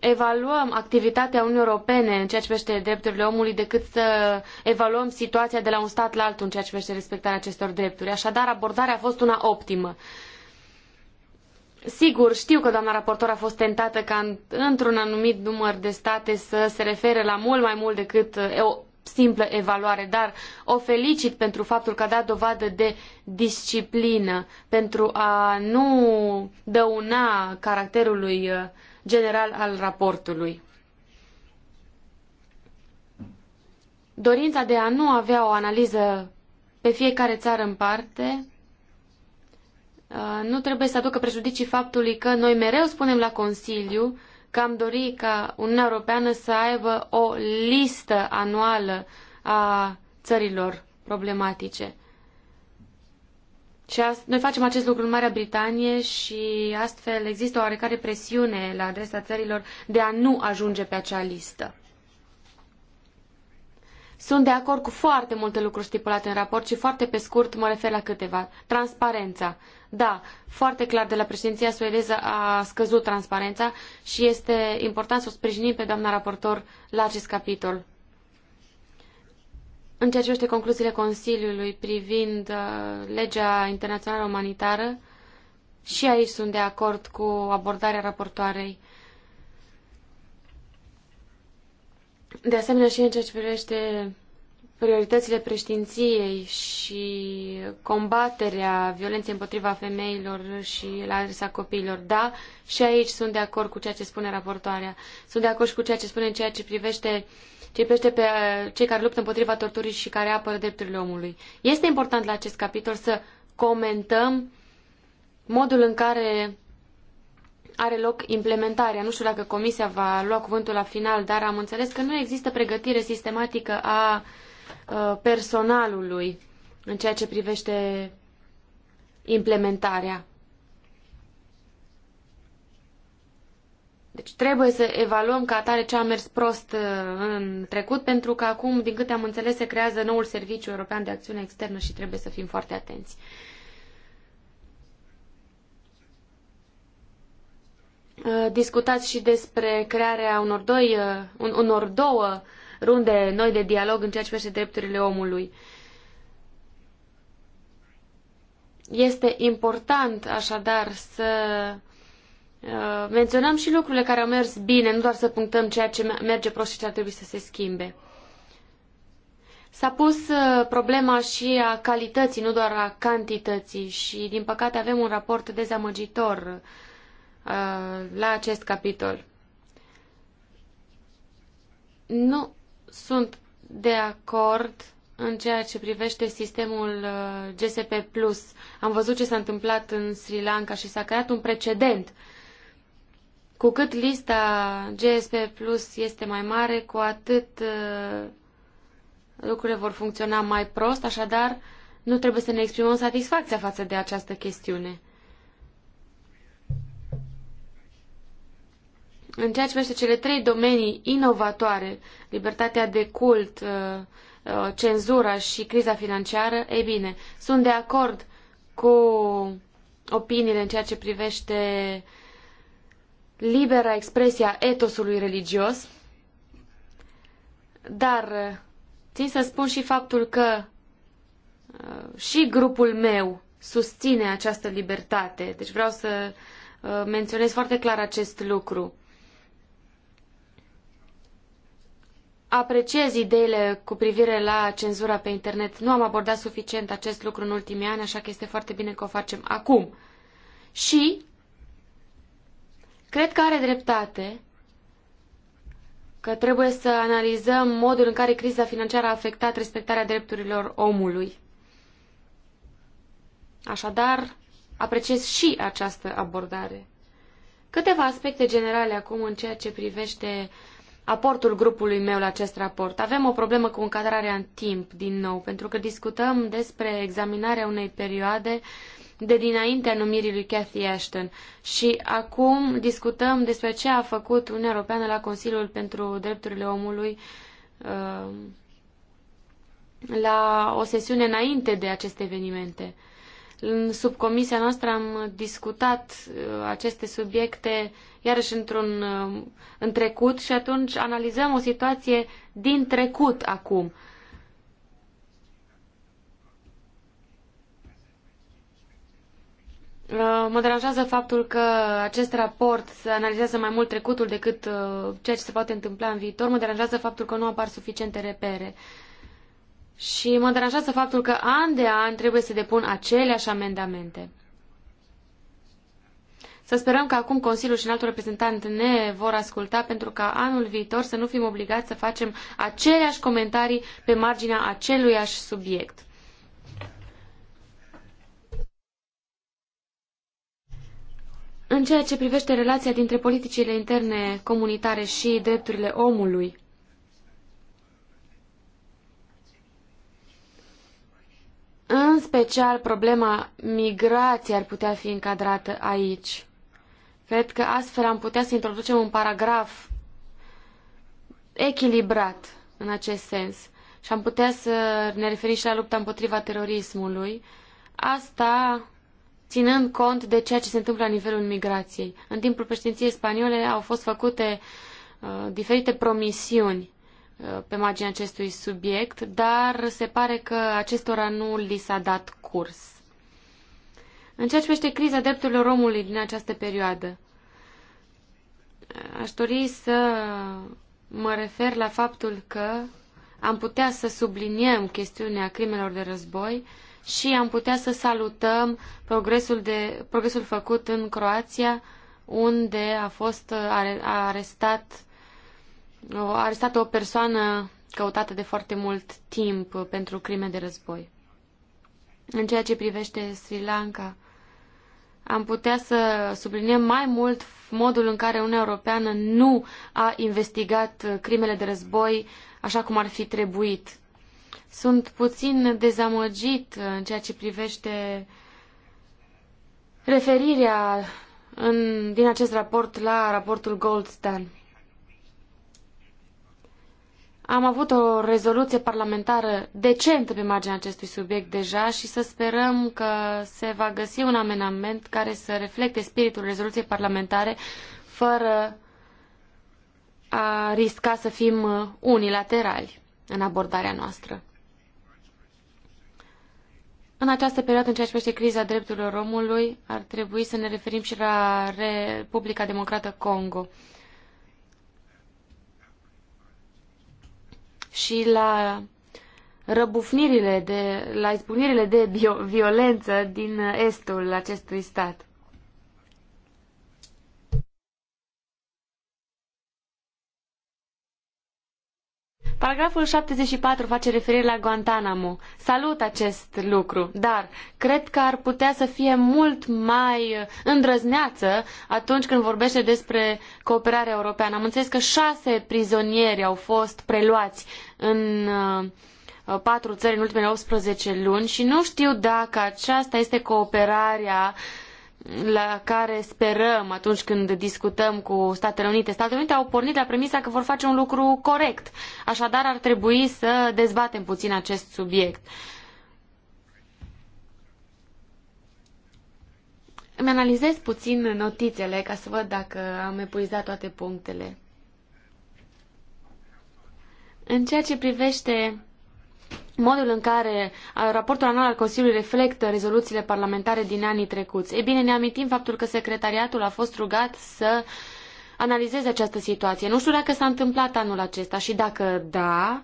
Speaker 4: evaluăm activitatea Uniunii Europene în ceea ce privește drepturile omului decât să evaluăm situația de la un stat la altul în ceea ce privește respectarea acestor drepturi. Așadar, abordarea a fost una optimă. Sigur, știu că doamna raportor a fost tentată ca într-un anumit număr de state să se refere la mult mai mult decât o simplă evaluare, dar o felicit pentru faptul că a dat dovadă de disciplină pentru a nu dăuna caracterului uh, general al raportului. Dorința de a nu avea o analiză pe fiecare țară în parte Uh, nu trebuie să aducă prejudicii faptului că noi mereu spunem la Consiliu că am dori ca Uniunea Europeană să aibă o listă anuală a țărilor problematice. Și noi facem acest lucru în Marea Britanie și astfel există o oarecare presiune la adresa țărilor de a nu ajunge pe acea listă. Sunt de acord cu foarte multe lucruri stipulate în raport și foarte pe scurt mă refer la câteva. Transparența. Uh, da, foarte clar de la președinția suedeză a scăzut transparența și este important să o sprijinim pe doamna raportor la acest capitol. În ceea ce privește concluziile Consiliului privind uh, legea internațională umanitară, și aici sunt de acord cu abordarea raportoarei. De asemenea, și în ceea ce privește prioritățile preștinției și combaterea violenței împotriva femeilor și la adresa copiilor. Da, și aici sunt de acord cu ceea ce spune raportoarea. Sunt de acord și cu ceea ce spune în ceea ce privește ce privește pe uh, cei care luptă împotriva torturii și care apără drepturile omului. Este important la acest capitol să comentăm modul în care are loc implementarea. Nu știu dacă Comisia va lua cuvântul la final, dar am înțeles că nu există pregătire sistematică a uh, Uh, personalului în ceea ce privește implementarea. Deci trebuie să evaluăm ca atare ce a mers prost uh, în trecut, pentru că acum, din câte am înțeles, se creează noul Serviciu European de Acțiune Externă și trebuie să fim foarte atenți. Uh, discutați și despre crearea unor, doi, unor două runde noi de dialog în ceea ce privește drepturile omului. Este important, așadar, să uh, menționăm și lucrurile care au mers bine, nu doar să punctăm ceea ce merge prost și ce ar trebui să se schimbe. S-a pus uh, problema și a calității, nu doar a cantității și, din păcate, avem un raport dezamăgitor uh, la acest capitol. Nu sunt de acord în ceea ce privește sistemul uh, GSP+. Am văzut ce s-a întâmplat în Sri Lanka și s-a creat un precedent. Cu cât lista GSP Plus este mai mare, cu atât uh, lucrurile vor funcționa mai prost, așadar nu trebuie să ne exprimăm satisfacția față de această chestiune. În ceea ce privește cele trei domenii inovatoare, libertatea de cult, uh, uh, cenzura și criza financiară, ei bine, sunt de acord cu opiniile în ceea ce privește libera expresia etosului religios, dar uh, țin să spun și faptul că și grupul meu susține această libertate. Deci vreau să menționez foarte clar acest lucru. apreciez ideile cu privire la cenzura pe internet. Nu am abordat suficient acest lucru în ultimii ani, așa că este foarte bine că o facem acum. Și cred că are dreptate că trebuie să analizăm modul în care criza financiară a afectat respectarea drepturilor omului. Așadar, apreciez și această abordare. Câteva aspecte generale acum în ceea ce privește uh, aportul grupului meu la acest raport. Avem o problemă cu încadrarea în timp, din nou, pentru că discutăm despre examinarea unei perioade de dinaintea numirii lui Cathy Ashton și acum discutăm despre ce a făcut Uniunea Europeană la Consiliul pentru Drepturile Omului uh, la o sesiune înainte de aceste evenimente. În subcomisia noastră am discutat uh, aceste subiecte iarăși într-un uh, în trecut și atunci analizăm o situație din trecut acum. Uh, mă deranjează faptul că acest raport se analizează mai mult trecutul decât ceea ce se poate întâmpla în viitor. Mă deranjează faptul că nu apar suficiente repere. Uh, și mă deranjează faptul că an de an trebuie să depun aceleași amendamente. Să sperăm că acum Consiliul și altul reprezentant ne vor asculta pentru ca anul viitor să nu fim obligați să facem aceleași comentarii pe marginea aceluiași subiect. În ceea ce privește relația dintre politicile interne comunitare și drepturile omului, În special, problema migrației ar putea fi încadrată aici. Cred că astfel am putea să introducem un paragraf echilibrat în acest sens și am putea să ne referim și la lupta împotriva terorismului, asta ținând cont de ceea ce se întâmplă la nivelul migrației. În timpul președinției spaniole au fost făcute uh, diferite promisiuni pe marginea acestui subiect, dar se pare că acestora nu li s-a dat curs. În ceea ce privește criza drepturilor omului din această perioadă, aș dori să mă refer la faptul că am putea să subliniem chestiunea crimelor de război și am putea să salutăm progresul, de, progresul făcut în Croația, unde a fost arestat arestat o persoană căutată de foarte mult timp pentru crime de război. În ceea ce privește Sri Lanka, am putea să subliniem mai mult modul în care Uniunea Europeană nu a investigat crimele de război așa cum ar fi trebuit. Sunt puțin dezamăgit în ceea ce privește referirea în, din acest raport la raportul Goldstein. Am avut o rezoluție parlamentară decentă pe marginea acestui subiect deja și să sperăm că se va găsi un amenament care să reflecte spiritul rezoluției parlamentare fără a risca să fim unilaterali în abordarea noastră. În această perioadă, în ceea ce privește criza drepturilor omului, ar trebui să ne referim și la Republica Democrată Congo. și la răbufnirile, de, la izbucnirile de bio, violență din estul acestui stat. Paragraful 74 face referire la Guantanamo. Salut acest lucru, dar cred că ar putea să fie mult mai îndrăzneață atunci când vorbește despre cooperarea europeană. Am înțeles că șase prizonieri au fost preluați în uh, patru țări în ultimele 18 luni și nu știu dacă aceasta este cooperarea uh, la care sperăm atunci când discutăm cu Statele Unite. Statele Unite au pornit la premisa că vor face un lucru corect. Așadar, ar trebui să dezbatem puțin acest subiect. Îmi analizez puțin notițele ca să văd dacă am epuizat toate punctele. În ceea ce privește modul în care raportul anual al Consiliului reflectă rezoluțiile parlamentare din anii trecuți. Ei bine, ne amintim faptul că secretariatul a fost rugat să analizeze această situație. Nu știu dacă s-a întâmplat anul acesta și dacă da,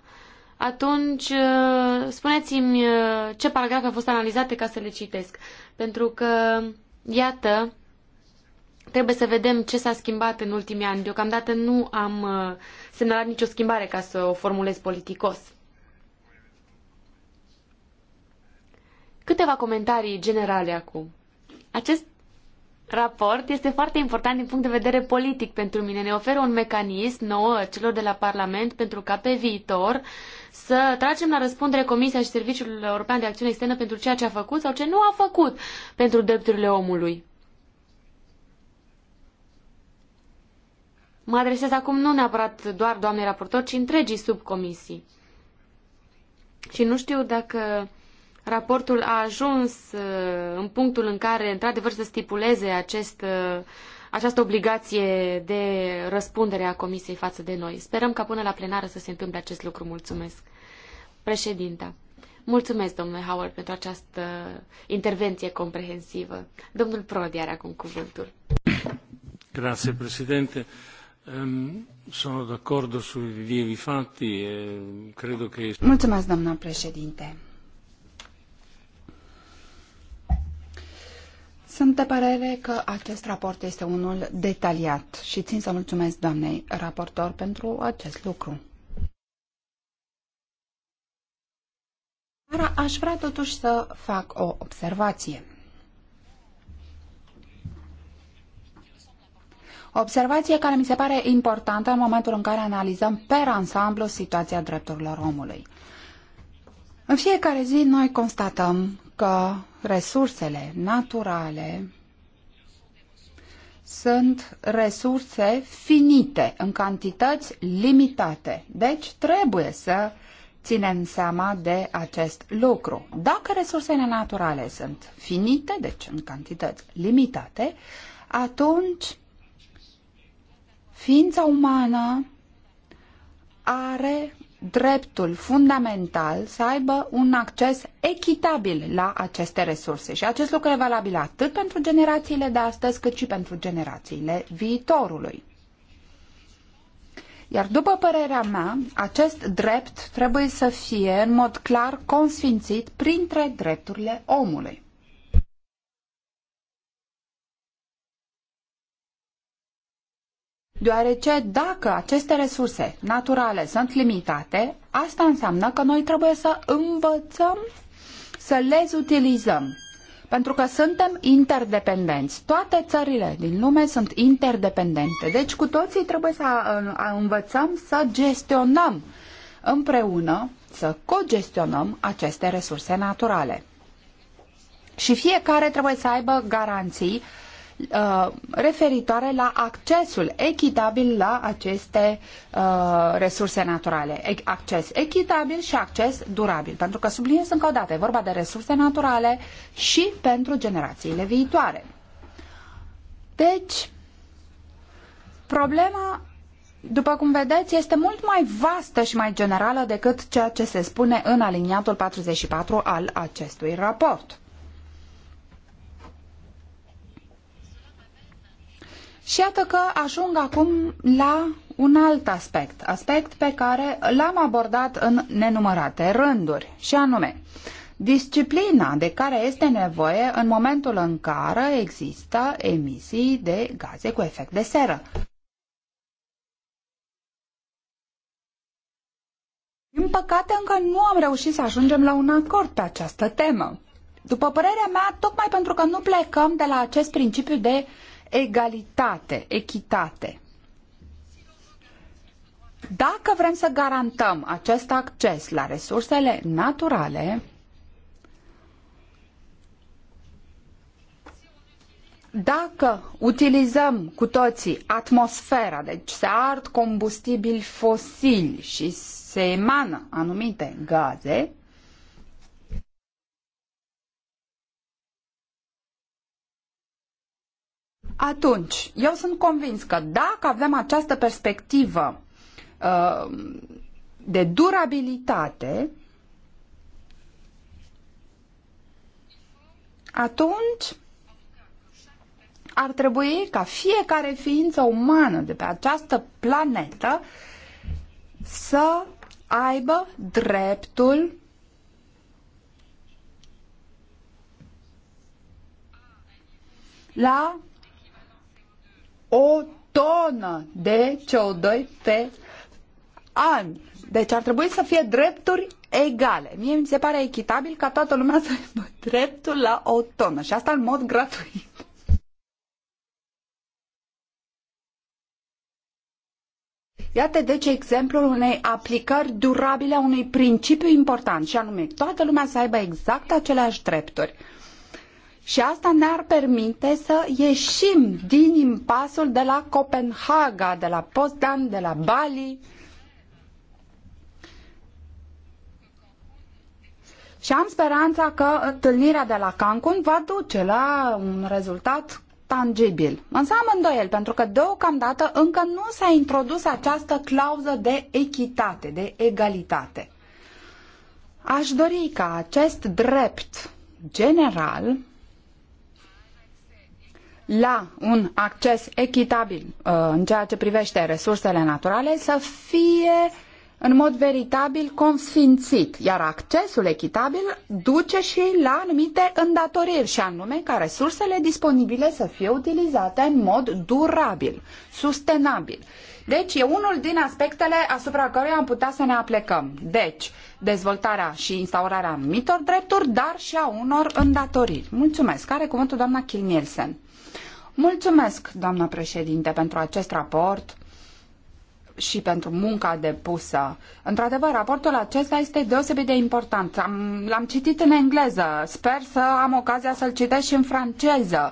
Speaker 4: atunci spuneți-mi ce paragrafe au fost analizate ca să le citesc. Pentru că, iată, trebuie să vedem ce s-a schimbat în ultimii ani. Deocamdată nu am semnalat nicio schimbare ca să o formulez politicos. Câteva comentarii generale acum. Acest raport este foarte important din punct de vedere politic pentru mine. Ne oferă un mecanism nou celor de la Parlament pentru ca pe viitor să tragem la răspundere Comisia și Serviciul European de Acțiune Externă pentru ceea ce a făcut sau ce nu a făcut pentru drepturile omului. Mă adresez acum nu neapărat doar doamnei raportor, ci întregii subcomisii. Și nu știu dacă Raportul a ajuns uh, în punctul în care, într-adevăr, să stipuleze acest, uh, această obligație de răspundere a Comisiei față de noi. Sperăm ca până la plenară să se întâmple acest lucru. Mulțumesc. Președinta. Mulțumesc, domnule Howard, pentru această intervenție comprehensivă. Domnul Prodi are acum cuvântul. Grazie, ehm, Sono d'accordo sui fatti e credo che...
Speaker 2: Mulțumesc, domnule președinte. Sunt de părere că acest raport este unul detaliat și țin să mulțumesc doamnei raportor pentru acest lucru. Dar aș vrea totuși să fac o observație. Observație care mi se pare importantă în momentul în care analizăm per ansamblu situația drepturilor omului. În fiecare zi noi constatăm că resursele naturale sunt resurse finite, în cantități limitate. Deci trebuie să ținem seama de acest lucru. Dacă resursele naturale sunt finite, deci în cantități limitate, atunci ființa umană are dreptul fundamental să aibă un acces echitabil la aceste resurse. Și acest lucru e valabil atât pentru generațiile de astăzi, cât și pentru generațiile viitorului. Iar după părerea mea, acest drept trebuie să fie în mod clar consfințit printre drepturile omului. deoarece dacă aceste resurse naturale sunt limitate, asta înseamnă că noi trebuie să învățăm să le utilizăm. Pentru că suntem interdependenți. Toate țările din lume sunt interdependente. Deci cu toții trebuie să uh, învățăm să gestionăm împreună, să cogestionăm aceste resurse naturale. Și fiecare trebuie să aibă garanții uh, Uh, referitoare la accesul echitabil la aceste uh, resurse naturale. Acces echitabil și acces durabil. Pentru că subliniez încă o dată, e vorba de resurse naturale și pentru generațiile viitoare. Deci, problema după cum vedeți, este mult mai vastă și mai generală decât ceea ce se spune în aliniatul 44 al acestui raport. Și iată că ajung acum la un alt aspect, aspect pe care l-am abordat în nenumărate rânduri, și anume disciplina de care este nevoie în momentul în care există emisii de gaze cu efect de seră. Din păcate, încă nu am reușit să ajungem la un acord pe această temă. După părerea mea, tocmai pentru că nu plecăm de la acest principiu de uh, egalitate, echitate. Dacă vrem să garantăm acest acces la resursele naturale, dacă utilizăm cu toții atmosfera, deci se ard combustibili fosili și se emană anumite gaze, Atunci, eu sunt convins că dacă avem această perspectivă uh, de durabilitate, atunci ar trebui ca fiecare ființă umană de pe această planetă să aibă dreptul la o tonă de CO2 pe an. Deci ar trebui să fie drepturi egale. Mie mi se pare echitabil ca toată lumea să aibă dreptul la o tonă și asta în mod gratuit. Iată deci exemplul unei aplicări durabile a unui principiu important și anume toată lumea să aibă exact aceleași drepturi. Și asta ne-ar permite să ieșim din impasul de la Copenhaga, de la Potsdam, de la Bali. Și am speranța că întâlnirea de la Cancun va duce la un rezultat tangibil. Însă am îndoiel, pentru că deocamdată încă nu s-a introdus această clauză de echitate, de egalitate. Aș dori ca acest drept general la un acces echitabil uh, în ceea ce privește resursele naturale să fie în mod veritabil consfințit, iar accesul echitabil duce și la anumite îndatoriri, și anume ca resursele disponibile să fie utilizate în mod durabil, sustenabil. Deci e unul din aspectele asupra căruia am putea să ne aplecăm. Deci, dezvoltarea și instaurarea anumitor drepturi, dar și a unor îndatoriri. Mulțumesc. Care cuvântul doamna Kilnielsen? Mulțumesc, doamna președinte, pentru acest raport și pentru munca depusă. Într-adevăr, raportul acesta este deosebit de important. l-am citit în engleză. Sper să am ocazia să-l citesc și în franceză,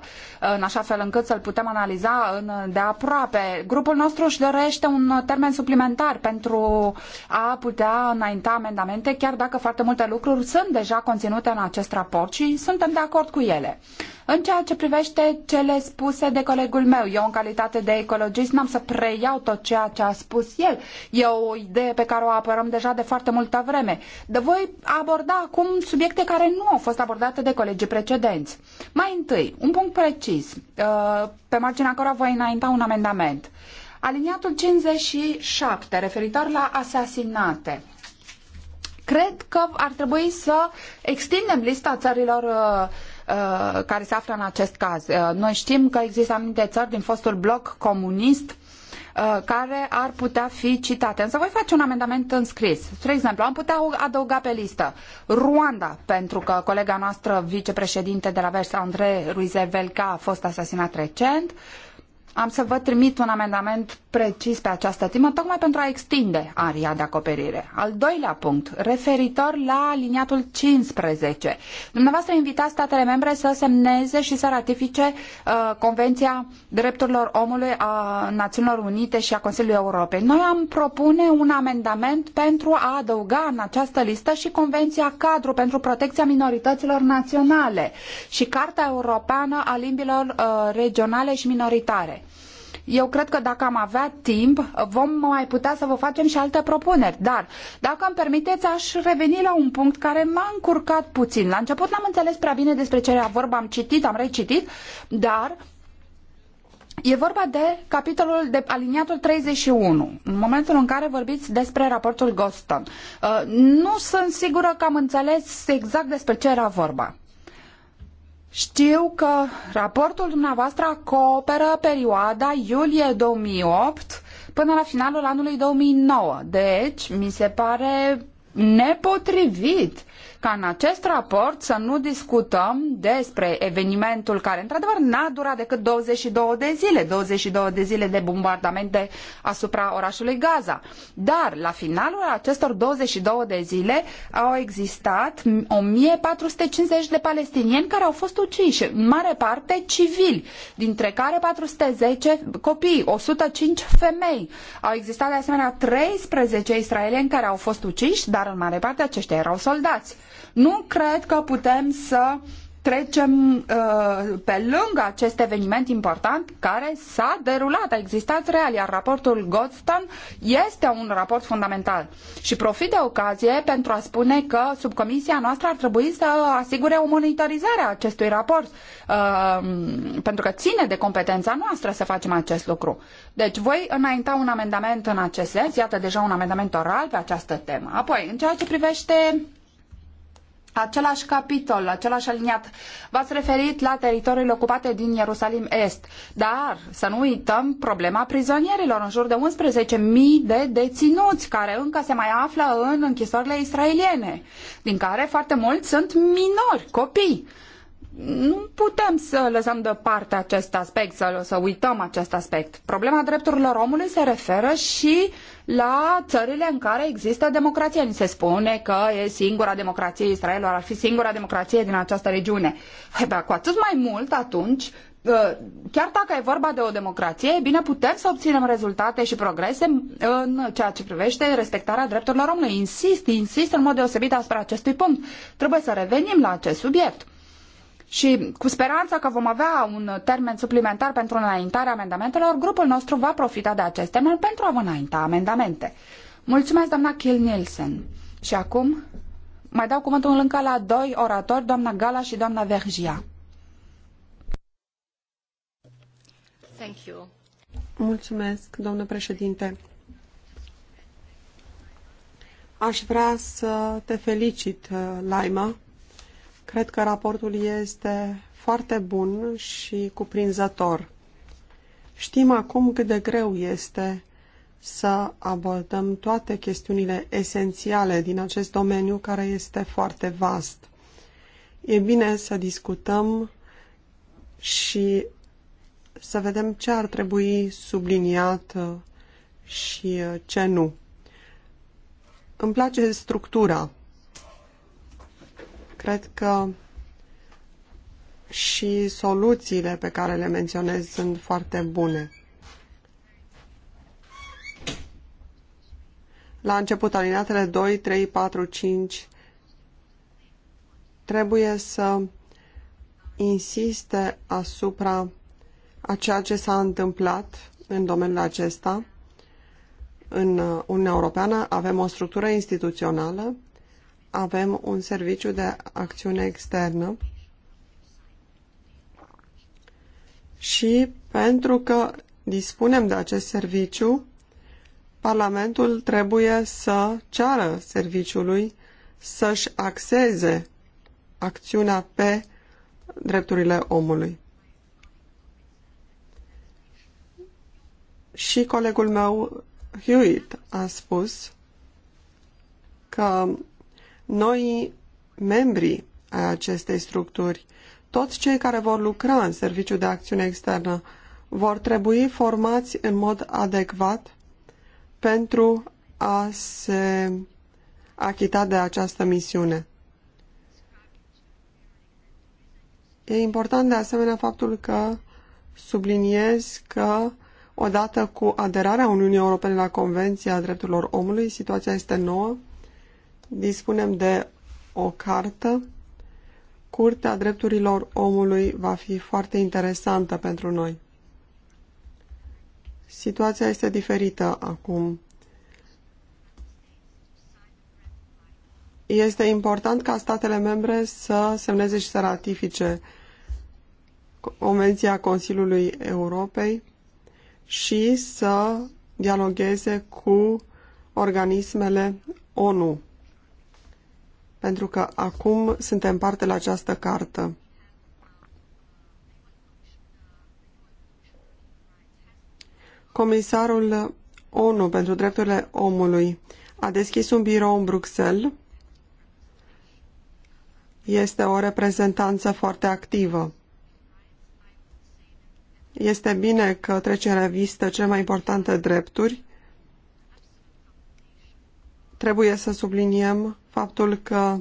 Speaker 2: în așa fel încât să-l putem analiza în, de aproape. Grupul nostru își dorește un termen suplimentar pentru a putea înainta amendamente, chiar dacă foarte multe lucruri sunt deja conținute în acest raport și suntem de acord cu ele. În ceea ce privește cele spuse de colegul meu, eu în calitate de ecologist n-am să preiau tot ceea ce a spus el. E o idee pe care o apărăm deja de foarte multă vreme. De voi aborda acum subiecte care nu au fost abordate de colegii precedenți. Mai întâi, un punct precis, uh, pe marginea cărora voi înainta un amendament. Aliniatul 57, referitor la asasinate cred că ar trebui să extindem lista țărilor uh, Uh, care se află în acest caz. Uh, noi știm că există anumite țări din fostul bloc comunist uh, care ar putea fi citate. Însă voi face un amendament în scris. Spre exemplu, am putea adăuga pe listă Ruanda, pentru că colega noastră vicepreședinte de la Versa Andrei Ruizevelca, a fost asasinat recent. Am să vă trimit un amendament precis pe această temă, tocmai pentru a extinde aria de acoperire. Al doilea punct, referitor la aliniatul 15. Dumneavoastră invitați statele membre să semneze și să ratifice uh, Convenția Drepturilor Omului a Națiunilor Unite și a Consiliului Europei. Noi am propune un amendament pentru a adăuga în această listă și Convenția Cadru pentru protecția minorităților naționale și Carta Europeană a limbilor uh, regionale și minoritare eu cred că dacă am avea timp, vom mai putea să vă facem și alte propuneri. Dar, dacă îmi permiteți, aș reveni la un punct care m-a încurcat puțin. La început n-am înțeles prea bine despre ce era vorba, am citit, am recitit, dar E vorba de capitolul de aliniatul 31, în momentul în care vorbiți despre raportul Goston. Uh, nu sunt sigură că am înțeles exact despre ce era vorba. Știu că raportul dumneavoastră acoperă perioada iulie 2008 până la finalul anului 2009. Deci, mi se pare nepotrivit ca în acest raport să nu discutăm despre evenimentul care, într-adevăr, n-a durat decât 22 de zile, 22 de zile de bombardamente asupra orașului Gaza. Dar, la finalul acestor 22 de zile, au existat 1450 de palestinieni care au fost uciși, în mare parte civili, dintre care 410 copii, 105 femei. Au existat, de asemenea, 13 israelieni care au fost uciși, dar, în mare parte, aceștia erau soldați. Nu cred că putem să trecem uh, pe lângă acest eveniment important care s-a derulat, a existat real, iar raportul Goldstone este un raport fundamental. Și profit de ocazie pentru a spune că subcomisia noastră ar trebui să asigure o monitorizare a acestui raport, uh, pentru că ține de competența noastră să facem acest lucru. Deci voi înainta un amendament în acest sens, iată deja un amendament oral pe această temă. Apoi, în ceea ce privește același capitol, același aliniat. V-ați referit la teritoriile ocupate din Ierusalim Est, dar să nu uităm problema prizonierilor, în jur de 11.000 de deținuți care încă se mai află în închisorile israeliene, din care foarte mulți sunt minori, copii nu putem să lăsăm deoparte acest aspect, să, să uităm acest aspect. Problema drepturilor omului se referă și la țările în care există democrație. Ni se spune că e singura democrație, Israelul ar fi singura democrație din această regiune. Hebea, cu atât mai mult atunci ă, chiar dacă e vorba de o democrație, bine, putem să obținem rezultate și progrese în ceea ce privește respectarea drepturilor omului. Insist, insist în mod deosebit asupra acestui punct. Trebuie să revenim la acest subiect și cu speranța că vom avea un termen suplimentar pentru înaintarea amendamentelor, grupul nostru va profita de acest termen pentru a vă înainta amendamente. Mulțumesc, doamna Kill Nielsen. Și acum mai dau cuvântul încă la doi oratori, doamna Gala și doamna Vergia.
Speaker 1: Thank you.
Speaker 3: Mulțumesc, doamnă președinte. Aș vrea să te felicit, Laima, Cred că raportul este foarte bun și cuprinzător. Știm acum cât de greu este să abordăm toate chestiunile esențiale din acest domeniu care este foarte vast. E bine să discutăm și să vedem ce ar trebui subliniat și ce nu. Îmi place structura Cred că și soluțiile pe care le menționez sunt foarte bune. La început, alineatele 2, 3, 4, 5 trebuie să insiste asupra a ceea ce s-a întâmplat în domeniul acesta. În Uniunea Europeană avem o structură instituțională avem un serviciu de acțiune externă și pentru că dispunem de acest serviciu, Parlamentul trebuie să ceară serviciului să-și axeze acțiunea pe drepturile omului. Și colegul meu, Hewitt, a spus că noi membrii acestei structuri, toți cei care vor lucra în serviciu de acțiune externă, vor trebui formați în mod adecvat pentru a se achita de această misiune. E important de asemenea faptul că subliniez că odată cu aderarea Uniunii Europene la Convenția Drepturilor Omului, situația este nouă dispunem de o cartă. Curtea drepturilor omului va fi foarte interesantă pentru noi. Situația este diferită acum. Este important ca statele membre să semneze și să ratifice Convenția Consiliului Europei și să dialogueze cu organismele ONU pentru că acum suntem parte la această cartă. Comisarul ONU pentru drepturile omului a deschis un birou în Bruxelles. Este o reprezentanță foarte activă. Este bine că trece în revistă cele mai importante drepturi trebuie să subliniem faptul că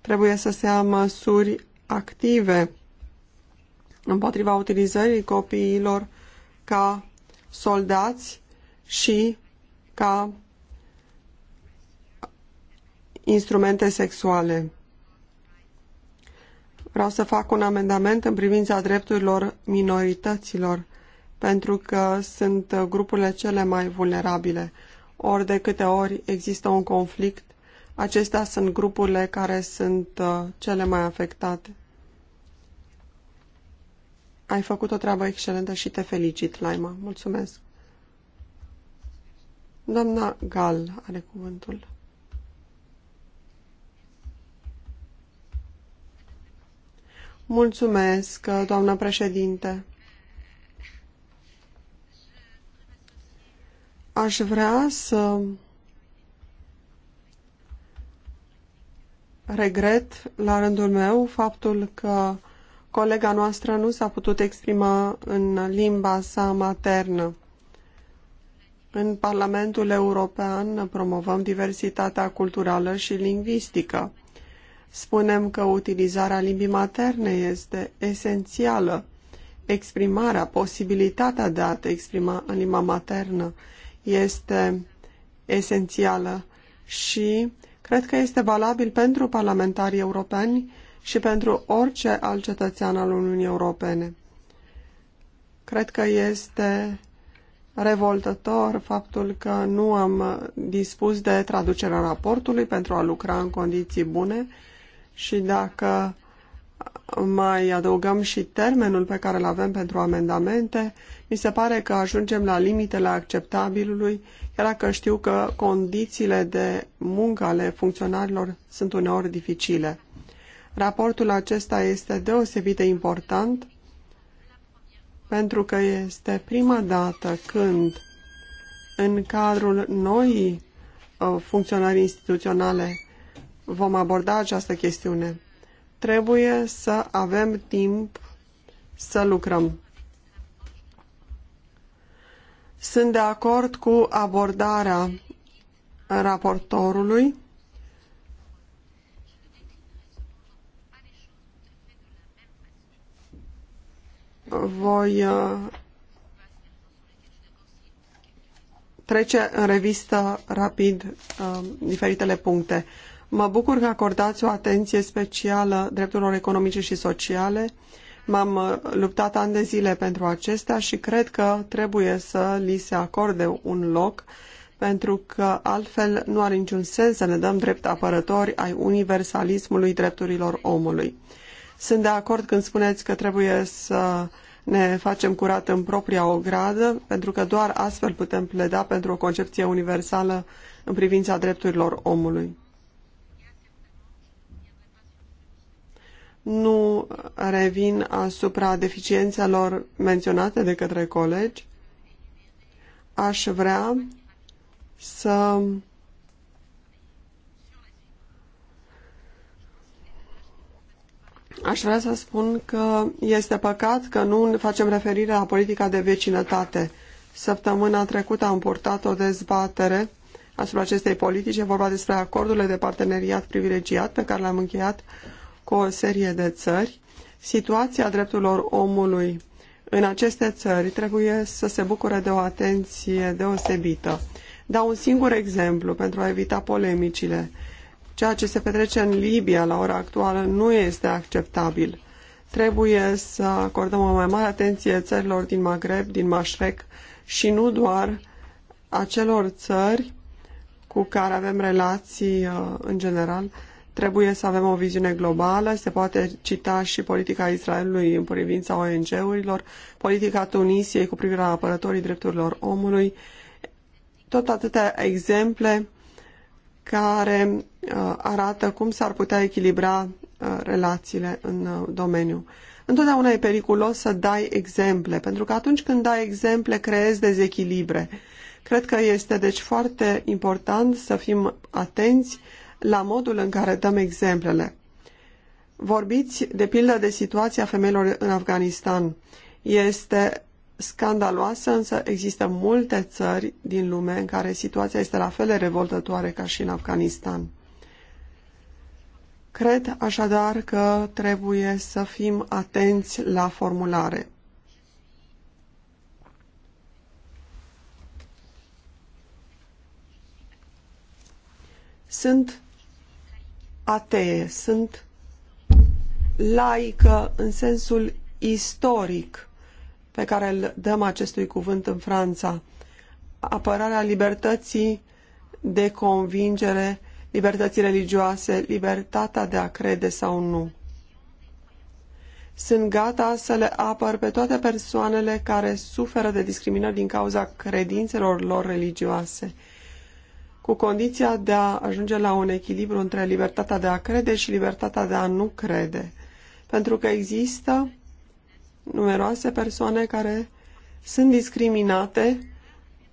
Speaker 3: trebuie să se ia măsuri active împotriva utilizării copiilor ca soldați și ca instrumente sexuale. Vreau să fac un amendament în privința drepturilor minorităților, pentru că sunt grupurile cele mai vulnerabile ori de câte ori există un conflict, acestea sunt grupurile care sunt uh, cele mai afectate. Ai făcut o treabă excelentă și te felicit, Laima. Mulțumesc. Doamna Gal are cuvântul. Mulțumesc, doamnă președinte. aș vrea să regret la rândul meu faptul că colega noastră nu s-a putut exprima în limba sa maternă. În Parlamentul European promovăm diversitatea culturală și lingvistică. Spunem că utilizarea limbii materne este esențială. Exprimarea, posibilitatea de a te exprima în limba maternă este esențială și cred că este valabil pentru parlamentarii europeni și pentru orice alt cetățean al Uniunii Europene. Cred că este revoltător faptul că nu am dispus de traducerea raportului pentru a lucra în condiții bune și dacă mai adăugăm și termenul pe care îl avem pentru amendamente, mi se pare că ajungem la limitele acceptabilului, chiar dacă știu că condițiile de muncă ale funcționarilor sunt uneori dificile. Raportul acesta este deosebit de important pentru că este prima dată când în cadrul noii uh, funcționari instituționale vom aborda această chestiune. Trebuie să avem timp să lucrăm. Sunt de acord cu abordarea raportorului voi uh, trece în revistă rapid uh, diferitele puncte. Mă bucur că acordați o atenție specială drepturilor economice și sociale, M-am uh, luptat ani de zile pentru acestea și cred că trebuie să li se acorde un loc pentru că altfel nu are niciun sens să ne dăm drept apărători ai universalismului drepturilor omului. Sunt de acord când spuneți că trebuie să ne facem curat în propria ogradă, pentru că doar astfel putem pleda pentru o concepție universală în privința drepturilor omului. nu revin asupra deficiențelor menționate de către colegi. Aș vrea să Aș vrea să spun că este păcat că nu facem referire la politica de vecinătate. Săptămâna trecută am purtat o dezbatere asupra acestei politici. E vorba despre acordurile de parteneriat privilegiat pe care le-am încheiat cu o serie de țări, situația drepturilor omului în aceste țări trebuie să se bucure de o atenție deosebită. Dau un singur exemplu pentru a evita polemicile. Ceea ce se petrece în Libia la ora actuală nu este acceptabil. Trebuie să acordăm o mai mare atenție țărilor din Maghreb, din Mașrec și nu doar acelor țări cu care avem relații uh, în general, Trebuie să avem o viziune globală, se poate cita și politica Israelului în privința ONG-urilor, politica Tunisiei cu privire la apărătorii drepturilor omului, tot atâtea exemple care uh, arată cum s-ar putea echilibra uh, relațiile în uh, domeniu. Întotdeauna e periculos să dai exemple, pentru că atunci când dai exemple, creezi dezechilibre. Cred că este deci foarte important să fim atenți la modul în care dăm exemplele. Vorbiți, de pildă, de situația femeilor în Afganistan. Este scandaloasă, însă există multe țări din lume în care situația este la fel de revoltătoare ca și în Afganistan. Cred așadar că trebuie să fim atenți la formulare. Sunt atee, sunt laică în sensul istoric pe care îl dăm acestui cuvânt în Franța. Apărarea libertății de convingere, libertății religioase, libertatea de a crede sau nu. Sunt gata să le apăr pe toate persoanele care suferă de discriminări din cauza credințelor lor religioase cu condiția de a ajunge la un echilibru între libertatea de a crede și libertatea de a nu crede. Pentru că există numeroase persoane care sunt discriminate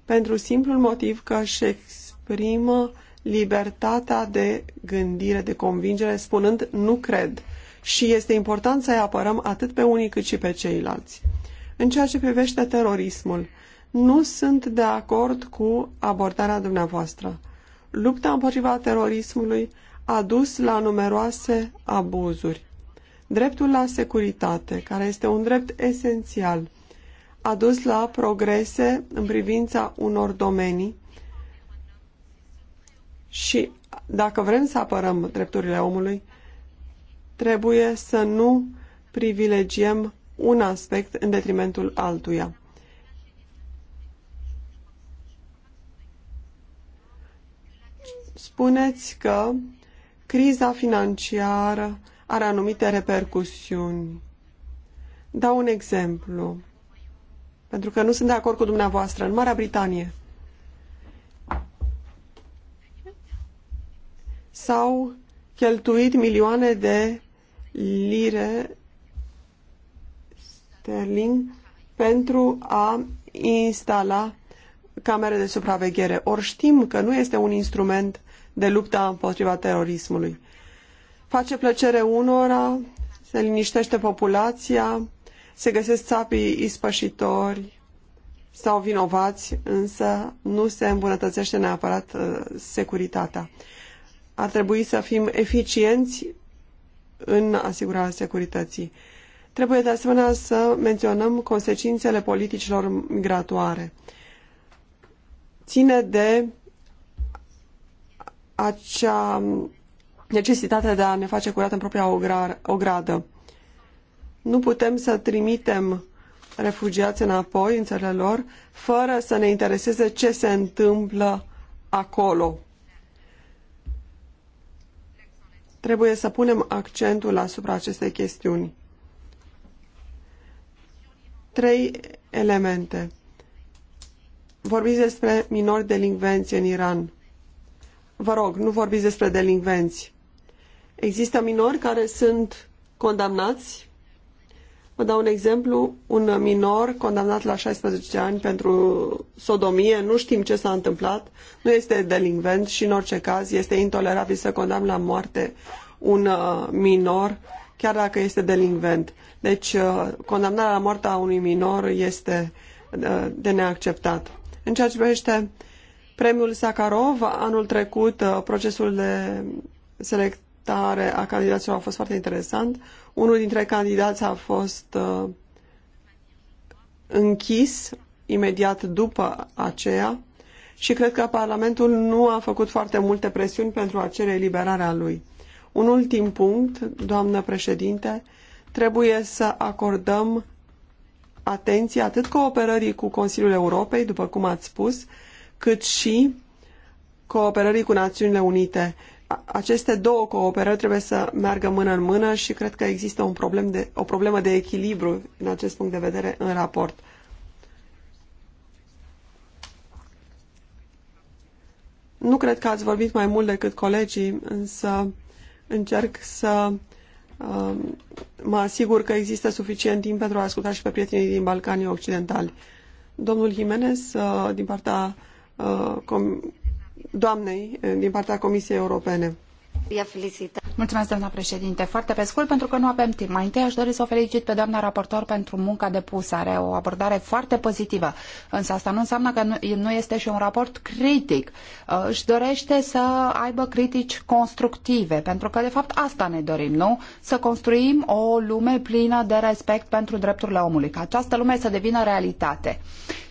Speaker 3: pentru simplul motiv că își exprimă libertatea de gândire, de convingere, spunând nu cred. Și este important să-i apărăm atât pe unii cât și pe ceilalți. În ceea ce privește terorismul, nu sunt de acord cu abordarea dumneavoastră. Lupta împotriva terorismului a dus la numeroase abuzuri. Dreptul la securitate, care este un drept esențial, a dus la progrese în privința unor domenii și dacă vrem să apărăm drepturile omului, trebuie să nu privilegiem un aspect în detrimentul altuia. spuneți că criza financiară are anumite repercusiuni. Dau un exemplu, pentru că nu sunt de acord cu dumneavoastră. În Marea Britanie s-au cheltuit milioane de lire sterling pentru a instala camere de supraveghere. Ori știm că nu este un instrument de lupta împotriva terorismului. Face plăcere unora, se liniștește populația, se găsesc țapii ispășitori sau vinovați, însă nu se îmbunătățește neapărat uh, securitatea. Ar trebui să fim eficienți în asigurarea securității. Trebuie de asemenea să menționăm consecințele politicilor migratoare. Ține de acea necesitate de a ne face curat în propria ogradă. Nu putem să trimitem refugiați înapoi în țările lor fără să ne intereseze ce se întâmplă acolo. Trebuie să punem accentul asupra acestei chestiuni. Trei elemente. Vorbiți despre minori delinvenți în Iran. Vă rog, nu vorbiți despre delinvenți. Există minori care sunt condamnați. Vă dau un exemplu, un minor condamnat la 16 ani pentru sodomie, nu știm ce s-a întâmplat, nu este delinvent și în orice caz este intolerabil să condamn la moarte un uh, minor, chiar dacă este delinvent. Deci uh, condamnarea la moarte a unui minor este uh, de neacceptat. În ceea ce privește Premiul Sakharov anul trecut, uh, procesul de selectare a candidaților a fost foarte interesant. Unul dintre candidați a fost uh, închis imediat după aceea și cred că Parlamentul nu a făcut foarte multe presiuni pentru a cere eliberarea lui. Un ultim punct, doamnă președinte, trebuie să acordăm atenție atât cooperării cu Consiliul Europei, după cum ați spus, cât și cooperării cu Națiunile Unite. Aceste două cooperări trebuie să meargă mână în mână și cred că există un problem de, o problemă de echilibru în acest punct de vedere în raport. Nu cred că ați vorbit mai mult decât colegii, însă încerc să uh, mă asigur că există suficient timp pentru a asculta și pe prietenii din Balcanii Occidentali. Domnul Jimenez, uh, din partea Uh, doamnei uh, din partea Comisiei Europene.
Speaker 2: Mulțumesc, doamna președinte. Foarte pe scurt, pentru că nu avem timp. Mai întâi aș dori să o felicit pe doamna raportor pentru munca depusă. Are o abordare foarte pozitivă. Însă asta nu înseamnă că nu este și un raport critic. Uh, își dorește să aibă critici constructive, pentru că de fapt asta ne dorim, nu? Să construim o lume plină de respect pentru drepturile omului, ca această lume să devină realitate.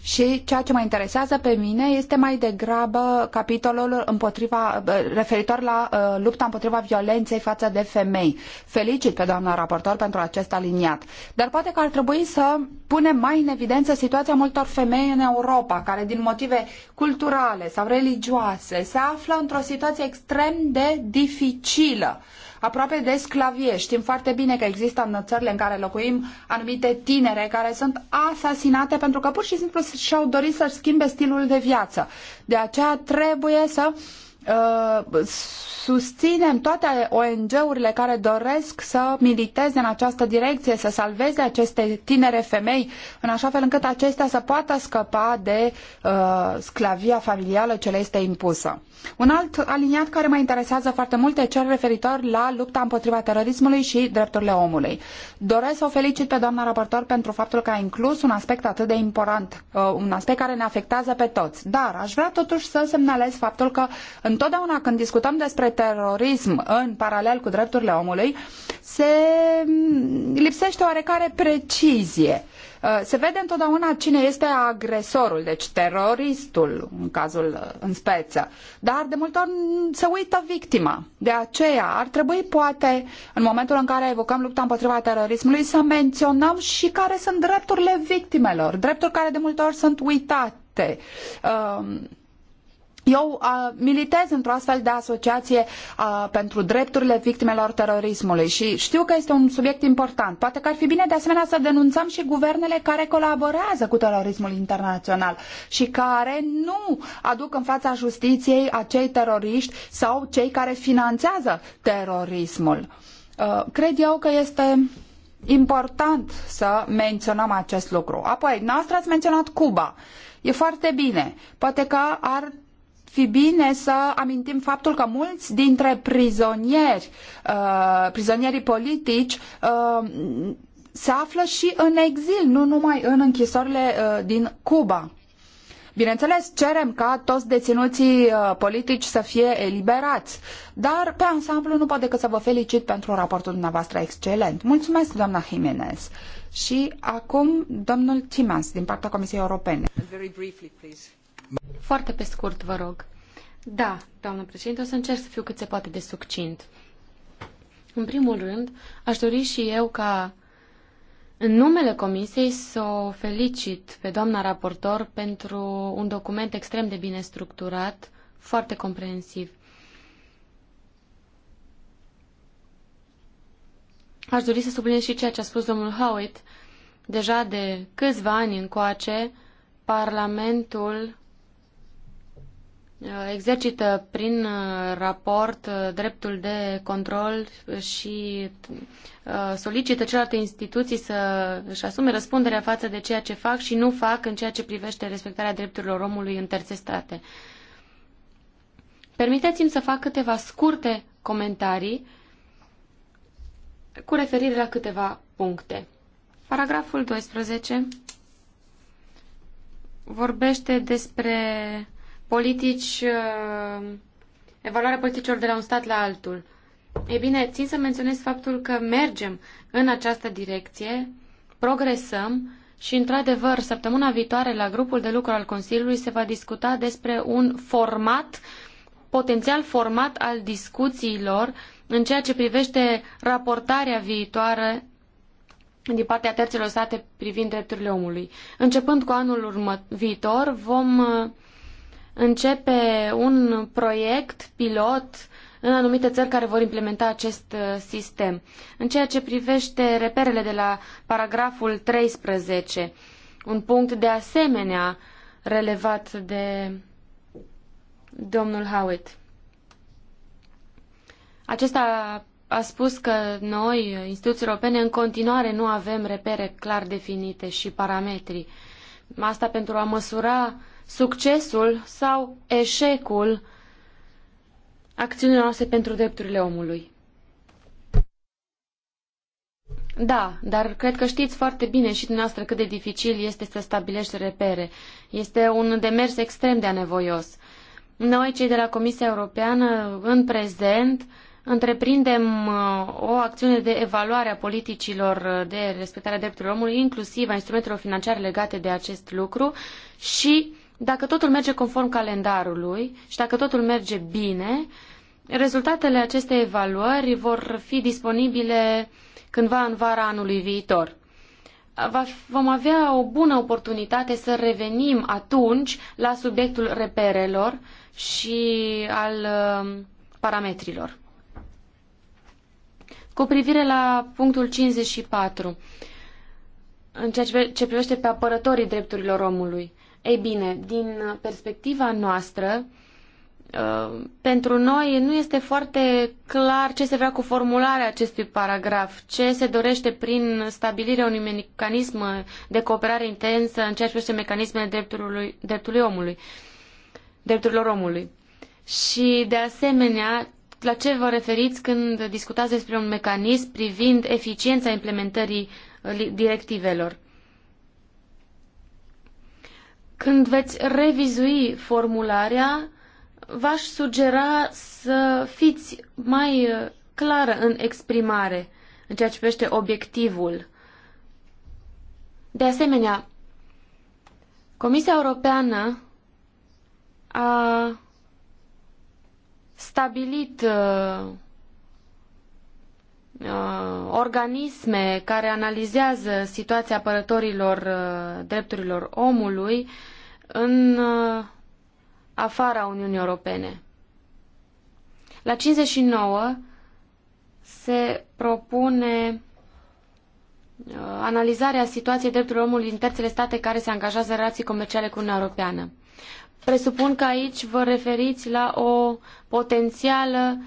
Speaker 2: Și ceea ce mă interesează pe mine este mai degrabă capitolul împotriva, referitor la uh, lupta împotriva violenței față de femei. Felicit pe doamna raportor pentru acest aliniat. Dar poate că ar trebui să punem mai în evidență situația multor femei în Europa, care din motive culturale sau religioase se află într-o situație extrem de dificilă. Uh, aproape de sclavie. Știm foarte bine că există în țările în care locuim anumite tinere care sunt asasinate pentru că pur și simplu și-au dorit să-și schimbe stilul de viață. De aceea trebuie să uh, Uh, susținem toate ONG-urile care doresc să militeze în această direcție, să salveze aceste tinere femei, în așa fel încât acestea să poată scăpa de uh, sclavia familială ce le este impusă. Un alt aliniat care mă interesează foarte mult e cel referitor la lupta împotriva terorismului și drepturile omului. Doresc să o felicit pe doamna raportor pentru faptul că a inclus un aspect atât de important, uh, un aspect care ne afectează pe toți. Dar aș vrea totuși să semnalez faptul că întotdeauna când discutăm despre terorism în paralel cu drepturile omului, se lipsește oarecare precizie. Uh, se vede întotdeauna cine este agresorul, deci teroristul, în cazul uh, în speță, dar de multe ori se uită victima. De aceea ar trebui, poate, în momentul în care evocăm lupta împotriva terorismului, să menționăm și care sunt drepturile victimelor, drepturi care de multe ori sunt uitate. Uh, eu uh, militez într-o astfel de asociație uh, pentru drepturile victimelor terorismului și știu că este un subiect important. Poate că ar fi bine de asemenea să denunțăm și guvernele care colaborează cu terorismul internațional și care nu aduc în fața justiției acei teroriști sau cei care finanțează terorismul. Uh, cred eu că este important să menționăm acest lucru. Apoi, noastră ați menționat Cuba. E foarte bine. Poate că ar fi bine să amintim faptul că mulți dintre prizonieri, uh, prizonierii politici, uh, se află și în exil, nu numai în închisorile uh, din Cuba. Bineînțeles, cerem ca toți deținuții uh, politici să fie eliberați, dar pe ansamblu nu pot decât să vă felicit pentru raportul dumneavoastră excelent. Mulțumesc, doamna Jimenez. Și acum, domnul Timas, din partea Comisiei Europene. And
Speaker 4: very briefly, please.
Speaker 2: Foarte pe scurt, vă rog.
Speaker 4: Da, doamnă președinte, o să încerc să fiu cât se poate de succint. În primul rând, aș dori și eu ca în numele Comisiei să o felicit pe doamna raportor pentru un document extrem de bine structurat, foarte comprehensiv. Aș dori să subliniez și ceea ce a spus domnul Howitt. Deja de câțiva ani încoace, Parlamentul exercită prin uh, raport uh, dreptul de control și uh, solicită celelalte instituții să își asume răspunderea față de ceea ce fac și nu fac în ceea ce privește respectarea drepturilor omului în terțe state. Permiteți-mi să fac câteva scurte comentarii cu referire la câteva puncte. Paragraful 12 vorbește despre politici, uh, evaluarea politicilor de la un stat la altul. E bine, țin să menționez faptul că mergem în această direcție, progresăm și, într-adevăr, săptămâna viitoare la grupul de lucru al Consiliului se va discuta despre un format, potențial format al discuțiilor în ceea ce privește raportarea viitoare din partea terților state privind drepturile omului. Începând cu anul urmă- viitor, vom uh, începe un proiect pilot în anumite țări care vor implementa acest uh, sistem. În ceea ce privește reperele de la paragraful 13, un punct de asemenea relevat de domnul Howitt. Acesta a spus că noi, instituții europene, în continuare nu avem repere clar definite și parametri. Asta pentru a măsura succesul sau eșecul acțiunilor noastre pentru drepturile omului. Da, dar cred că știți foarte bine și dumneavoastră cât de dificil este să stabilești repere. Este un demers extrem de anevoios. Noi, cei de la Comisia Europeană, în prezent, întreprindem uh, o acțiune de evaluare a politicilor de respectare a drepturilor omului, inclusiv a instrumentelor financiare legate de acest lucru și dacă totul merge conform calendarului și dacă totul merge bine, rezultatele acestei evaluări vor fi disponibile cândva în vara anului viitor. Vom avea o bună oportunitate să revenim atunci la subiectul reperelor și al um, parametrilor. Cu privire la punctul 54, în ceea ce privește pe apărătorii drepturilor omului, ei bine, din perspectiva noastră, uh, pentru noi nu este foarte clar ce se vrea cu formularea acestui paragraf, ce se dorește prin stabilirea unui mecanism de cooperare intensă în ceea ce privește mecanismele dreptului, dreptului omului, drepturilor omului. Și, de asemenea, la ce vă referiți când discutați despre un mecanism privind eficiența implementării directivelor? Când veți revizui formularea, v-aș sugera să fiți mai uh, clară în exprimare în ceea ce privește obiectivul. De asemenea, Comisia Europeană a stabilit uh, Uh, organisme care analizează situația apărătorilor uh, drepturilor omului în uh, afara Uniunii Europene. La 59 se propune analizarea situației drepturilor omului în terțele state care se angajează în relații comerciale cu Uniunea Europeană. Presupun că aici vă referiți la o potențială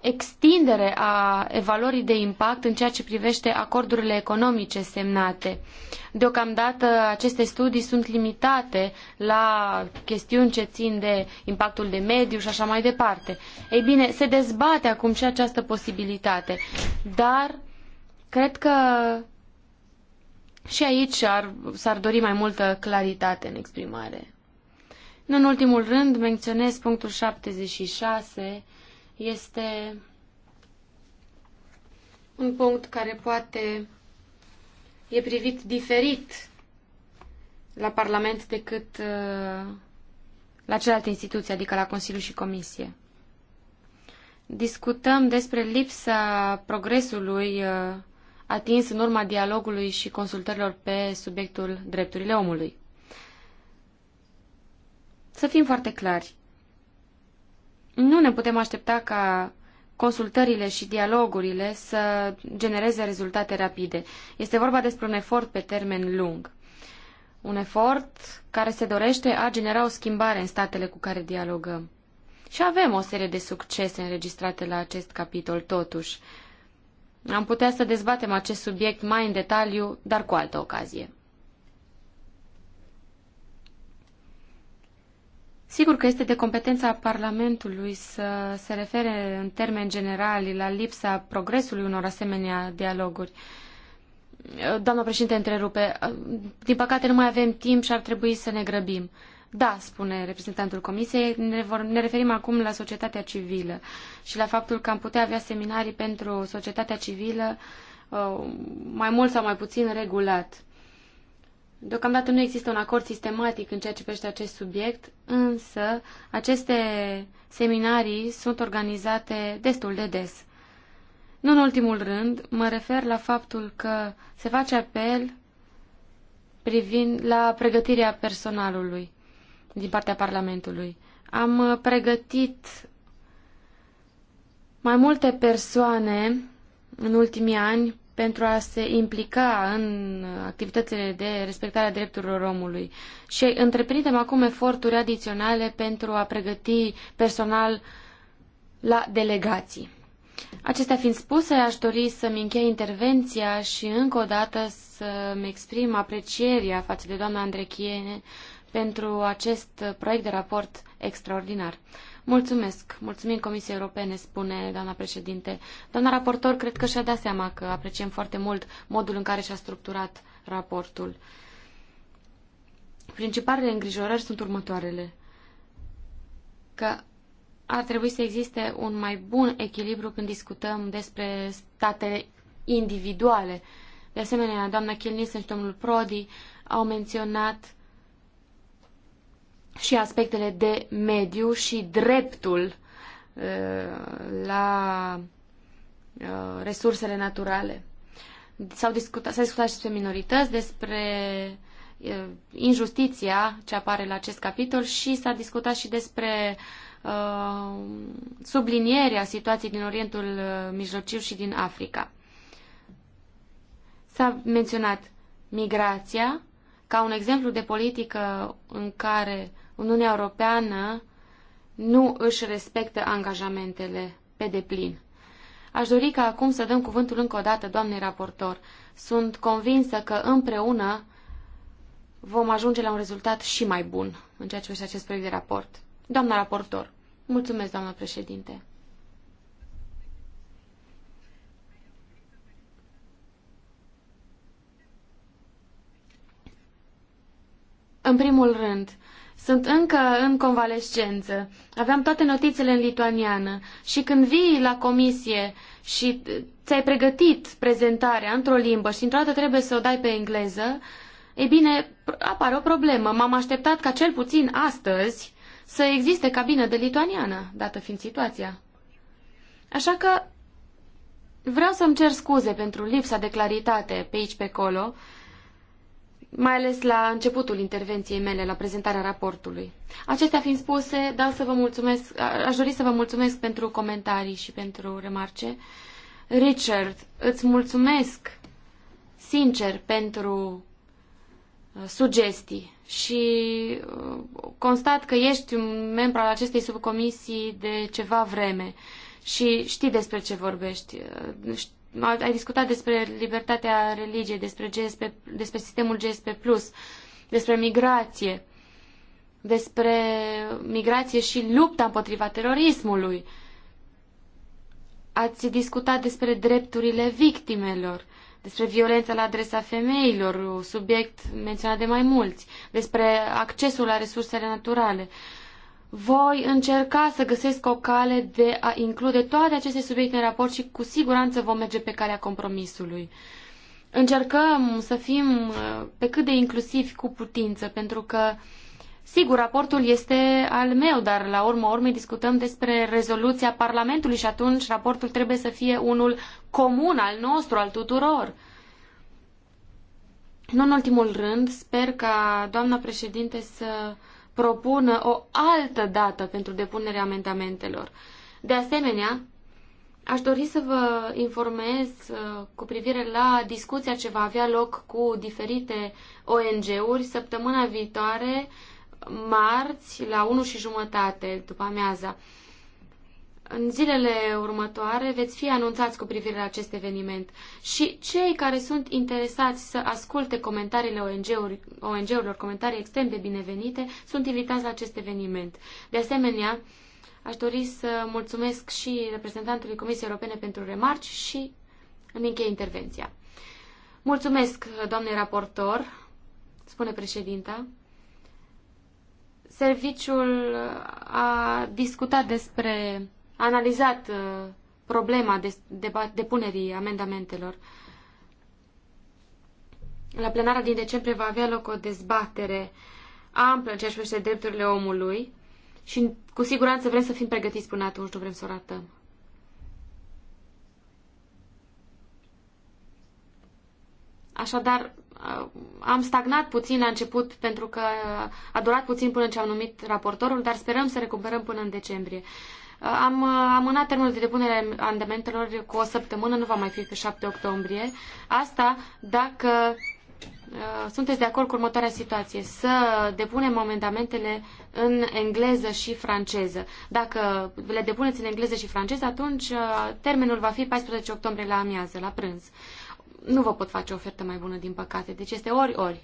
Speaker 4: extindere a evaluării de impact în ceea ce privește acordurile economice semnate. Deocamdată aceste studii sunt limitate la chestiuni ce țin de impactul de mediu și așa mai departe. Ei bine, se dezbate acum și această posibilitate, dar cred că și aici ar, s-ar dori mai multă claritate în exprimare. În ultimul rând, menționez punctul 76, este un punct care poate e privit diferit la Parlament decât uh, la celelalte instituții, adică la Consiliu și Comisie. Discutăm despre lipsa progresului uh, atins în urma dialogului și consultărilor pe subiectul drepturile omului. Să fim foarte clari. Nu ne putem aștepta ca consultările și dialogurile să genereze rezultate rapide. Este vorba despre un efort pe termen lung. Un efort care se dorește a genera o schimbare în statele cu care dialogăm. Și avem o serie de succese înregistrate la acest capitol, totuși. Am putea să dezbatem acest subiect mai în detaliu, dar cu altă ocazie. Sigur că este de competența Parlamentului să se refere în termeni generali la lipsa progresului unor asemenea dialoguri. Doamna președinte, întrerupe, din păcate nu mai avem timp și ar trebui să ne grăbim. Da, spune reprezentantul Comisiei, ne, vor, ne referim acum la societatea civilă și la faptul că am putea avea seminarii pentru societatea civilă uh, mai mult sau mai puțin regulat. Deocamdată nu există un acord sistematic în ceea ce privește acest subiect, însă aceste seminarii sunt organizate destul de des. Nu în ultimul rând, mă refer la faptul că se face apel privind la pregătirea personalului din partea Parlamentului. Am pregătit mai multe persoane în ultimii ani pentru a se implica în activitățile de respectare a drepturilor omului. Și întreprindem acum eforturi adiționale pentru a pregăti personal la delegații. Acestea fiind spuse, aș dori să-mi închei intervenția și încă o dată să-mi exprim aprecierea față de doamna Andrechiene pentru acest proiect de raport extraordinar. Mulțumesc. Mulțumim Comisiei Europene, spune doamna președinte. Doamna raportor, cred că și-a dat seama că apreciem foarte mult modul în care și-a structurat raportul. Principalele îngrijorări sunt următoarele. Că ar trebui să existe un mai bun echilibru când discutăm despre statele individuale. De asemenea, doamna Kilnisen și domnul Prodi au menționat și aspectele de mediu și dreptul uh, la uh, resursele naturale. S-a discutat, s-a discutat și despre minorități, despre uh, injustiția ce apare la acest capitol și s-a discutat și despre uh, sublinierea situației din Orientul Mijlociu și din Africa. S-a menționat migrația ca un exemplu de politică în care Uniunea Europeană nu își respectă angajamentele pe deplin. Aș dori ca acum să dăm cuvântul încă o dată, doamnei raportor. Sunt convinsă că împreună vom ajunge la un rezultat și mai bun în ceea ce privește acest proiect de raport. Doamna raportor, mulțumesc, doamnă președinte. În primul rând, sunt încă în convalescență. Aveam toate notițele în lituaniană și când vii la comisie și ți-ai pregătit prezentarea într-o limbă și într-o dată trebuie să o dai pe engleză, ei bine, apare o problemă. M-am așteptat ca cel puțin astăzi să existe cabină de lituaniană, dată fiind situația. Așa că vreau să-mi cer scuze pentru lipsa de claritate pe aici pe acolo, mai ales la începutul intervenției mele, la prezentarea raportului. Acestea fiind spuse, da, să vă mulțumesc, aș dori să vă mulțumesc pentru comentarii și pentru remarce. Richard, îți mulțumesc sincer pentru uh, sugestii și uh, constat că ești un membru al acestei subcomisii de ceva vreme și știi despre ce vorbești. Uh, ai discutat despre libertatea religiei, despre, GSP, despre sistemul GSP+, despre migrație, despre migrație și lupta împotriva terorismului. Ați discutat despre drepturile victimelor, despre violența la adresa femeilor, subiect menționat de mai mulți, despre accesul la resursele naturale. Uh, voi încerca să găsesc o cale de a include toate aceste subiecte în raport și cu siguranță vom merge pe calea compromisului. Încercăm să fim uh, pe cât de inclusivi cu putință, pentru că, sigur, raportul este al meu, dar la urmă urmei discutăm despre rezoluția Parlamentului și atunci raportul trebuie să fie unul comun al nostru, al tuturor. Nu în ultimul rând, sper ca doamna președinte să propună o altă dată pentru depunerea amendamentelor. De asemenea, aș dori să vă informez uh, cu privire la discuția ce va avea loc cu diferite ONG-uri săptămâna viitoare, marți, la 1 și jumătate după amiaza. În zilele următoare veți fi anunțați cu privire la acest eveniment și cei care sunt interesați să asculte comentariile ONG-urilor, ONG comentarii extrem de binevenite, sunt invitați la acest eveniment. De asemenea, aș dori să mulțumesc și reprezentantului Comisiei Europene pentru remarci și îmi încheie intervenția. Mulțumesc, doamne raportor, spune președinta. Serviciul a discutat despre analizat uh, problema de, de, depunerii amendamentelor. La plenara din decembrie va avea loc o dezbatere amplă în ceea ce privește drepturile omului și cu siguranță vrem să fim pregătiți până atunci, nu vrem să o ratăm. Așadar, uh, am stagnat puțin la început pentru că a durat puțin până ce am numit raportorul, dar sperăm să recuperăm până în decembrie. Uh, am amânat termenul de depunere a amendamentelor cu o săptămână, nu va mai fi pe 7 octombrie. Asta dacă uh, sunteți de acord cu următoarea situație, să depunem amendamentele în engleză și franceză. Dacă le depuneți în engleză și franceză, atunci uh, termenul va fi 14 octombrie la amiază, la prânz. Nu vă pot face o ofertă mai bună, din păcate. Deci este ori-ori.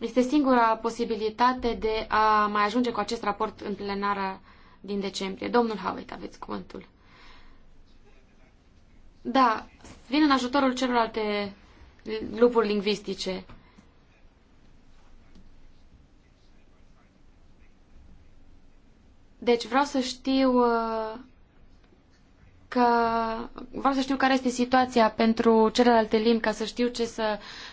Speaker 4: Este singura posibilitate de a mai ajunge cu acest raport în plenara din decembrie. Domnul Howitt, aveți cuvântul. Da, vin în ajutorul celorlalte lupuri lingvistice. Deci vreau să știu uh, că vreau să știu care este situația pentru celelalte limbi ca să știu ce să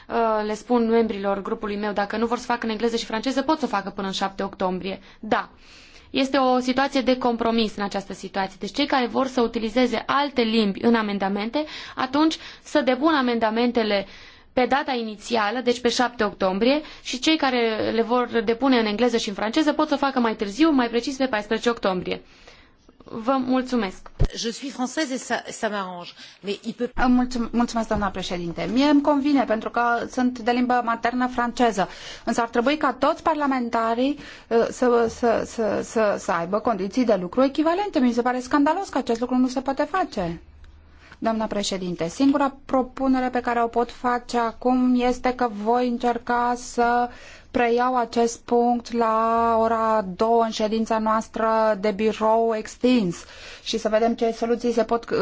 Speaker 4: uh, le spun membrilor grupului meu. Dacă nu vor să facă în engleză și franceză, pot să o facă până în 7 octombrie. Da. Este o situație de compromis în această situație. Deci cei care vor să utilizeze alte limbi în amendamente, atunci să depună amendamentele pe data inițială, deci pe 7 octombrie, și cei care le vor depune în engleză și în franceză pot să o facă mai târziu, mai precis pe 14 octombrie.
Speaker 2: Vă mulțumesc. Je suis française et ça, ça m'arrange. Mais il peut... Mulțum, mulțumesc, doamna președinte. Mie îmi convine pentru că sunt de limbă maternă franceză. Însă ar trebui ca toți parlamentarii uh, să, să, să, să, aibă condiții de lucru echivalente. Mi se pare scandalos că acest lucru nu se poate face. Doamna președinte, singura propunere pe care o pot face acum este că voi încerca să preiau acest punct la ora 2 în ședința noastră de birou extins și să vedem ce soluții se pot uh,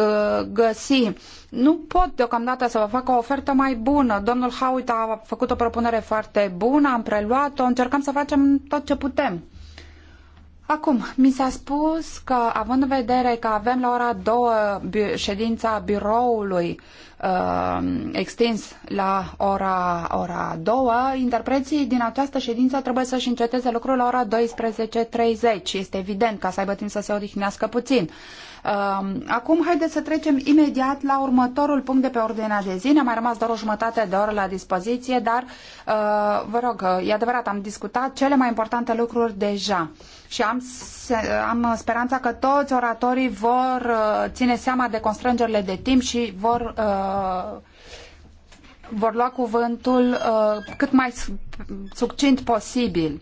Speaker 2: găsi. Nu pot deocamdată să vă fac o ofertă mai bună. Domnul Hauit a făcut o propunere foarte bună, am preluat-o, încercăm să facem tot ce putem. Acum, mi s-a spus că, având în vedere că avem la ora două ședința biroului uh, extins la ora, ora interpreții din această ședință trebuie să-și înceteze lucrul la ora 12.30. Este evident ca să aibă timp să se odihnească puțin. Uh, Acum, haideți să trecem imediat la următorul punct de pe ordinea de zi. Ne-a mai rămas doar o jumătate de oră la dispoziție, dar uh, vă rog, uh, e adevărat, am discutat cele mai importante lucruri deja și am, am speranța că toți oratorii vor uh, ține seama de constrângerile de timp și vor, vor lua cuvântul cât mai succint posibil.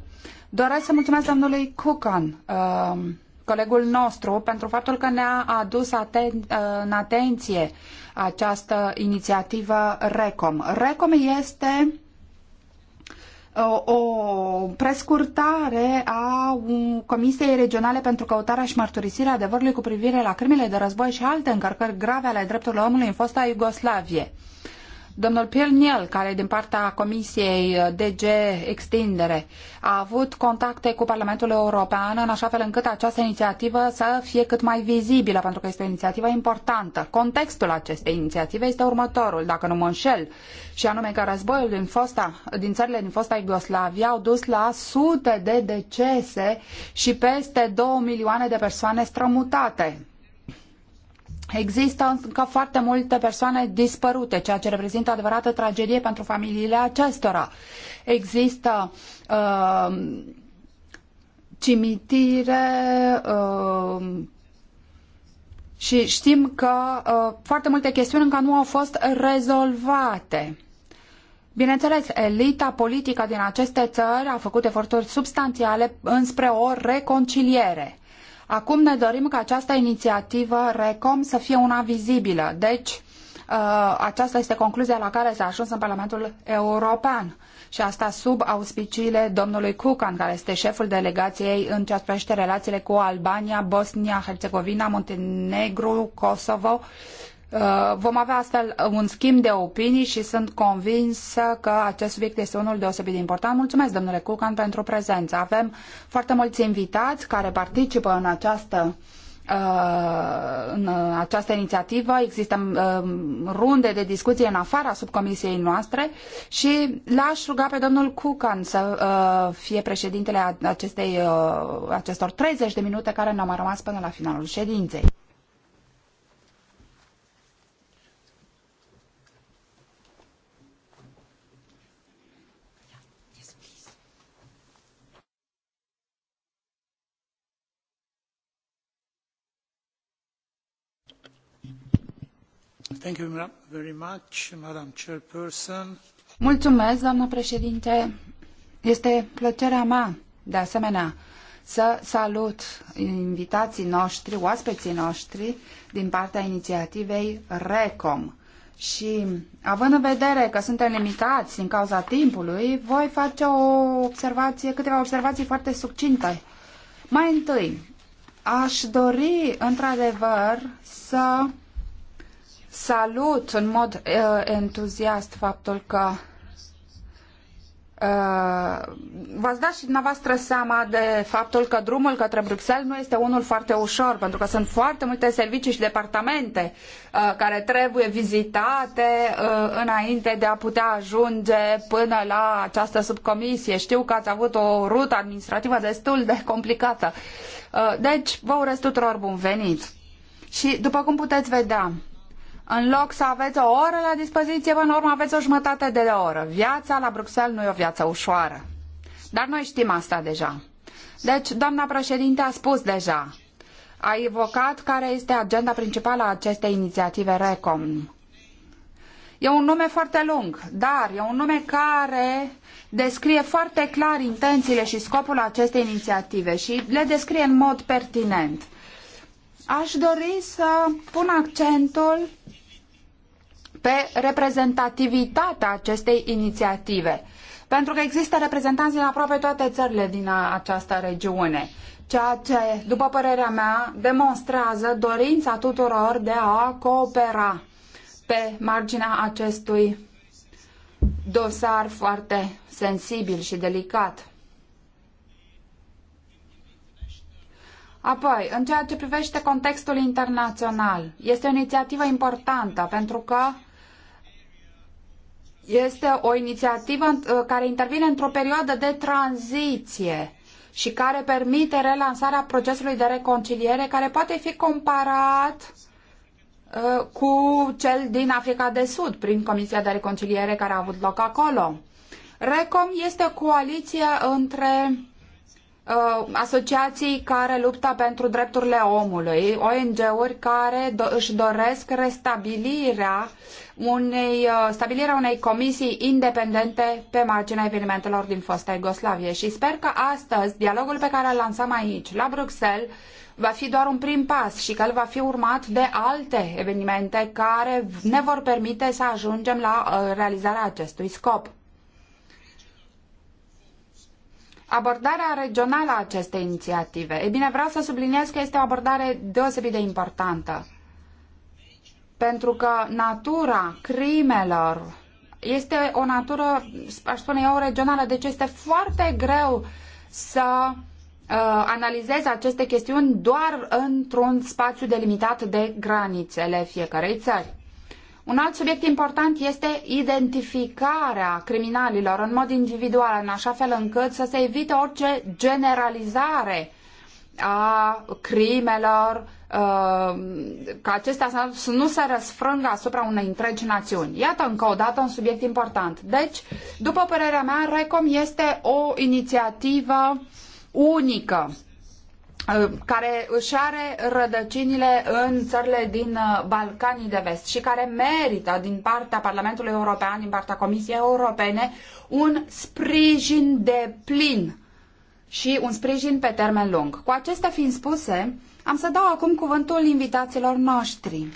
Speaker 2: Doresc să mulțumesc domnului Cucan. Uh, colegul nostru pentru faptul că ne-a adus aten- uh, în atenție această inițiativă RECOM. RECOM este uh, o, prescurtare a Comisiei Regionale pentru Căutarea și Mărturisirea Adevărului cu privire la crimele de război și alte încărcări grave ale drepturilor omului în fosta Iugoslavie. Domnul Pielniel, care din partea Comisiei uh, DG Extindere a avut contacte cu Parlamentul European în așa fel încât această inițiativă să fie cât mai vizibilă, pentru că este o inițiativă importantă. Contextul acestei inițiative este următorul, dacă nu mă înșel, și anume că războiul din, fosta, din țările din fosta Iugoslavia au dus la sute de decese și peste 2 milioane de persoane strămutate. Există încă foarte multe persoane dispărute, ceea ce reprezintă o adevărată tragedie pentru familiile acestora. Există uh, cimitire uh, și știm că uh, foarte multe chestiuni încă nu au fost rezolvate. Bineînțeles, elita politică din aceste țări a făcut eforturi substanțiale înspre o reconciliere. Acum ne dorim ca această inițiativă RECOM să fie una vizibilă. Deci, uh, aceasta este concluzia la care s-a ajuns în Parlamentul European și asta sub auspiciile domnului Cucan, care este șeful delegației în ceea ce privește relațiile cu Albania, Bosnia, Herzegovina, Montenegru, Kosovo Uh, vom avea astfel un schimb de opinii și sunt convinsă că acest subiect este unul deosebit de important. Mulțumesc, domnule Cucan, pentru prezență. Avem foarte mulți invitați care participă în această uh, în această inițiativă. Există uh, runde de discuție în afara subcomisiei noastre și l-aș ruga pe domnul Cucan să fie președintele acestei, acestor 30 de minute care ne-au mai rămas până la finalul ședinței. Mulțumesc, președinte. Este plăcerea mea, de asemenea, să salut invitații noștri, oaspeții noștri din partea inițiativei RECOM. Și având în vedere că suntem limitați din cauza timpului, voi face o observație, câteva observații foarte succinte. Mai întâi, aș dori într-adevăr să Salut în mod uh, entuziast faptul că uh, v-ați dat și dumneavoastră seama de faptul că drumul către Bruxelles nu este unul foarte ușor, pentru că sunt foarte multe servicii și departamente uh, care trebuie vizitate uh, înainte de a putea ajunge până la această subcomisie. Știu că ați avut o rută administrativă destul de complicată. Uh, deci, vă urez tuturor bun venit! Și, după cum puteți vedea, în loc să aveți o oră la dispoziție, până la urmă aveți o jumătate de oră. Viața la Bruxelles nu e o viață ușoară. Dar noi știm asta deja. Deci, doamna președinte a spus deja, a evocat care este agenda principală a acestei inițiative RECOM. E un nume foarte lung, dar e un nume care descrie foarte clar intențiile și scopul acestei inițiative și le descrie în mod pertinent. Aș dori să pun accentul pe reprezentativitatea acestei inițiative. Pentru că există reprezentanți din aproape toate țările din această regiune, ceea ce, după părerea mea, demonstrează dorința tuturor de a coopera pe marginea acestui dosar foarte sensibil și delicat. Apoi, în ceea ce privește contextul internațional, este o inițiativă importantă pentru că este o inițiativă uh, care intervine într-o perioadă de tranziție și care permite relansarea procesului de reconciliere care poate fi comparat uh, cu cel din Africa de Sud prin Comisia de Reconciliere care a avut loc acolo. RECOM este o coaliție între uh, asociații care luptă pentru drepturile omului, ONG-uri care do- își doresc restabilirea unei, uh, stabilirea unei comisii independente pe marginea evenimentelor din fosta Iugoslavie. Și sper că astăzi dialogul pe care îl lansăm aici, la Bruxelles, va fi doar un prim pas și că el va fi urmat de alte evenimente care ne vor permite să ajungem la uh, realizarea acestui scop. abordarea regională a acestei inițiative. E bine, vreau să subliniez că este o abordare deosebit de importantă. Pentru că natura crimelor este o natură, aș spune eu, regională, deci este foarte greu să uh, analizezi aceste chestiuni doar într-un spațiu delimitat de granițele fiecarei țări. Un alt subiect important este identificarea criminalilor în mod individual, în așa fel încât să se evite orice generalizare a crimelor, uh, ca acestea să nu se răsfrângă asupra unei întregi națiuni. Iată încă o dată un subiect important. Deci, după părerea mea, RECOM este o inițiativă unică Uh, care își are rădăcinile în țările din uh, Balcanii de Vest și care merită din partea Parlamentului European, din partea Comisiei Europene, un sprijin de plin și un sprijin pe termen lung. Cu acestea fiind spuse, am să dau acum cuvântul invitaților noștri.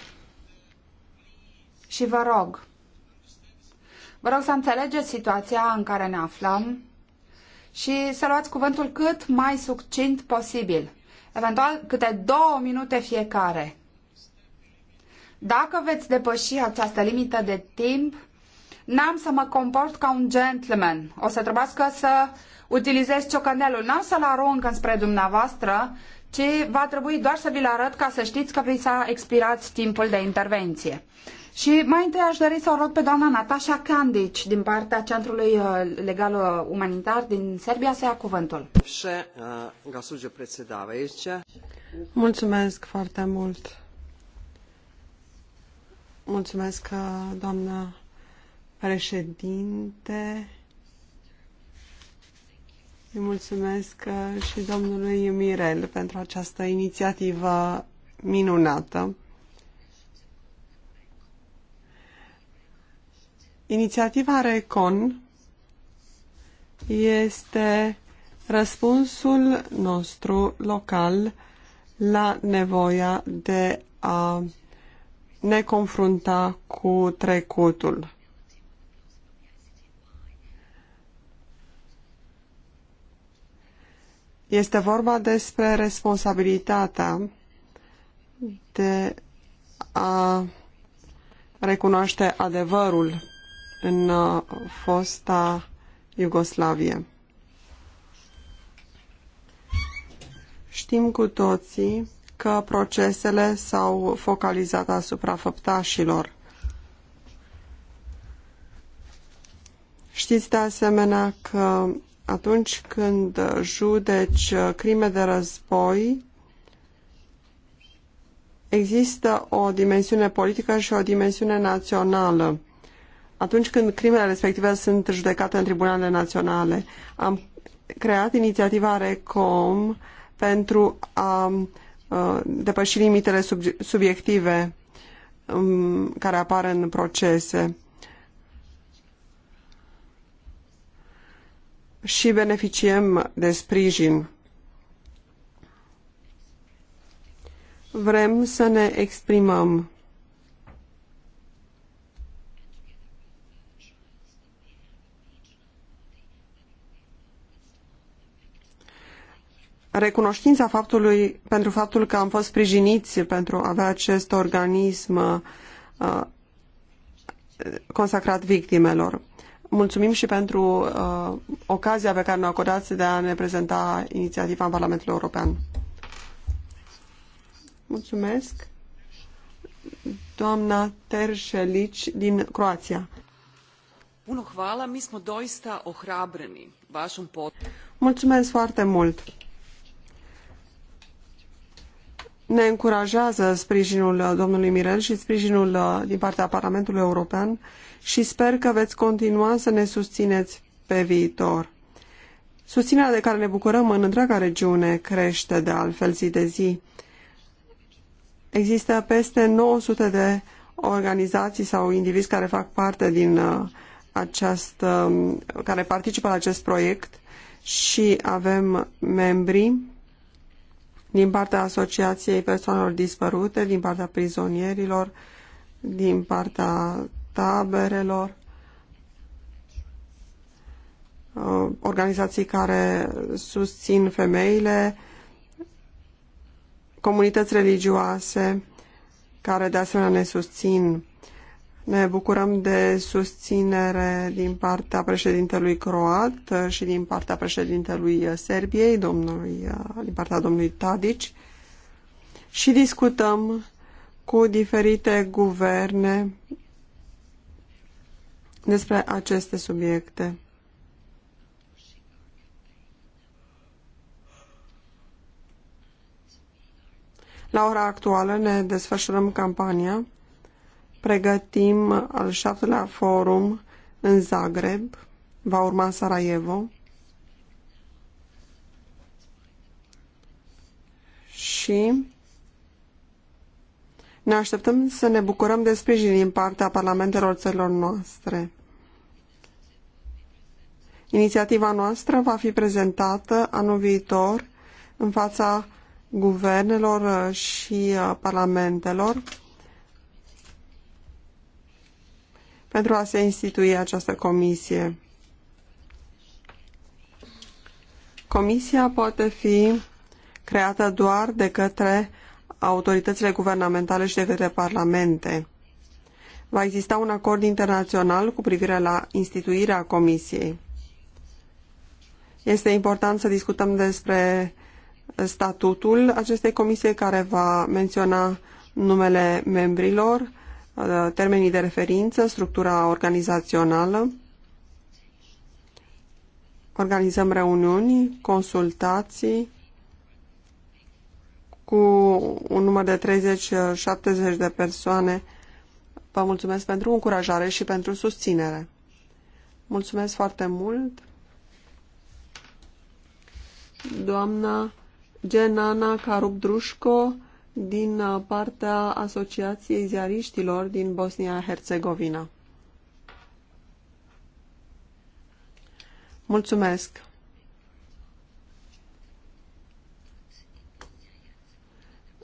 Speaker 2: Și vă rog, vă rog să înțelegeți situația în care ne aflăm și să luați cuvântul cât mai succint posibil, eventual câte două minute fiecare. Dacă veți depăși această limită de timp, n-am să mă comport ca un gentleman. O să trebuiască să utilizez ciocanelul. N-am să-l arunc înspre dumneavoastră, ci va trebui doar să vi-l arăt ca să știți că vi s-a expirat timpul de intervenție. Și mai întâi aș dori să o rog pe doamna Natasha Kandic din partea Centrului uh, Legal uh, Umanitar din
Speaker 3: Serbia să ia cuvântul. Uh, mulțumesc foarte mult. Mulțumesc, doamna președinte. Îi mulțumesc și domnului Mirel pentru această inițiativă minunată. Inițiativa RECON este răspunsul nostru local la nevoia de a ne confrunta cu trecutul. Este vorba despre responsabilitatea de a recunoaște adevărul în uh, fosta Iugoslavie. Știm cu toții că procesele s-au focalizat asupra făptașilor. Știți de asemenea că atunci când judeci crime de război, există o dimensiune politică și o dimensiune națională atunci când crimele respective sunt judecate în tribunale naționale. Am creat inițiativa RECOM pentru a depăși limitele subiective um, care apar în procese. Și beneficiem de sprijin. Vrem să ne exprimăm recunoștința faptului, pentru faptul că am fost sprijiniți pentru a avea acest organism uh, consacrat victimelor. Mulțumim și pentru uh, ocazia pe care ne-o acordați de a ne prezenta inițiativa în Parlamentul European. Mulțumesc. Doamna Terșelici din Croația. Puno hvala, mi smo doista ohrabreni vašom Mulțumesc foarte mult ne încurajează sprijinul domnului Mirel și sprijinul uh, din partea Parlamentului European și sper că veți continua să ne susțineți pe viitor. Susținerea de care ne bucurăm în întreaga regiune crește de altfel zi de zi. Există peste 900 de organizații sau indivizi care fac parte din uh, acest, um, care participă la acest proiect și avem membri din partea Asociației Persoanelor Dispărute, din partea prizonierilor, din partea taberelor, uh, organizații care susțin femeile, comunități religioase care de asemenea ne susțin. Ne bucurăm de susținere din partea președintelui croat și din partea președintelui Serbiei, domnului, din partea domnului Tadici, și discutăm cu diferite guverne despre aceste subiecte. La ora actuală ne desfășurăm campania pregătim al șaptelea forum în Zagreb, va urma Sarajevo și ne așteptăm să ne bucurăm de sprijin din partea parlamentelor țărilor noastre. Inițiativa noastră va fi prezentată anul viitor în fața guvernelor și uh, parlamentelor pentru a se institui această comisie. Comisia poate fi creată doar de către autoritățile guvernamentale și de către parlamente. Va exista un acord internațional cu privire la instituirea comisiei. Este important să discutăm despre statutul acestei comisii care va menționa numele membrilor, Uh, termenii de referință, structura organizațională. Organizăm reuniuni, consultații cu un număr de 30-70 de persoane. Vă mulțumesc pentru încurajare și pentru susținere. Mulțumesc foarte mult. Doamna Genana Carubdrușco, din uh, partea Asociației Ziariștilor din Bosnia-Herzegovina. Mulțumesc!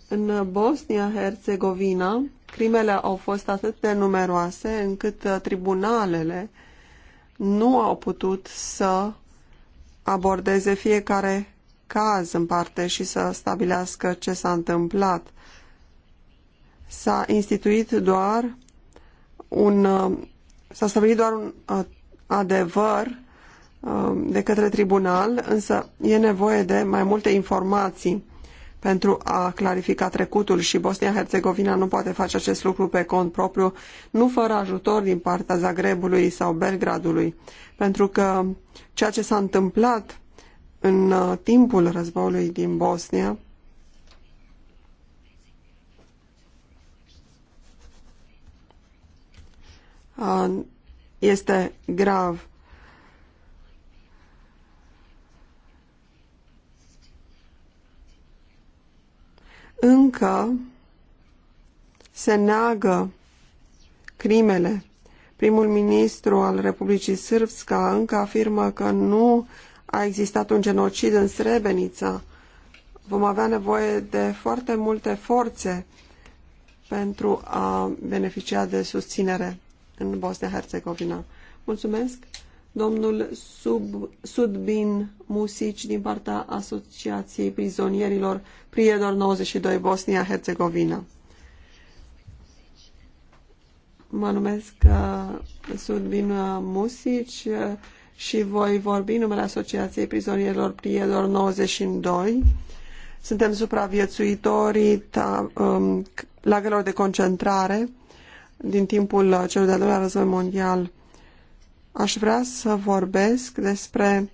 Speaker 3: În Bosnia-Herzegovina, crimele au fost atât de numeroase încât uh, tribunalele nu au putut să abordeze fiecare caz în parte și să stabilească ce s-a întâmplat. S-a instituit doar un... Uh, s-a stabilit doar un uh, adevăr uh, de către tribunal, însă e nevoie de mai multe informații pentru a clarifica trecutul și Bosnia-Herzegovina nu poate face acest lucru pe cont propriu, nu fără ajutor din partea Zagrebului sau Belgradului, pentru că ceea ce s-a întâmplat în uh, timpul războiului din Bosnia, uh, este grav. Încă se neagă crimele. Primul ministru al Republicii Sârbska încă afirmă că nu a existat un genocid în Srebrenica. Vom avea nevoie de foarte multe forțe pentru a beneficia de susținere în Bosnia-Herzegovina. Mulțumesc! Domnul Sub, Sudbin Musici din partea Asociației Prizonierilor Priedor 92 Bosnia-Herzegovina. Mă numesc uh, Sudbin Musici, uh, și voi vorbi în numele Asociației Prizonierilor Priedor 92. Suntem supraviețuitorii ta, um, lagărilor de concentrare din timpul celui de-al doilea război mondial. Aș vrea să vorbesc despre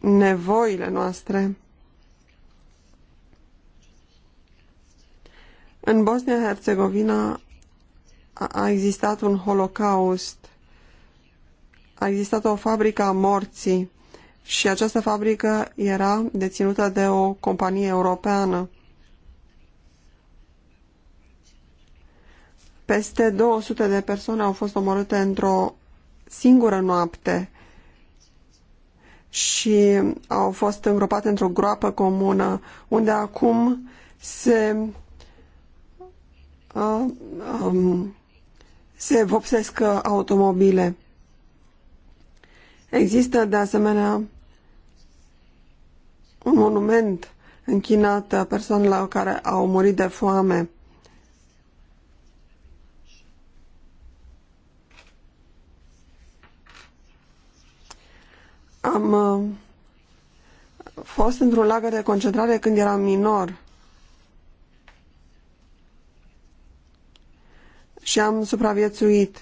Speaker 3: nevoile noastre În Bosnia-Herzegovina a existat un holocaust, a existat o fabrică a morții și această fabrică era deținută de o companie europeană. Peste 200 de persoane au fost omorâte într-o singură noapte și au fost îngropate într-o groapă comună, unde acum se Uh, um, se vopsesc automobile. Există de asemenea un monument închinat persoanelor care au murit de foame. Am uh, fost într-un lagăr de concentrare când eram minor. și am supraviețuit.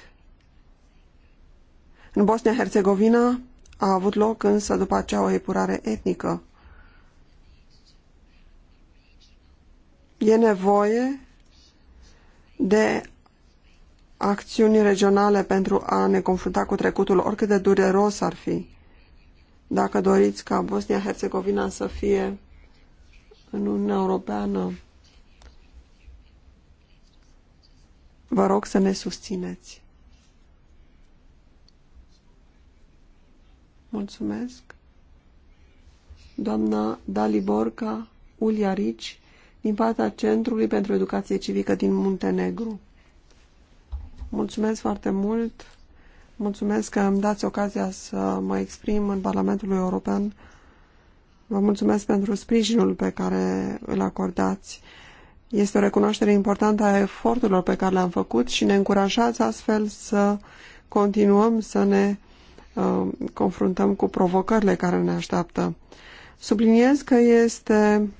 Speaker 3: În Bosnia-Herzegovina a avut loc însă după aceea o epurare etnică. E nevoie de acțiuni regionale pentru a ne confrunta cu trecutul, oricât de dureros ar fi. Dacă doriți ca Bosnia-Herzegovina să fie în Uniunea Europeană Vă rog să ne susțineți. Mulțumesc. Doamna Daliborca Uliarici, din partea Centrului pentru Educație Civică din Muntenegru. Mulțumesc foarte mult. Mulțumesc că îmi dați ocazia să mă exprim în Parlamentul European. Vă mulțumesc pentru sprijinul pe care îl acordați. Este o recunoaștere importantă a eforturilor pe care le-am făcut și ne încurajați astfel să continuăm să ne uh, confruntăm cu provocările care ne așteaptă. Subliniez că este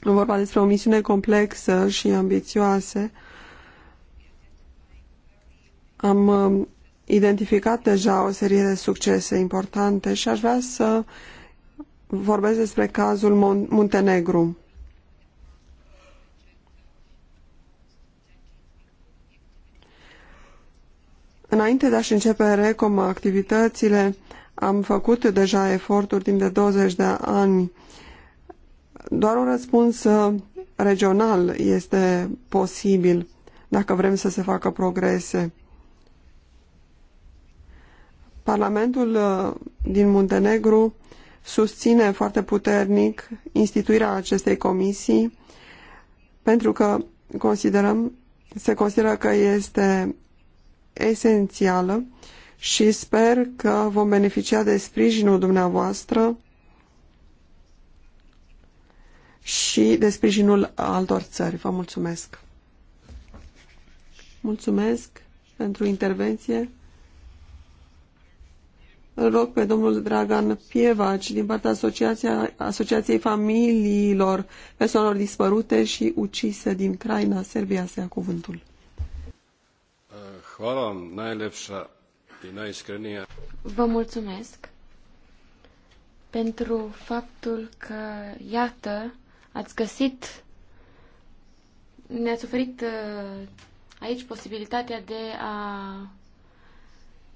Speaker 3: vorba despre o misiune complexă și ambițioasă. Am uh, identificat deja o serie de succese importante și aș vrea să vorbesc despre cazul Muntenegru. Înainte de a-și începe RECOM activitățile, am făcut deja eforturi timp de 20 de ani. Doar un răspuns uh, regional este posibil dacă vrem să se facă progrese. Parlamentul uh, din Muntenegru susține foarte puternic instituirea acestei comisii pentru că considerăm, se consideră că este esențială și sper că vom beneficia de sprijinul dumneavoastră și de sprijinul altor țări. Vă mulțumesc! Mulțumesc pentru intervenție. Îl rog pe domnul Dragan Pievaci din partea Asociația, Asociației Familiilor Persoanelor Dispărute și Ucise din Craina, Serbia, să ia cuvântul.
Speaker 4: Vă mulțumesc pentru faptul că, iată, ați găsit, ne-ați oferit uh, aici posibilitatea de a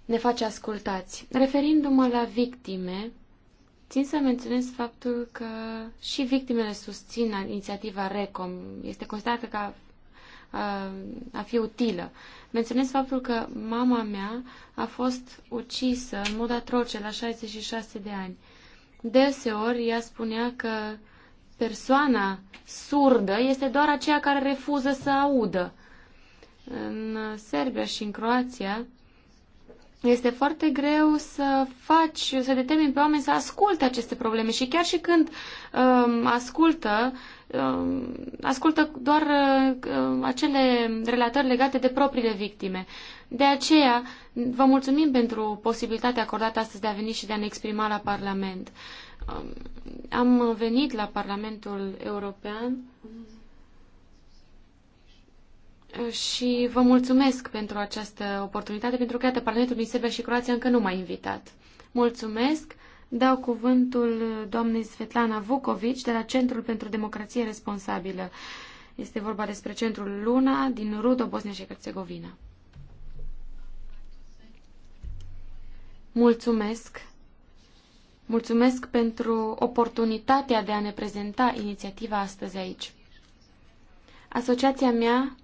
Speaker 4: ne face ascultați. Referindu-mă la victime, țin să menționez faptul că și victimele susțin inițiativa RECOM. Este considerată ca a fi utilă. Menționez faptul că mama mea a fost ucisă în mod atroce la 66 de ani. Deseori ea spunea că persoana surdă este doar aceea care refuză să audă. În Serbia și în Croația este foarte greu să faci, să determini pe oameni să asculte aceste probleme și chiar și când um, ascultă, Um, ascultă doar uh, acele relatări legate de propriile victime. De aceea, vă mulțumim pentru posibilitatea acordată astăzi de a veni și de a ne exprima la Parlament. Um, am venit la Parlamentul European și vă mulțumesc pentru această oportunitate, pentru că, iată, Parlamentul din Serbia și Croația încă nu m-a invitat. Mulțumesc! dau cuvântul doamnei Svetlana Vukovici de la Centrul pentru Democrație Responsabilă. Este vorba despre centrul Luna din Rudo, Bosnia și Herțegovina. Mulțumesc! Mulțumesc pentru oportunitatea de a ne prezenta inițiativa astăzi aici. Asociația mea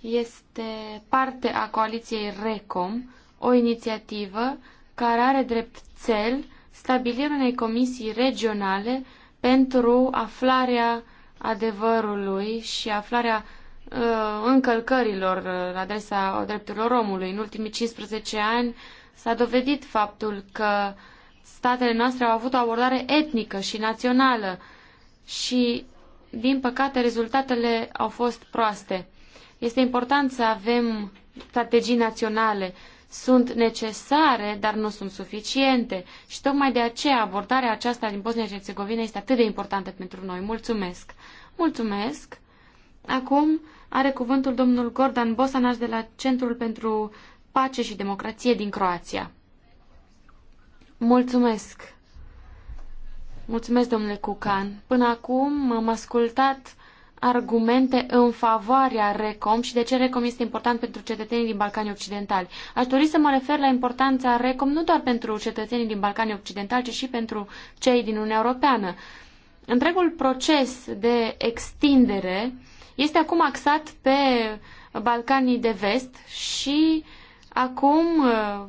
Speaker 4: este parte a coaliției RECOM, o inițiativă care are drept cel stabilirea unei comisii regionale pentru aflarea adevărului și aflarea uh, încălcărilor uh, la adresa drepturilor omului. În ultimii 15 ani s-a dovedit faptul că statele noastre au avut o abordare etnică și națională și, din păcate, rezultatele au fost proaste. Este important să avem strategii naționale, sunt necesare, dar nu sunt suficiente. Și tocmai de aceea abordarea aceasta din Bosnia-Herzegovina și este atât de importantă pentru noi. Mulțumesc! Mulțumesc! Acum are cuvântul domnul Gordan Bosanaș de la Centrul pentru Pace și Democrație din Croația. Mulțumesc! Mulțumesc, domnule Cucan. Până acum am ascultat argumente în favoarea RECOM și de ce RECOM este important pentru cetățenii din Balcanii Occidentali. Aș dori să mă refer la importanța RECOM nu doar pentru cetățenii din Balcanii Occidentali, ci și pentru cei din Uniunea Europeană. Întregul proces de extindere este acum axat pe Balcanii de Vest și acum uh,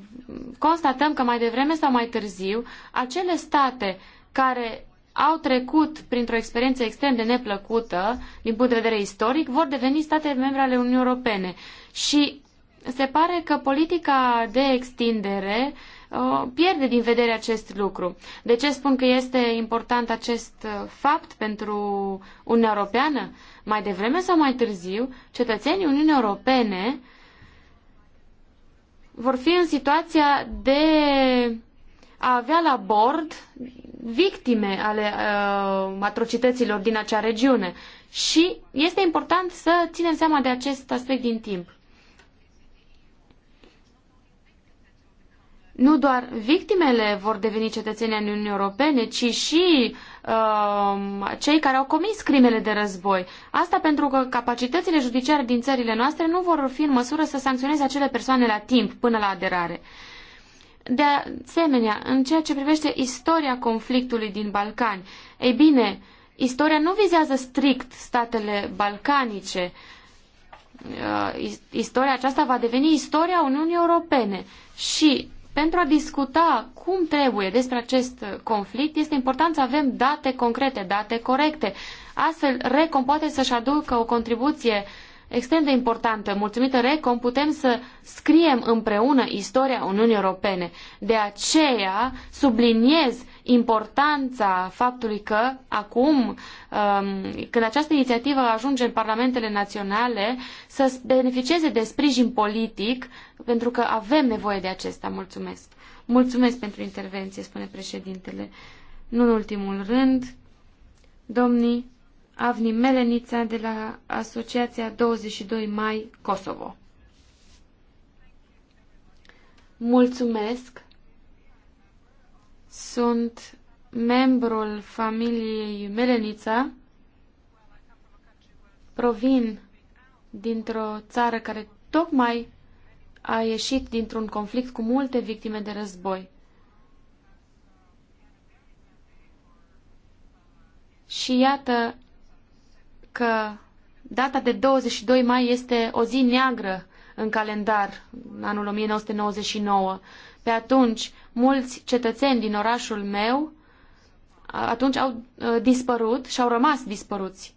Speaker 4: constatăm că mai devreme sau mai târziu acele state care au trecut printr-o experiență extrem de neplăcută din punct de vedere istoric, vor deveni state membre ale Uniunii Europene. Și se pare că politica de extindere uh, pierde din vedere acest lucru. De ce spun că este important acest uh, fapt pentru Uniunea Europeană? Mai devreme sau mai târziu, cetățenii Uniunii Europene vor fi în situația de a avea la bord victime ale uh, atrocităților din acea regiune. Și este important să ținem seama de acest aspect din timp. Nu doar victimele vor deveni cetățeni ai Uniunii Europene, ci și uh, cei care au comis crimele de război. Asta pentru că capacitățile judiciare din țările noastre nu vor fi în măsură să sancționeze acele persoane la timp, până la aderare. De asemenea, în ceea ce privește istoria conflictului din Balcani, ei bine, istoria nu vizează strict statele balcanice. Uh, istoria aceasta va deveni istoria Uniunii Europene și pentru a discuta cum trebuie despre acest conflict, este important să avem date concrete, date corecte. Astfel, RECOM poate să-și aducă o contribuție uh, extrem de importantă. Mulțumită RECOM putem să scriem împreună istoria Uniunii Europene. De aceea subliniez importanța faptului că acum, um, când această inițiativă ajunge în parlamentele naționale, să beneficieze de sprijin politic, pentru că avem nevoie de acesta. Mulțumesc. Mulțumesc pentru intervenție, spune președintele. Nu în ultimul rând, domnii Avni Melenița de la Asociația 22 Mai Kosovo. Mulțumesc! Sunt membrul familiei Melenița. Provin dintr-o țară care tocmai a ieșit dintr-un conflict cu multe victime de război. Și iată, că data de 22 mai este o zi neagră în calendar, în anul 1999. Pe atunci, mulți cetățeni din orașul meu atunci au ă, dispărut și au rămas dispăruți.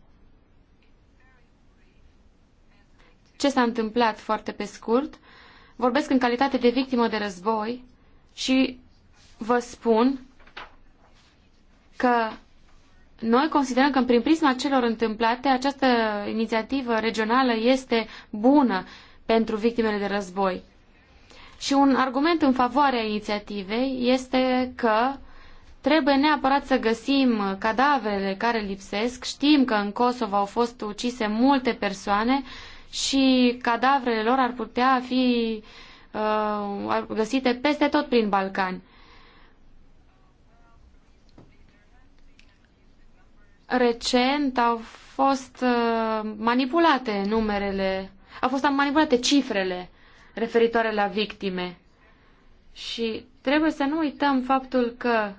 Speaker 4: Ce s-a întâmplat foarte pe scurt? Vorbesc în calitate de victimă de război și vă spun că noi considerăm că prin prisma celor întâmplate această inițiativă regională este bună pentru victimele de război. Și un argument în favoarea inițiativei este că trebuie neapărat să găsim cadavrele care lipsesc. Știm că în Kosovo au fost ucise multe persoane și cadavrele lor ar putea fi uh, găsite peste tot prin Balcani. recent au fost uh, manipulate numerele, au fost manipulate cifrele referitoare la victime. Și trebuie să nu uităm faptul că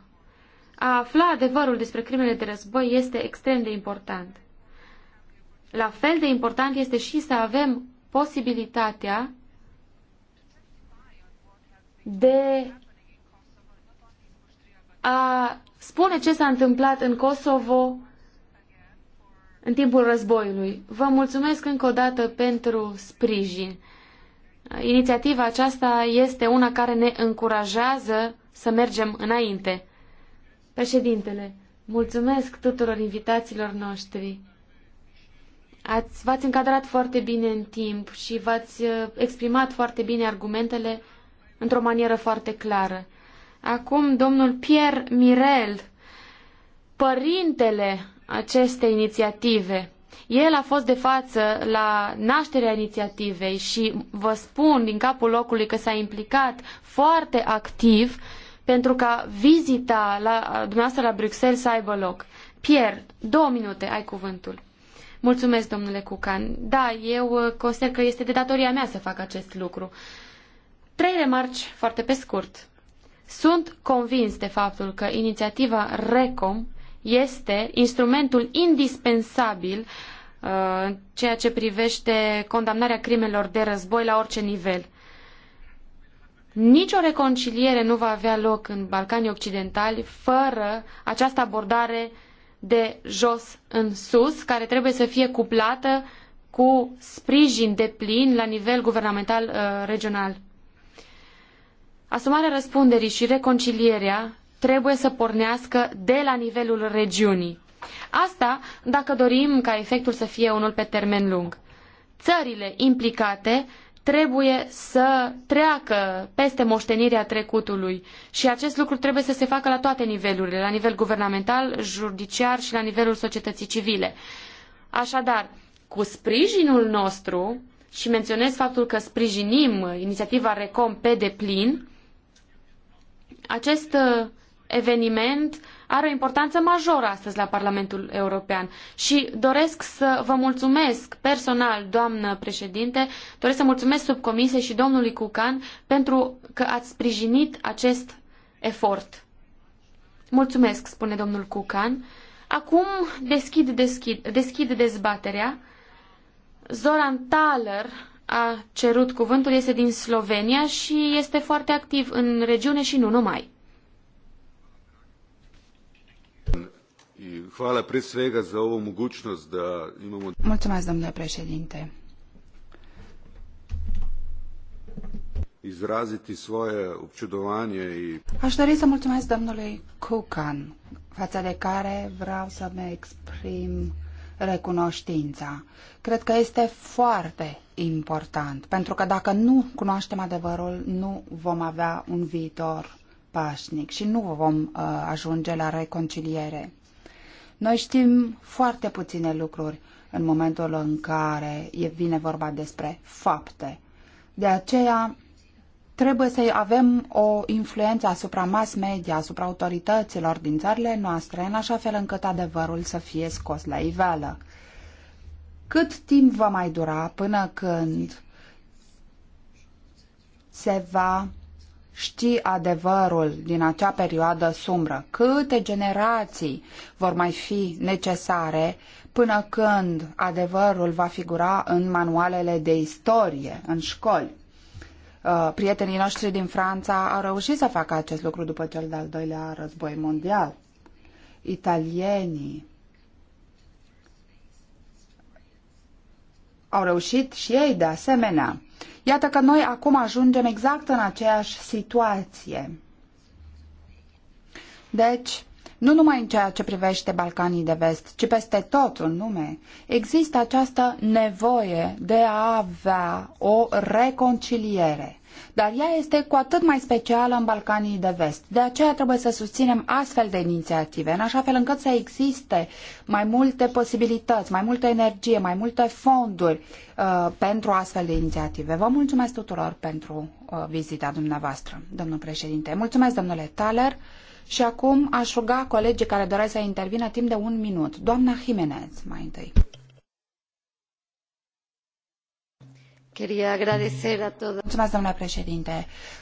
Speaker 4: a afla adevărul despre crimele de război este extrem de important. La fel de important este și să avem posibilitatea de a spune ce s-a întâmplat în Kosovo în timpul războiului. Vă mulțumesc încă o dată pentru sprijin. Inițiativa aceasta este una care ne încurajează să mergem înainte. Președintele, mulțumesc tuturor invitațiilor noștri. Ați, v-ați încadrat foarte bine în timp și v-ați uh, exprimat foarte bine argumentele într-o manieră foarte clară. Acum, domnul Pierre Mirel, părintele aceste inițiative. El a fost de față la nașterea inițiativei și vă spun din capul locului că s-a implicat foarte activ pentru ca vizita la, dumneavoastră la Bruxelles să aibă loc. Pierre, două minute, ai cuvântul. Mulțumesc, domnule Cucan. Da, eu uh, consider că este de datoria mea să fac acest lucru. Trei remarci foarte pe scurt. Sunt convins de faptul că inițiativa RECOM este instrumentul indispensabil uh, în ceea ce privește condamnarea crimelor de război la orice nivel. Nicio reconciliere nu va avea loc în Balcanii Occidentali fără această abordare de jos în sus, care trebuie să fie cuplată cu sprijin deplin la nivel guvernamental uh, regional. Asumarea răspunderii și reconcilierea trebuie să pornească de la nivelul regiunii. Asta dacă dorim ca efectul să fie unul pe termen lung. Țările implicate trebuie să treacă peste moștenirea trecutului și acest lucru trebuie să se facă la toate nivelurile, la nivel guvernamental, judiciar și la nivelul societății civile. Așadar, cu sprijinul nostru, și menționez faptul că sprijinim inițiativa RECOM pe deplin, acest eveniment are o importanță majoră astăzi la Parlamentul European și doresc să vă mulțumesc personal, doamnă președinte, doresc să mulțumesc subcomisiei și domnului Cucan pentru că ați sprijinit acest efort. Mulțumesc, spune domnul Cucan. Acum deschid, deschid, deschid dezbaterea. Zoran Thaler a cerut cuvântul, este din Slovenia și este foarte activ în regiune și nu numai.
Speaker 1: Da
Speaker 2: mulțumesc, domnule președinte. Aș dori să mulțumesc domnului Kukan față de care vreau să-mi exprim recunoștința. Cred că este foarte important, pentru că dacă nu cunoaștem adevărul, nu vom avea un viitor pașnic și nu vom uh, ajunge la reconciliere. Noi știm foarte puține lucruri în momentul în care vine vorba despre fapte. De aceea trebuie să avem o influență asupra mass media, asupra autorităților din țările noastre, în așa fel încât adevărul să fie scos la iveală. Cât timp va mai dura până când se va ști adevărul din acea perioadă sumbră? Câte generații vor mai fi necesare până când adevărul va figura în manualele de istorie, în școli? Uh, prietenii noștri din Franța au reușit să facă acest lucru după cel de-al doilea război mondial. Italienii au reușit și ei de asemenea. Iată că noi acum ajungem exact în aceeași situație. Deci, nu numai în ceea ce privește Balcanii de Vest, ci peste tot în lume, există această nevoie de a avea o reconciliere dar ea este cu atât mai specială în Balcanii de Vest. De aceea trebuie să susținem astfel de inițiative, în așa fel încât să existe mai multe posibilități, mai multă energie, mai multe fonduri uh, pentru astfel de inițiative. Vă mulțumesc tuturor pentru uh, vizita dumneavoastră, domnul președinte. Mulțumesc, domnule Thaler. Și acum aș ruga colegii care doresc să intervină timp de un minut. Doamna Jimenez, mai întâi.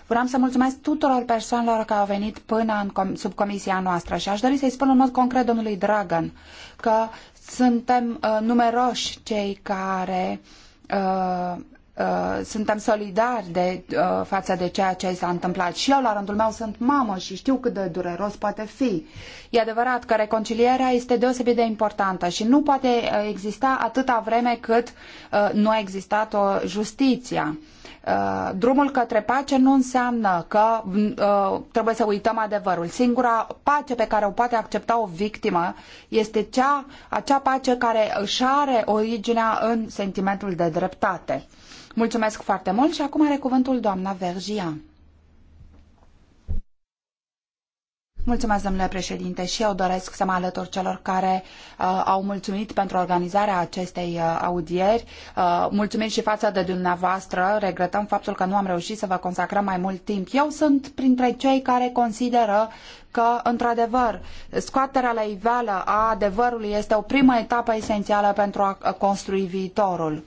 Speaker 2: Vreau să mulțumesc tuturor persoanelor care au venit până în sub comisia noastră și aș dori să-i spun în mod concret domnului Dragan că suntem uh, numeroși cei care uh, Uh, suntem solidari de, uh, față de ceea ce s-a întâmplat. Și eu, la rândul meu, sunt mamă și știu cât de dureros poate fi. E adevărat că reconcilierea este deosebit de importantă și nu poate uh, exista atâta vreme cât uh, nu a existat o justiția. Uh, drumul către pace nu înseamnă că uh, trebuie să uităm adevărul. Singura pace pe care o poate accepta o victimă este cea, acea pace care își are originea în sentimentul de dreptate. Mulțumesc foarte mult și acum are cuvântul doamna Vergia. Mulțumesc, domnule președinte, și eu doresc să mă alătur celor care uh, au mulțumit pentru organizarea acestei uh, audieri. Uh, mulțumim și față de dumneavoastră. Regretăm faptul că nu am reușit să vă consacrăm mai mult timp. Eu sunt printre cei care consideră că, într-adevăr, scoaterea la iveală a adevărului este o primă etapă esențială pentru a construi viitorul.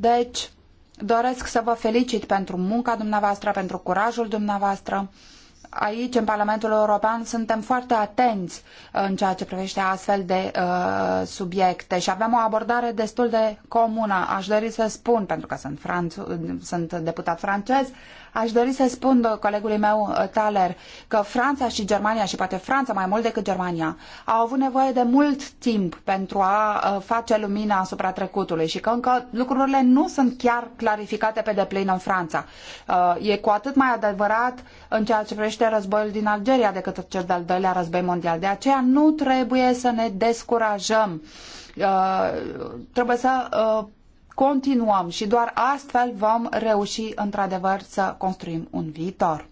Speaker 2: Deci, doresc să vă felicit pentru munca dumneavoastră, pentru curajul dumneavoastră. Aici, în Parlamentul European, suntem foarte atenți uh, în ceea ce privește astfel de uh, subiecte și avem o abordare destul de comună. Aș dori să spun, pentru că sunt, franț- sunt deputat francez, Aș dori să spun uh, colegului meu uh, Thaler că Franța și Germania, și poate Franța mai mult decât Germania, au avut nevoie de mult timp pentru a uh, face lumina asupra trecutului și că încă lucrurile nu sunt chiar clarificate pe deplin în Franța. E cu atât mai adevărat în ceea ce privește războiul din Algeria decât cel de-al doilea război mondial. De aceea nu trebuie să ne descurajăm. trebuie să continuăm și doar astfel vom reuși într-adevăr să construim un viitor.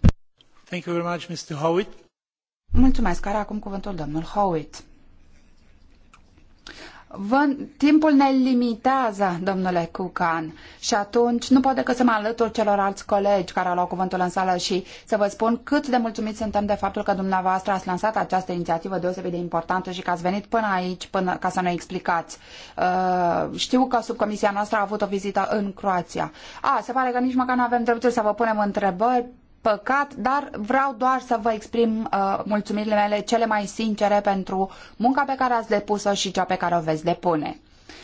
Speaker 4: Thank you very much, Mr. Howitt.
Speaker 2: Mulțumesc. Are acum cuvântul domnul Howitt. Vă, timpul ne limitează, domnule Cucan, și atunci nu pot decât să mă alătur celorlalți colegi care au luat cuvântul în sală și să vă spun cât de mulțumiți suntem de faptul că dumneavoastră ați lansat această inițiativă deosebit de importantă și că ați venit până aici până, ca să ne explicați. Uh, știu că subcomisia noastră a avut o vizită în Croația. A, se pare că nici măcar nu avem dreptul să vă punem întrebări păcat, dar vreau doar să vă exprim uh, mulțumirile mele cele mai sincere pentru munca pe care ați depus-o și cea pe care o veți depune.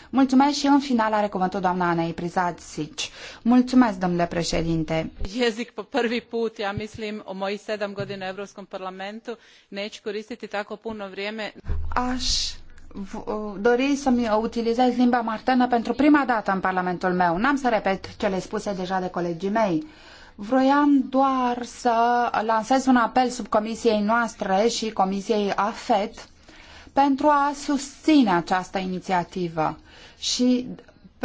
Speaker 2: Mulțumesc și în final are cuvântul doamna Ana Iprizațic. Mulțumesc, domnule președinte.
Speaker 1: Jezik po prvi put, ja mislim, o mojih sedam godina u Europskom parlamentu, neću koristiti tako puno vrijeme.
Speaker 2: Aș uh, dori să-mi utilizez limba martenă pentru prima dată în Parlamentul meu. N-am să repet cele spuse deja de colegii mei. Uh, Vroiam doar să lansez un apel sub comisiei noastre și comisiei AFET pentru a susține această inițiativă. Și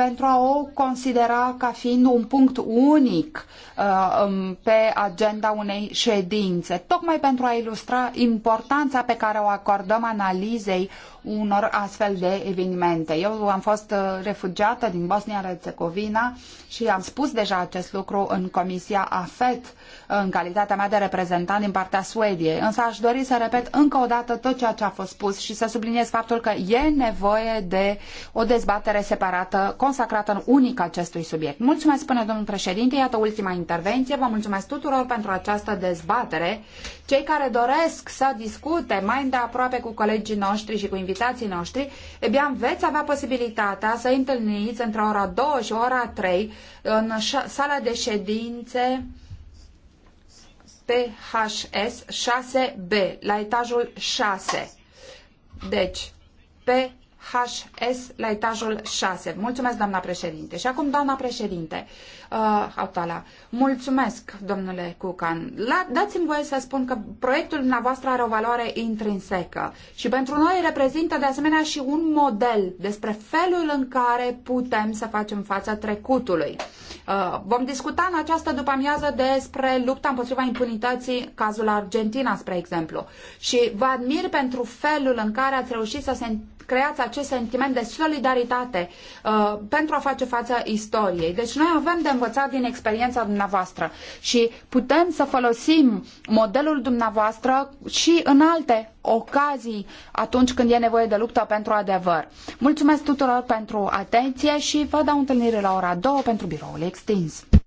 Speaker 2: pentru a o considera ca fiind un punct unic uh, um, pe agenda unei ședințe, tocmai pentru a ilustra importanța pe care o acordăm analizei unor astfel de evenimente. Eu am fost uh, refugiată din Bosnia-Herzegovina și am spus deja acest lucru în Comisia AFET în calitatea mea de reprezentant din partea Suediei. Însă aș dori să repet încă o dată tot ceea ce a fost spus și să subliniez faptul că e nevoie de o dezbatere separată, consacrată în unic acestui subiect. Mulțumesc, până domnul președinte, iată ultima intervenție. Vă mulțumesc tuturor pentru această dezbatere. Cei care doresc să discute mai îndeaproape cu colegii noștri și cu invitații noștri, e bine, veți avea posibilitatea să întâlniți între ora 2 și ora 3 în sala de ședințe PHS 6B, la etajul 6. Deci, pe HS la etajul 6. Mulțumesc, doamna președinte. Și acum, doamna președinte, uh, Hautala, mulțumesc, domnule Cucan. dați-mi voie să spun că proiectul dumneavoastră are o valoare intrinsecă și pentru noi reprezintă de asemenea și un model despre felul în care putem să facem față trecutului. Uh, vom discuta în această după-amiază despre lupta împotriva impunității, cazul Argentina, spre exemplu. Și vă admir pentru felul în care ați reușit să se creați acest sentiment de solidaritate uh, pentru a face față istoriei. Deci noi avem de învățat din experiența dumneavoastră și putem să folosim modelul dumneavoastră și în alte ocazii atunci când e nevoie de luptă pentru adevăr. Mulțumesc tuturor pentru atenție și vă dau întâlnire la ora 2 pentru biroul extins.